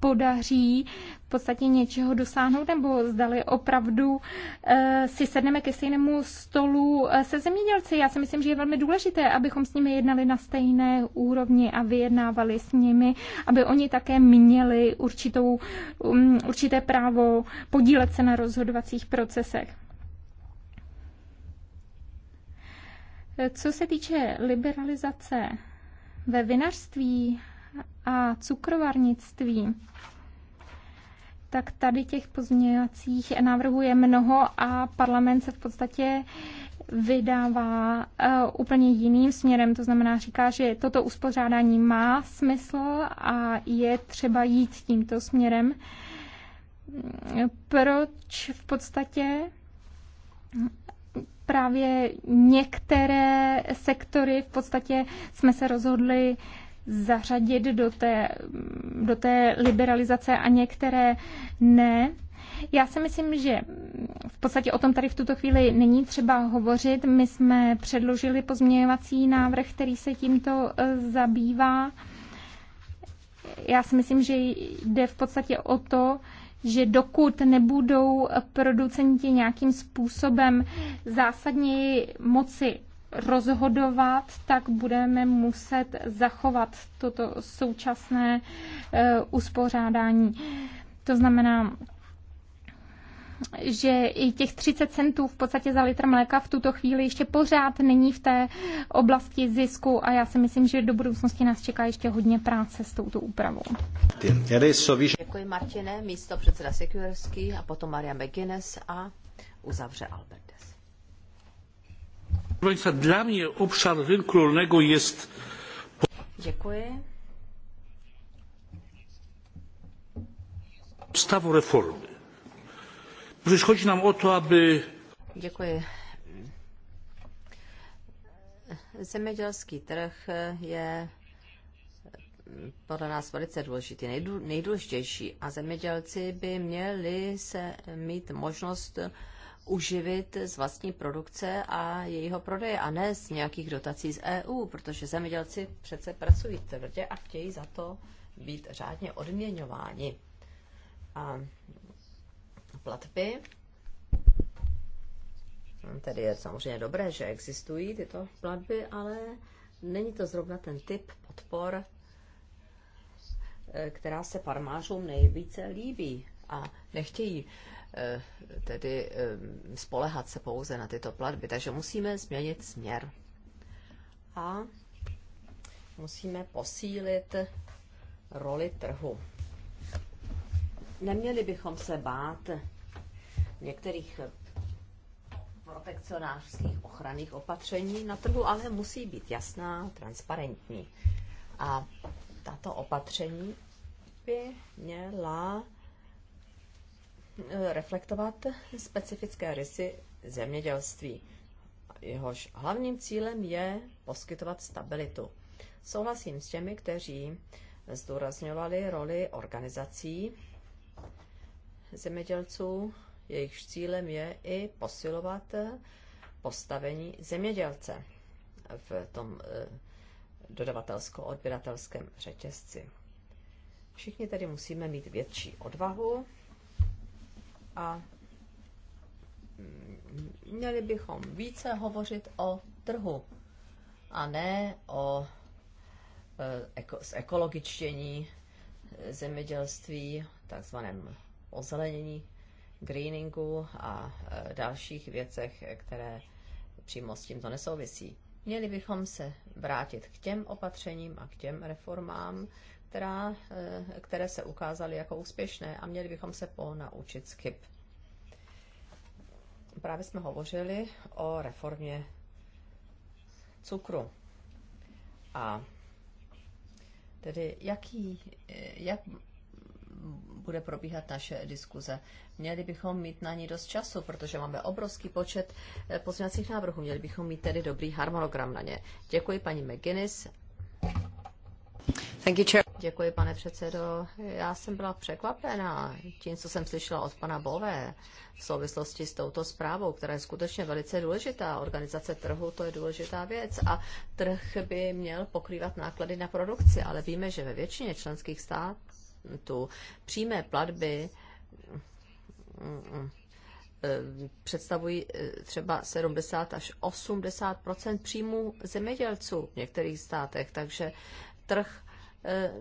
podaří v podstatě něčeho dosáhnout, nebo zdali opravdu e, si sedneme ke stejnému stolu eh, se zemědělci. Já si myslím, že je velmi důležité, abychom s nimi jednali na stejné úrovni a vyjednávali s nimi, aby oni také měli určitou, um, určité právo podílet se na rozhodovacích procesech. Co se týče liberalizace ve vinařství a cukrovarnictví, tak tady těch pozměňovacích návrhů je mnoho a parlament se v podstatě vydává uh, úplně jiným směrem. To znamená, říká, že toto uspořádání má smysl a je třeba jít tímto směrem. Proč v podstatě právě některé sektory v podstatě jsme se rozhodli zařadit do té, do té liberalizace a některé ne. Já si myslím, že v podstatě o tom tady v tuto chvíli není třeba hovořit. My jsme předložili pozměňovací návrh, který se tímto e, zabývá. Já si myslím, že jde v podstatě o to, že dokud nebudou producenti nějakým způsobem zásadněji moci rozhodovat, tak budeme muset zachovat toto současné eh, uspořádání. To znamená, že i těch 30 centů v podstatě za litr mléka v tuto chvíli ještě pořád není v té oblasti zisku a já si myslím, že do budoucnosti nás čeká ještě hodně práce s touto úpravou. Děkuji Martine, místo předseda Sekurský a potom Maria McGuinness a uzavře Albert. Dla mě obszar rynku rolnego jest... Děkuji. Podstawą reformy Przecież chodzi nam o to, aby... Děkuji. Zemědělský trh je podle nás velice důležitý, nejdůležitější. A zemědělci by měli se mít možnost uživit z vlastní produkce a jejího prodeje a ne z nějakých dotací z EU, protože zemědělci přece pracují tvrdě a chtějí za to být řádně odměňováni. A platby. Tedy je samozřejmě dobré, že existují tyto platby, ale není to zrovna ten typ podpor, eh, která se farmářům nejvíce líbí a nechtějí eh, tedy eh, spolehat se pouze na tyto platby. Takže musíme změnit směr. A musíme posílit roli trhu. Neměli bychom se bát některých eh, protekcionářských ochranných opatření na trhu, ale musí být jasná, transparentní. A tato opatření by měla eh, reflektovat specifické rysy zemědělství. Jehož hlavním cílem je poskytovat stabilitu. Souhlasím s těmi, kteří zdůrazňovali roli organizací zemědělců jejichž cílem je i posilovat eh, postavení zemědělce v tom eh, dodavatelsko-odběratelském řetězci. Všichni tedy musíme mít větší odvahu a mm, měli bychom více hovořit o trhu a ne o eh, ekologičtění zemědělství, takzvaném ozelenění greeningu a e, dalších věcech, které přímo s tímto nesouvisí. Měli bychom se vrátit k těm opatřením a k těm reformám, která, e, které se ukázaly jako úspěšné a měli bychom se ponaučit z chyb. Právě jsme hovořili o reformě cukru. A tedy jaký, e, jak bude probíhat naše diskuze. Měli bychom mít na ní dost času, protože máme obrovský počet eh, pozměňovacích návrhů. Měli bychom mít tedy dobrý harmonogram na ně. Děkuji paní McGuinness. Thank you, chair. Děkuji, pane předsedo. Já jsem byla překvapena, tím, co jsem slyšela od pana Bové v souvislosti s touto zprávou, která je skutečně velice důležitá. Organizace trhu to je důležitá věc a trh by měl pokrývat náklady na produkci, ale víme, že ve většině členských států tu přímé platby představují eh, třeba 70 až 80 příjmů zemědělců v některých státech, takže trh eh,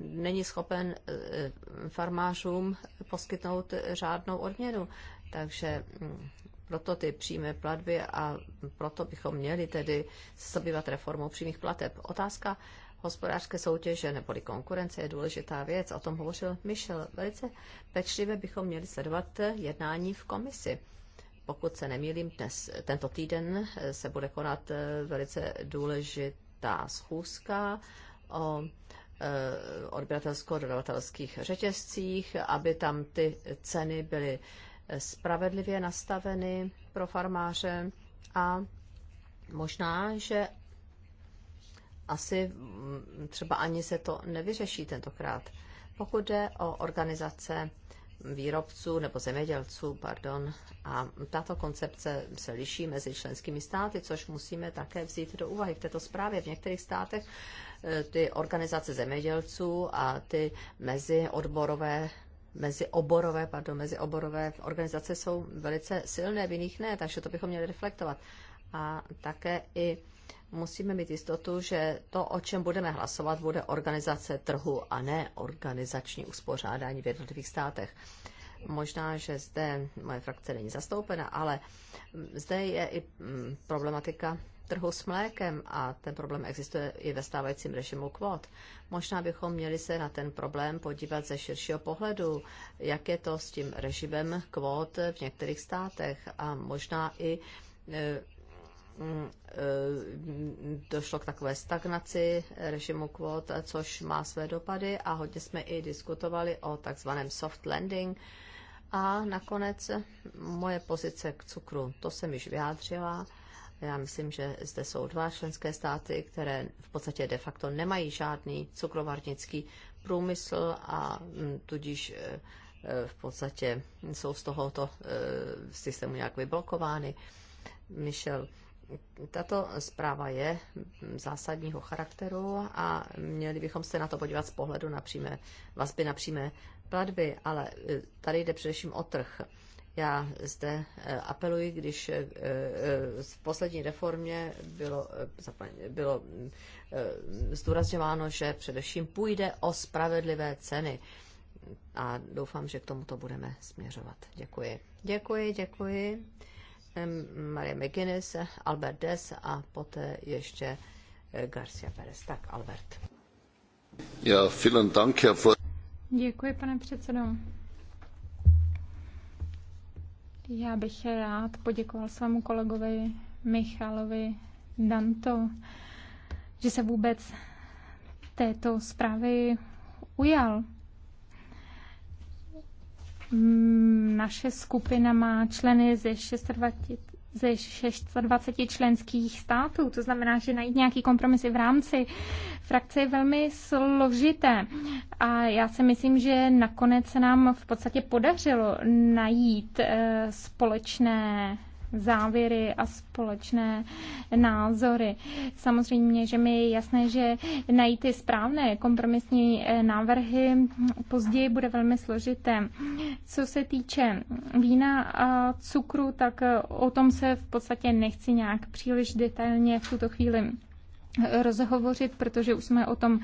není schopen eh, farmářům poskytnout řádnou odměnu. Takže hm, proto ty přímé platby a proto bychom měli tedy zabývat reformou přímých plateb. Otázka hospodářské soutěže neboli konkurence je důležitá věc. O tom hovořil Michel. Velice pečlivě bychom měli sledovat jednání v komisi. Pokud se nemýlím, dnes, tento týden se bude konat eh, velice důležitá schůzka o eh, odběratelsko-dodavatelských řetězcích, aby tam ty ceny byly eh, spravedlivě nastaveny pro farmáře a možná, že asi mm, třeba ani se to nevyřeší tentokrát. Pokud jde o organizace výrobců nebo zemědělců, pardon, a tato koncepce se liší mezi členskými státy, což musíme také vzít do úvahy v této zprávě. V některých státech eh, ty organizace zemědělců a ty meziodborové oborové, pardon, mezi oborové organizace jsou velice silné, v jiných ne, takže to bychom měli reflektovat. A také i musíme mít jistotu, že to, o čem budeme hlasovat, bude organizace trhu a ne organizační uspořádání v jednotlivých státech. Možná, že zde moje frakce není zastoupena, ale zde je i mm, problematika trhu s mlékem a ten problém existuje i ve stávajícím režimu kvot. Možná bychom měli se na ten problém podívat ze širšího pohledu, jak je to s tím režimem kvot v některých státech a možná i e, Mm, e, došlo k takové stagnaci režimu kvót, což má své dopady a hodně jsme i diskutovali o takzvaném soft landing. A nakonec moje pozice k cukru, to jsem již vyjádřila. Já myslím, že zde jsou dva členské státy, které v podstatě de facto nemají žádný cukrovarnický průmysl a mm, tudíž e, e, v podstatě jsou z tohoto systému nějak vyblokovány. Michel tato zpráva je zásadního charakteru a měli bychom se na to podívat z pohledu na přímé vazby na přímé platby, ale e, tady jde především o trh. Já zde e, apeluji, když e, v poslední reformě bylo, bylo zdůrazňováno, že především půjde o spravedlivé ceny. A doufám, že k tomuto budeme směřovat. Děkuji. Děkuji, děkuji. Marie McGuinness, Albert Des a poté ještě eh, Garcia Perez. Tak, Albert. Ja, vielen Dank, Herr Děkuji, pane předsedo. Já bych rád poděkoval svému kolegovi Michalovi Danto, že se vůbec této zprávy ujal. Mm, naše skupina má členy ze 26, ze 26 členských států. To znamená, že najít nějaký kompromisy v rámci frakce je velmi složité. A já si myslím, že nakonec se nám v podstatě podařilo najít eh, společné závěry a společné názory. Samozřejmě, že mi je jasné, že najít ty správné kompromisní eh, návrhy později bude velmi složité. Co se týče vína a cukru, tak eh, o tom se v podstatě nechci nějak příliš detailně v tuto chvíli rozhovořit, protože už jsme o tom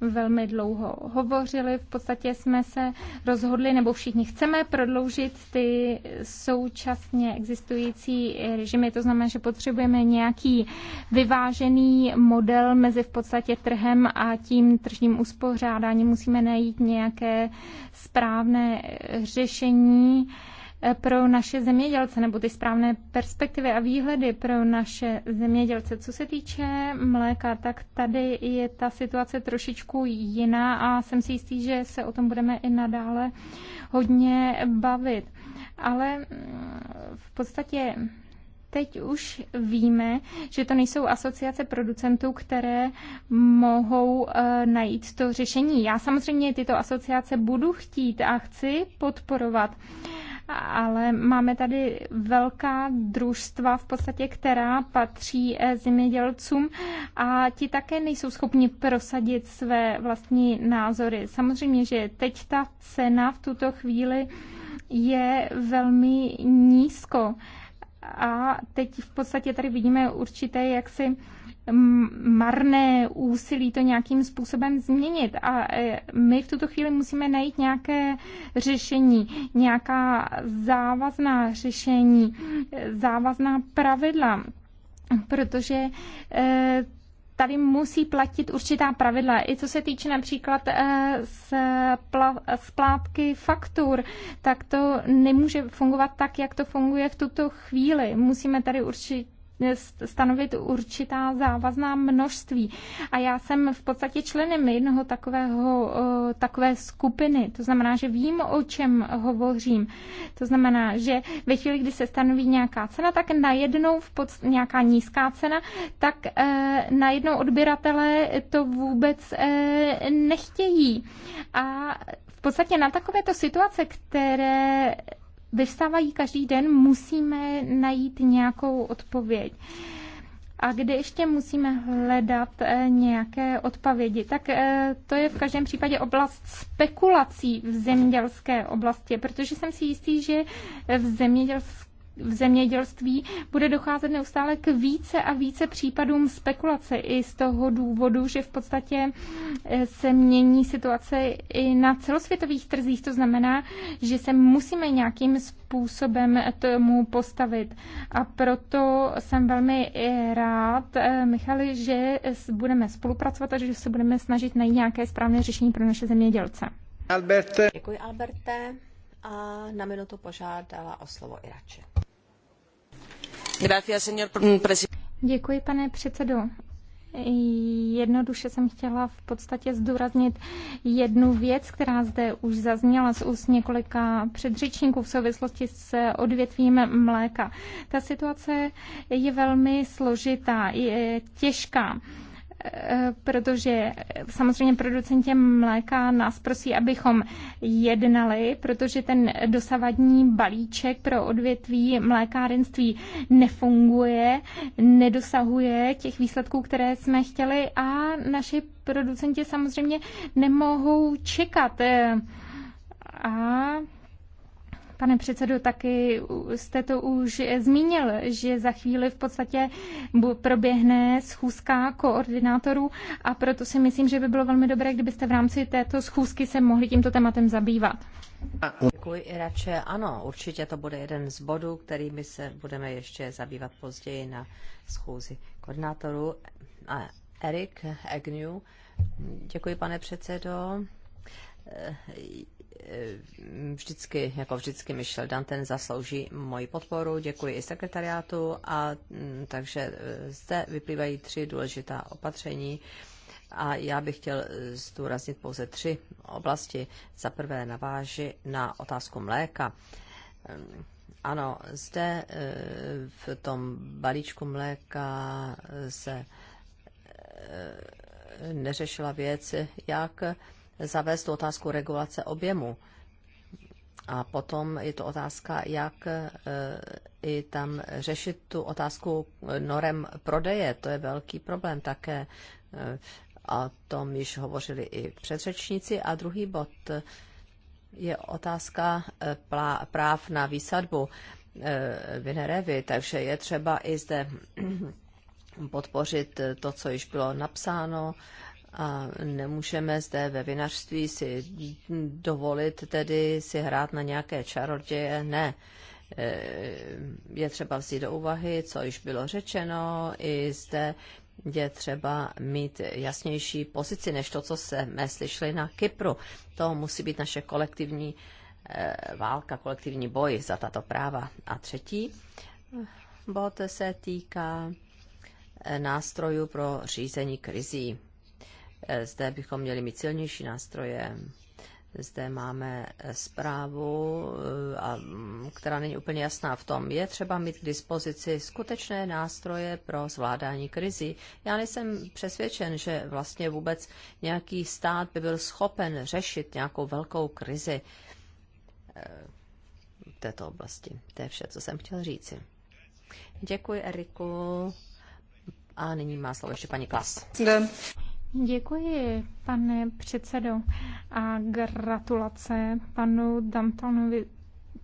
velmi dlouho hovořili. V podstatě jsme se rozhodli, nebo všichni chceme prodloužit ty současně existující režimy. To znamená, že potřebujeme nějaký vyvážený model mezi v podstatě trhem a tím tržním uspořádáním. Musíme najít nějaké správné řešení pro naše zemědělce nebo ty správné perspektivy a výhledy pro naše zemědělce. Co se týče mléka, tak tady je ta situace trošičku jiná a jsem si jistý, že se o tom budeme i nadále hodně bavit. Ale mm, v podstatě teď už víme, že to nejsou asociace producentů, které mohou e, najít to řešení. Já samozřejmě tyto asociace budu chtít a chci podporovat. E, ale máme tady velká družstva v podstatě, která patří eh, zemědělcům a ti také nejsou schopni prosadit své vlastní názory. Samozřejmě, že teď ta cena v tuto chvíli je velmi nízko a teď v podstatě tady vidíme určité jaksi marné úsilí to nějakým způsobem změnit. A e, my v tuto chvíli musíme najít nějaké řešení, nějaká závazná řešení, závazná pravidla, protože e, tady musí platit určitá pravidla. I co se týče například e, splátky faktur, tak to nemůže fungovat tak, jak to funguje v tuto chvíli. Musíme tady určitě Vlastně stanovit určitá závazná množství. A já jsem v podstatě členem jednoho takového, eh, takové skupiny. To znamená, že vím, o čem hovořím. To znamená, že ve chvíli, kdy se stanoví nějaká cena, tak najednou v podstatě nějaká nízká cena, tak eh, najednou odběratelé to vůbec eh, nechtějí. A v podstatě na takovéto situace, které vystávají každý den, musíme najít nějakou odpověď. A kde ještě musíme hledat eh, nějaké odpovědi, tak eh, to je v každém případě oblast spekulací v zemědělské oblasti, protože jsem si jistý, že v zemědělské v zemědělství bude docházet neustále k více a více případům spekulace i z toho důvodu, že v podstatě eh, se mění situace i na celosvětových trzích. To znamená, že se musíme nějakým způsobem tomu postavit. A proto jsem velmi eh, rád, eh, Michali, že budeme spolupracovat a že se budeme snažit najít nějaké správné řešení pro naše zemědělce. Alberte. Děkuji, Alberte a na minutu požádala o slovo Irače. Děkuji, pane předsedo. Jednoduše jsem chtěla v podstatě zdůraznit jednu věc, která zde už zazněla z úst několika předřečníků v souvislosti s odvětvím mléka. Ta situace je velmi složitá, je těžká. Eh, protože samozřejmě producenti mléka nás prosí, abychom jednali, protože ten dosavadní balíček pro odvětví mlékárenství nefunguje, nedosahuje těch výsledků, které jsme chtěli a naši producenti samozřejmě nemohou čekat. Eh, a Pane předsedu, taky jste to už zmínil, že za chvíli v podstatě proběhne schůzka koordinátorů a proto si myslím, že by bylo velmi dobré, kdybyste v rámci této schůzky se mohli tímto tématem zabývat. Děkuji, Irače. Ano, určitě to bude jeden z bodů, kterými se budeme ještě zabývat později na schůzi koordinátorů. Erik Agnew. Děkuji, pane předsedo Eh, vždycky, jako vždycky Michel Danten zaslouží moji podporu, děkuji i sekretariátu a mm, takže eh, zde vyplývají tři důležitá opatření a já bych chtěl eh, zdůraznit pouze tři oblasti. Za prvé naváži na otázku mléka. Ehm, ano, zde v tom balíčku mléka se neřešila věc, jak zavést tu otázku regulace objemu. A potom je to otázka, jak e, i tam řešit tu otázku norem prodeje. To je velký problém také. E, a tom již hovořili i předřečníci. A druhý bod je otázka e, práv na výsadbu vinerevy, takže je třeba i zde podpořit to, co již bylo napsáno a nemůžeme zde ve vinařství si dovolit tedy si hrát na nějaké čaroděje, ne. E, je třeba vzít do úvahy, co již bylo řečeno, i zde je třeba mít jasnější pozici, než to, co jsme slyšeli na Kypru. To musí být naše kolektivní e, válka, kolektivní boj za tato práva. A třetí bod se týká e, nástrojů pro řízení krizí. Eh, zde bychom měli mít silnější nástroje. Zde máme eh, zprávu, eh, mm, která není úplně jasná v tom. Je třeba mít k dispozici skutečné nástroje pro zvládání krizi. Já nejsem přesvědčen, že vlastně vůbec nějaký stát by byl schopen řešit nějakou velkou krizi v této oblasti. To je vše, co jsem chtěl říci. Děkuji, Eriku. A nyní má slovo ještě paní Klas. Jde. Děkuji, pane předsedo, a gratulace panu Dantonovi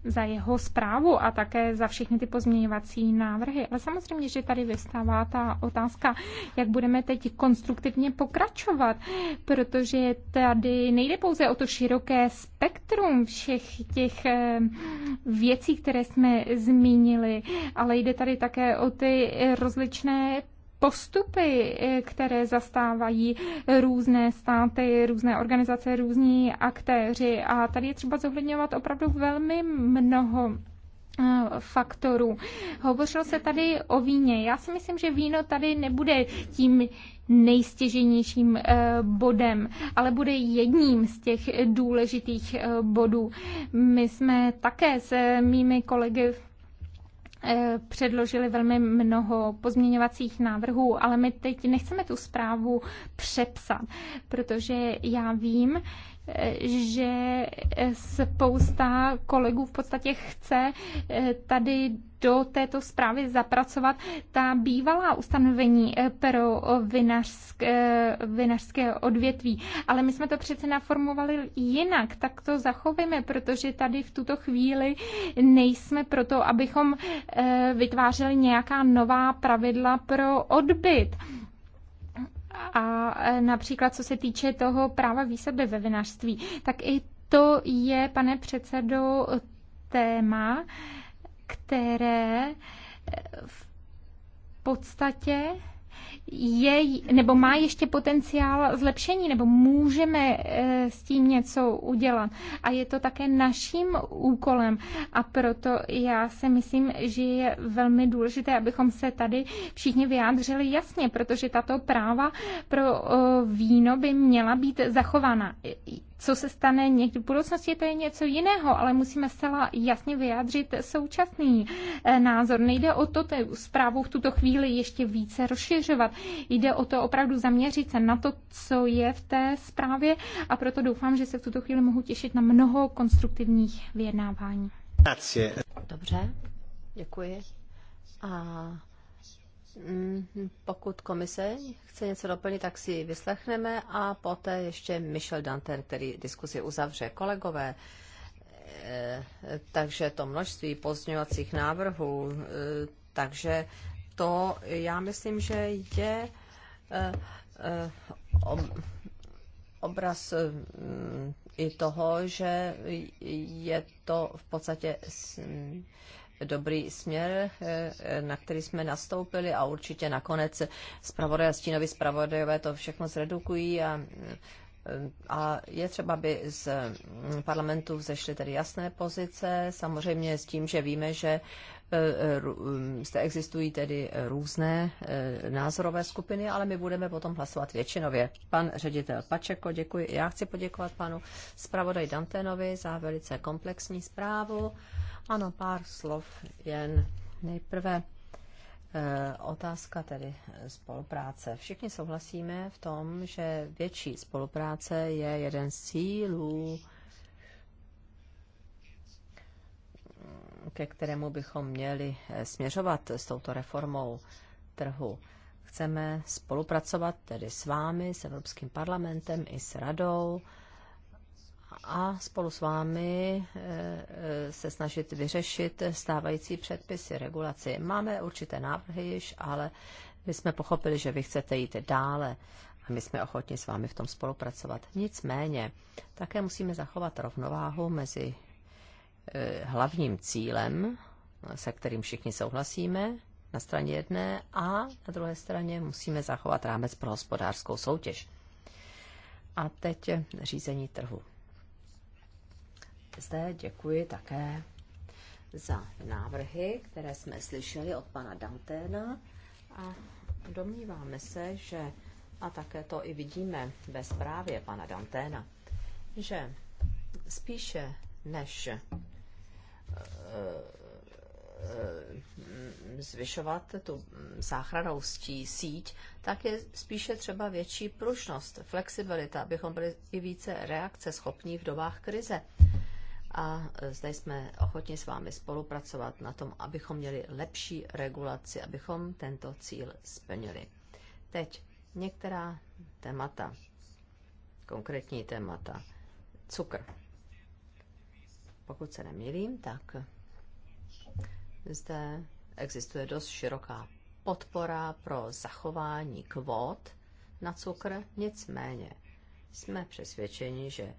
za jeho zprávu a také za všechny ty pozměňovací návrhy. Ale samozřejmě, že tady vystává ta otázka, jak budeme teď konstruktivně pokračovat, protože tady nejde pouze o to široké spektrum všech těch eh, věcí, které jsme zmínili, ale jde tady také o ty rozličné postupy, eh, které zastávají různé státy, různé organizace, různí aktéři. A tady je třeba zohledňovat opravdu velmi mnoho eh, faktorů. Hovořilo se tady o víně. Já si myslím, že víno tady nebude tím nejstěženějším eh, bodem, ale bude jedním z těch důležitých bodů. My jsme také s mými kolegy v Eh, předložili velmi mnoho pozměňovacích návrhů, ale my teď nechceme tu zprávu přepsat, protože já vím, že spousta kolegů v podstatě chce eh, tady do této zprávy zapracovat ta bývalá ustanovení eh, pro vinařské, eh, vinařské odvětví. Ale my jsme to přece naformovali jinak, tak to zachovíme, protože tady v tuto chvíli nejsme proto, abychom vytvářeli nějaká nová pravidla pro odbyt a e, například co se týče toho práva výsoby ve vinařství, tak i to je, pane předsedo, téma, které v podstatě je, nebo má ještě potenciál zlepšení, nebo můžeme eh, s tím něco udělat. A je to také naším úkolem. A proto já si myslím, že je velmi důležité, abychom se tady všichni vyjádřili jasně, protože tato práva pro eh, víno by měla být zachována co se stane někdy v budoucnosti, to je něco jiného, ale musíme zcela jasně vyjádřit současný eh, názor. Nejde o to tu zprávu v tuto chvíli ještě více rozšiřovat. Jde o to opravdu zaměřit se na to, co je v té zprávě a proto doufám, že se v tuto chvíli mohu těšit na mnoho konstruktivních vyjednávání. Dobře, děkuji. A Mm, pokud komise chce něco doplnit, tak si vyslechneme a poté ještě Michel Danten, který diskusi uzavře. Kolegové, eh, takže to množství pozměňovacích návrhů, eh, takže to já myslím, že je eh, obraz mm, i toho, že je to v podstatě dobrý směr, eh, na který jsme nastoupili a určitě nakonec zpravodaj a stínovi zpravodajové to všechno zredukují a eh, a je třeba, aby z mm, parlamentu vzešly tedy jasné pozice, samozřejmě s tím, že víme, že Eh, eh, mm, zde existují tedy eh, různé názorové skupiny, ale my budeme potom hlasovat většinově. Pan ředitel Pačeko, děkuji. Já chci poděkovat panu zpravodaj Dantenovi za velice komplexní zprávu. Ano, pár slov jen nejprve. Otázka tedy spolupráce. Všichni souhlasíme v tom, že větší spolupráce je jeden z cílů ke kterému bychom měli eh, směřovat s touto reformou trhu. Chceme spolupracovat tedy s vámi, s Evropským parlamentem i s radou a spolu s vámi eh, eh, se snažit vyřešit stávající předpisy, regulaci. Máme určité návrhy již, ale my jsme pochopili, že vy chcete jít dále a my jsme ochotni s vámi v tom spolupracovat. Nicméně také musíme zachovat rovnováhu mezi Eh, hlavním cílem, se kterým všichni souhlasíme, na straně jedné a na druhé straně musíme zachovat rámec pro hospodářskou soutěž. A teď řízení trhu. Zde děkuji také za návrhy, které jsme slyšeli od pana Danténa a domníváme se, že, a také to i vidíme ve zprávě pana Danténa, že spíše než Eh, eh, zvyšovat tu záchranou síť, tak je spíše třeba větší pružnost, flexibilita, abychom byli i více reakce schopní v dobách krize. A zde jsme ochotni s vámi spolupracovat na tom, abychom měli lepší regulaci, abychom tento cíl splnili. Teď některá témata, konkrétní témata. Cukr pokud se nemýlím, tak zde existuje dost široká podpora pro zachování kvót na cukr, nicméně jsme přesvědčeni, že e,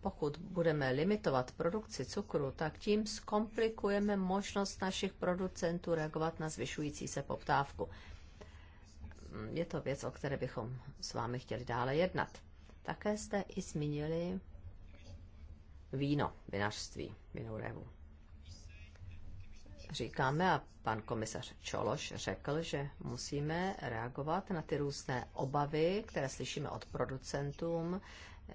pokud budeme limitovat produkci cukru, tak tím zkomplikujeme možnost našich producentů reagovat na zvyšující se poptávku. Je to věc, o které bychom s vámi chtěli dále jednat. Také jste i zmínili víno, vinařství, vinorévu. Říkáme a pan komisař Čološ řekl, že musíme reagovat na ty různé obavy, které slyšíme od producentům.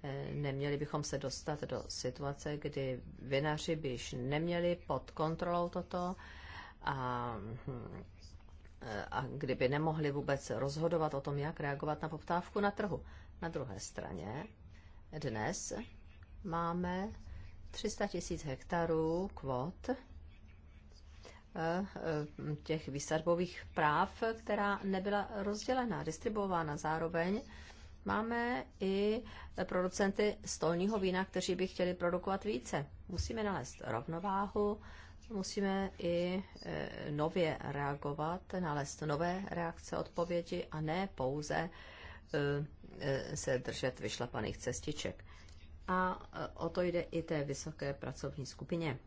Eh, neměli bychom se dostat do situace, kdy vinaři by již neměli pod kontrolou toto a eh, a kdyby nemohli vůbec rozhodovat o tom, jak reagovat na poptávku na trhu. Na druhé straně dnes máme 300 tisíc hektarů kvot eh, eh, těch výsadbových práv, která nebyla rozdělena, distribuována zároveň. Máme i producenty stolního vína, kteří by chtěli produkovat více. Musíme nalézt rovnováhu, musíme i eh, nově reagovat, nalézt nové reakce, odpovědi a ne pouze se držet vyšlapaných cestiček a e, o to jde i té vysoké pracovní skupině.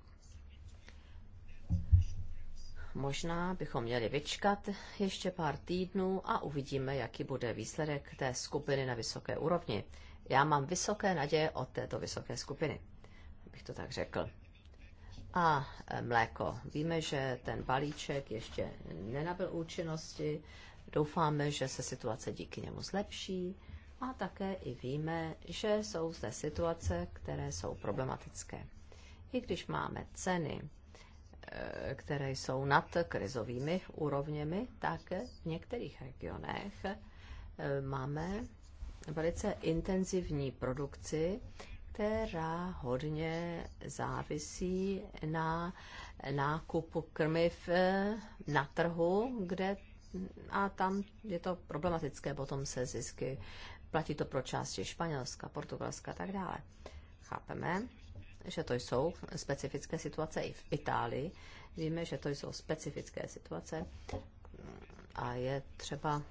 Možná bychom měli vyčkat ještě pár týdnů a uvidíme, jaký bude výsledek té skupiny na vysoké úrovni. Já mám vysoké naděje od této vysoké skupiny, bych to tak řekl. A e, mléko. Víme, že ten balíček ještě nenabil účinnosti. Doufáme, že se situace díky němu zlepší a také i víme, že jsou zde situace, které jsou problematické. I když máme ceny, e, které jsou nad krizovými úrovněmi, tak v některých regionech e, máme velice intenzivní produkci, která hodně závisí na nákupu krmiv e, na trhu, kde a tam je to problematické potom se zisky Platí to pro části Španělska, Portugalska a tak dále. Chápeme, že to jsou specifické situace i v Itálii. Víme, že to jsou specifické situace a je třeba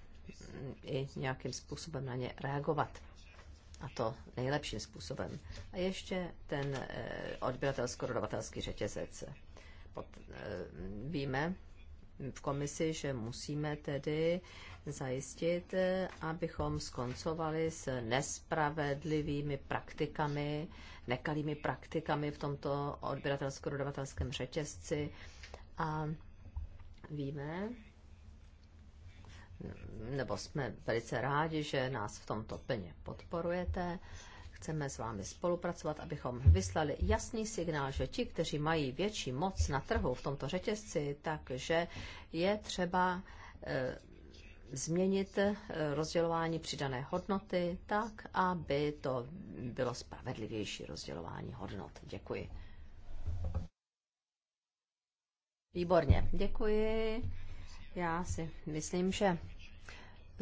i nějakým způsobem na ně reagovat. A to nejlepším způsobem. A ještě ten eh, odběratelsko-dodavatelský řetězec. Pod, eh, víme, v komisi, že musíme tedy zajistit, abychom skoncovali s nespravedlivými praktikami, nekalými praktikami v tomto odběratelsko-dodavatelském řetězci. A víme, nebo jsme velice rádi, že nás v tomto plně podporujete chceme s vámi spolupracovat, abychom vyslali jasný signál, že ti, kteří mají větší moc na trhu v tomto řetězci, takže je třeba e, změnit eh, rozdělování přidané hodnoty tak, aby to bylo spravedlivější rozdělování hodnot. Děkuji. Výborně, děkuji. Já si myslím, že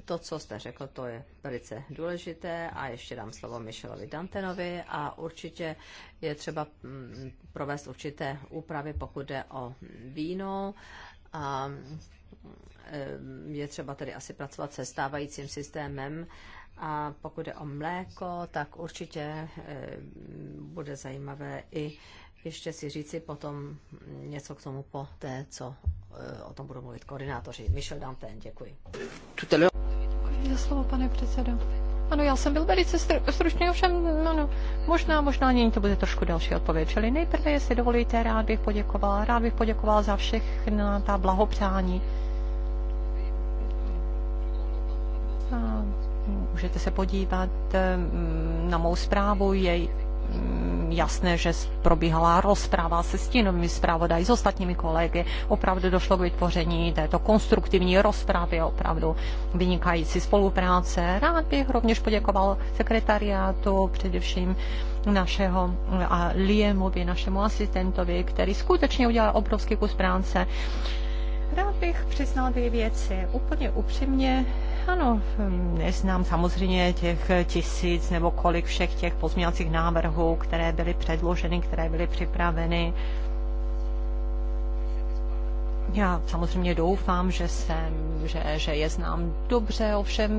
to, co jste řekl, to je velice důležité a ještě dám slovo Michelovi Dantenovi a určitě je třeba mm, provést určité úpravy, pokud jde o víno a mm, je třeba tedy asi pracovat se stávajícím systémem a pokud jde o mléko, tak určitě eh, bude zajímavé i ještě si říci potom něco k tomu po té, co eh, o tom budou mluvit koordinátoři. Michel Danten, děkuji. Děkuji za slovo, pane předsedo. Ano, já jsem byl velice stručný, ovšem, ano, možná, možná není to bude trošku další odpověď. Čili nejprve, jestli dovolíte, rád bych poděkoval, rád bych poděkoval za všechna ta blahopřání. A můžete se podívat eh, na mou zprávu, je jasné, že probíhala rozprava se stínovými zpravodaji, s ostatními kolegy. Opravdu došlo k vytvoření této konstruktivní rozpravy, opravdu vynikající spolupráce. Rád bych rovněž poděkoval sekretariátu, především našeho a Liemovi, našemu asistentovi, který skutečně udělal obrovský kus práce. Rád bych přiznal dvě věci. Úplně upřímně ano, hm, neznám samozřejmě těch tisíc nebo kolik všech těch pozměňovacích návrhů, které byly předloženy, které byly připraveny. Já samozřejmě doufám, že jsem, že, že je znám dobře, ovšem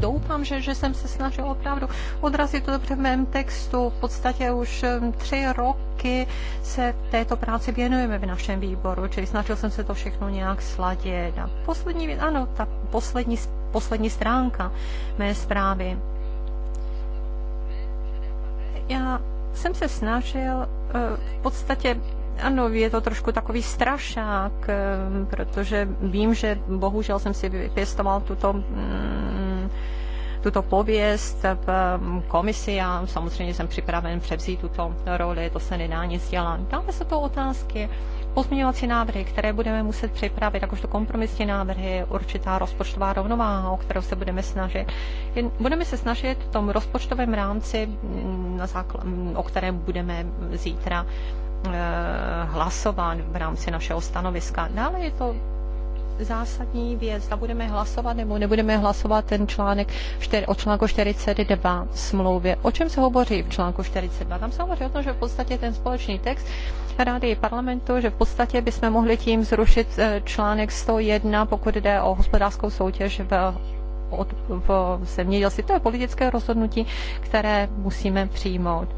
doufám, že, že jsem se snažil opravdu odrazit to dobře v mém textu. V podstatě už tři roky se této práci věnujeme v našem výboru, čili snažil jsem se to všechno nějak sladit. A poslední, ano, ta poslední, poslední stránka mé zprávy. Já jsem se snažil eh, v podstatě ano, je to trošku takový strašák, eh, protože vím, že bohužel jsem si vypěstoval tuto mm, tuto pověst v eh, komisi a samozřejmě jsem připraven převzít tuto roli, to se nedá nic dělat. Dáme se to otázky, pozměňovací návrhy, které budeme muset připravit, jakožto kompromisní návrhy, určitá rozpočtová rovnováha, o kterou se budeme snažit. Budeme se snažit v tom rozpočtovém rámci, mm, na základ, mm, o kterém budeme zítra Eh, hlasován v rámci našeho stanoviska. Dále je to zásadní věc, zda budeme hlasovat nebo nebudeme hlasovat ten článek o článku 42 smlouvě. O čem se hovoří v článku 42? Tam se hovoří o tom, že v podstatě ten společný text Rády parlamentu, že v podstatě bychom mohli tím zrušit eh, článek 101, pokud jde o hospodářskou soutěž v od, v zemědělství. To je politické rozhodnutí, které musíme přijmout.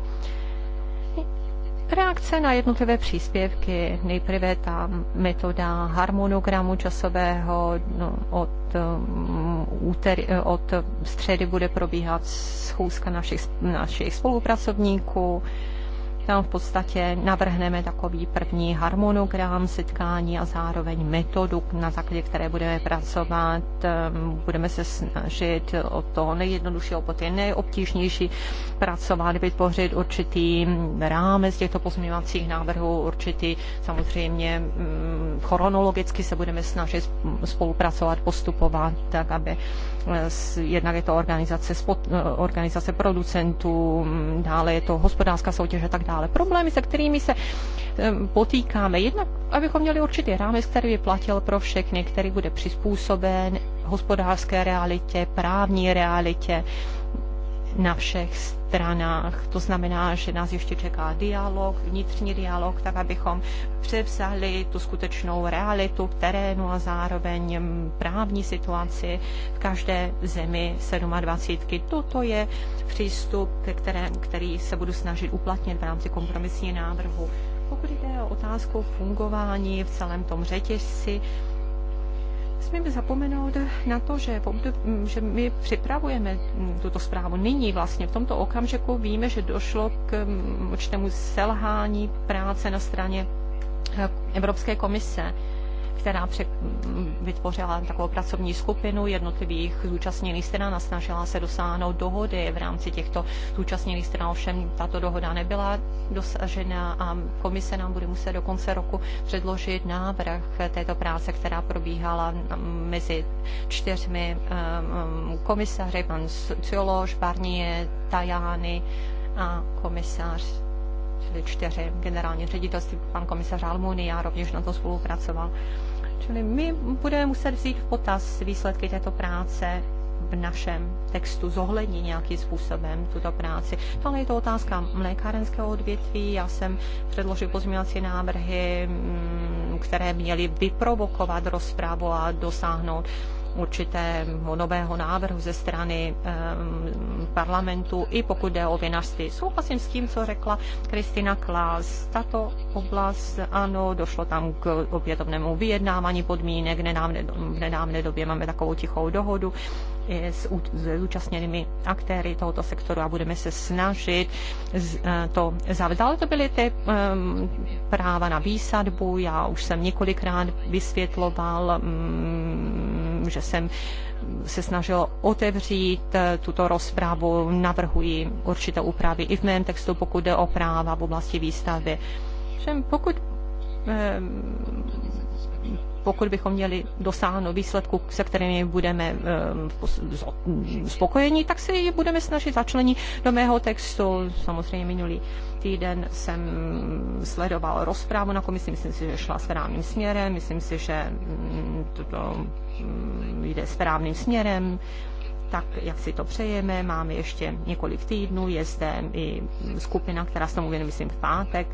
Reakce na jednotlivé příspěvky, nejprve ta metoda harmonogramu časového no, od, um, úterý, od středy bude probíhat schůzka našich, našich spolupracovníků, tam v podstatě navrhneme takový první harmonogram setkání a zároveň metodu, na základě které budeme pracovat. Ehm, budeme se snažit o to nejjednodušší, o ty nejobtížnější pracovat, vytvořit určitý rámec těchto pozměňovacích návrhů, určitý samozřejmě ehm, chronologicky se budeme snažit spolupracovat, postupovat tak, aby Eh, jednak je to organizace, spot eh, organizace producentů, mm, dále je to hospodářská soutěž a tak dále. Problémy, se kterými se eh, potýkáme, jednak abychom měli určitý rámec, který by platil pro všechny, který bude přizpůsoben hospodářské realitě, právní realitě, na všech stranách. To znamená, že nás ještě čeká dialog, vnitřní dialog, tak abychom převzali tu skutečnou realitu v terénu a zároveň mm, právní situaci v každé zemi 27. Toto je přístup, které, který se budu snažit uplatnit v rámci kompromisní návrhu. Pokud jde o otázku fungování v celém tom řetězci, nesmíme zapomenout na to, že, mm, že my připravujeme mm, tuto zprávu nyní vlastně. V tomto okamžiku víme, že došlo k mm, určitému selhání práce na straně eh, Evropské komise která vytvořila takovou pracovní skupinu jednotlivých zúčastněných stran a snažila se dosáhnout dohody v rámci těchto zúčastněných stran. Ovšem tato dohoda nebyla dosažena a komise nám bude muset do konce roku předložit návrh této práce, která probíhala mezi čtyřmi komisaři, pan Ciološ, Barnier, Tajány a komisař čili čtyři generální ředitelství, pan komisař já rovněž na to spolupracoval. Čili my budeme muset vzít v potaz výsledky této práce v našem textu zohlední nějakým způsobem tuto práci. No, ale je to otázka mlékárenského odvětví. Já jsem předložil pozměňovací návrhy, mm, které měly vyprovokovat rozpravu a dosáhnout určitého nového návrhu ze strany ehm, parlamentu, i pokud jde o vinařství. Souhlasím s tím, co řekla Kristina Klás. Tato oblast, ano, došlo tam k opětovnému vyjednávání podmínek. v nedávné době máme takovou tichou dohodu Eh, s s zúčastněnými aktéry tohoto sektoru a budeme se snažit eh, to zavést. Ale to byly ty um, práva na výsadbu. Já už jsem několikrát vysvětloval, um, že jsem se snažil otevřít tuto rozpravu. Navrhuji určité úpravy i v mém textu, pokud jde o práva v oblasti výstavby. Všem, pokud pokud bychom měli dosáhnout výsledku, se kterými budeme eh, spokojeni, tak se ji budeme snažit začlenit do mého textu. Samozřejmě minulý týden jsem sledoval rozprávu na komisi, myslím si, že šla správným směrem, myslím si, že mm, to mm, jde správným směrem tak, jak si to přejeme. Máme ještě několik týdnů, je zde i skupina, která se tomu věnuje, myslím, v pátek.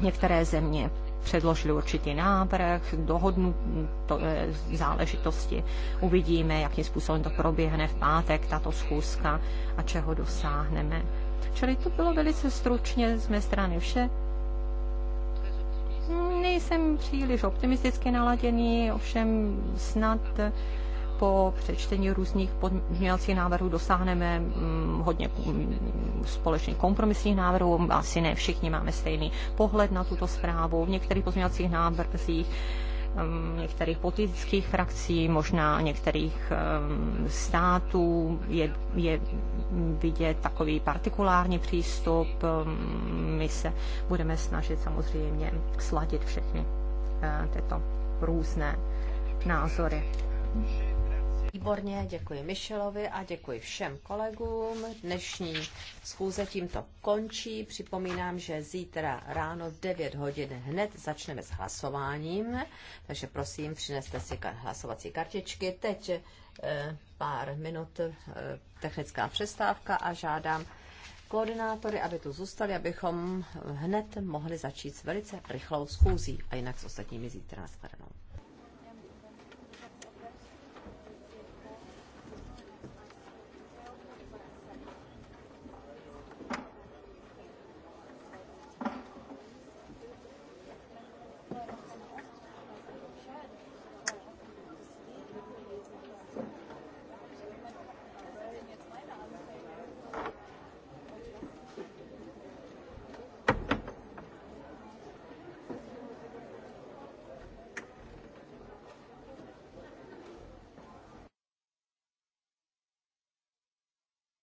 Některé země předložili určitý návrh, dohodnu to, eh, záležitosti. Uvidíme, jakým způsobem to proběhne v pátek, tato schůzka a čeho dosáhneme. Čili to bylo velice stručně z mé strany vše. Nejsem příliš optimisticky naladěný, ovšem snad po přečtení různých podmělcích návrhů dosáhneme mm, hodně mm, společných kompromisních návrhů. Asi ne všichni máme stejný pohled na tuto zprávu. V některých pozměňovacích návrzích mm, některých politických frakcí, možná některých států je, je vidět takový partikulární přístup. My se budeme snažit samozřejmě sladit všechny eh, tyto různé názory. Výborně, děkuji Michelovi a děkuji všem kolegům. Dnešní schůze tímto končí. Připomínám, že zítra ráno v 9 hodin hned začneme s hlasováním, takže prosím, přineste si hlasovací kartičky. Teď eh, pár minut eh, technická přestávka a žádám koordinátory, aby tu zůstali, abychom hned mohli začít s velice rychlou schůzí a jinak s ostatními zítra. Naschledanou.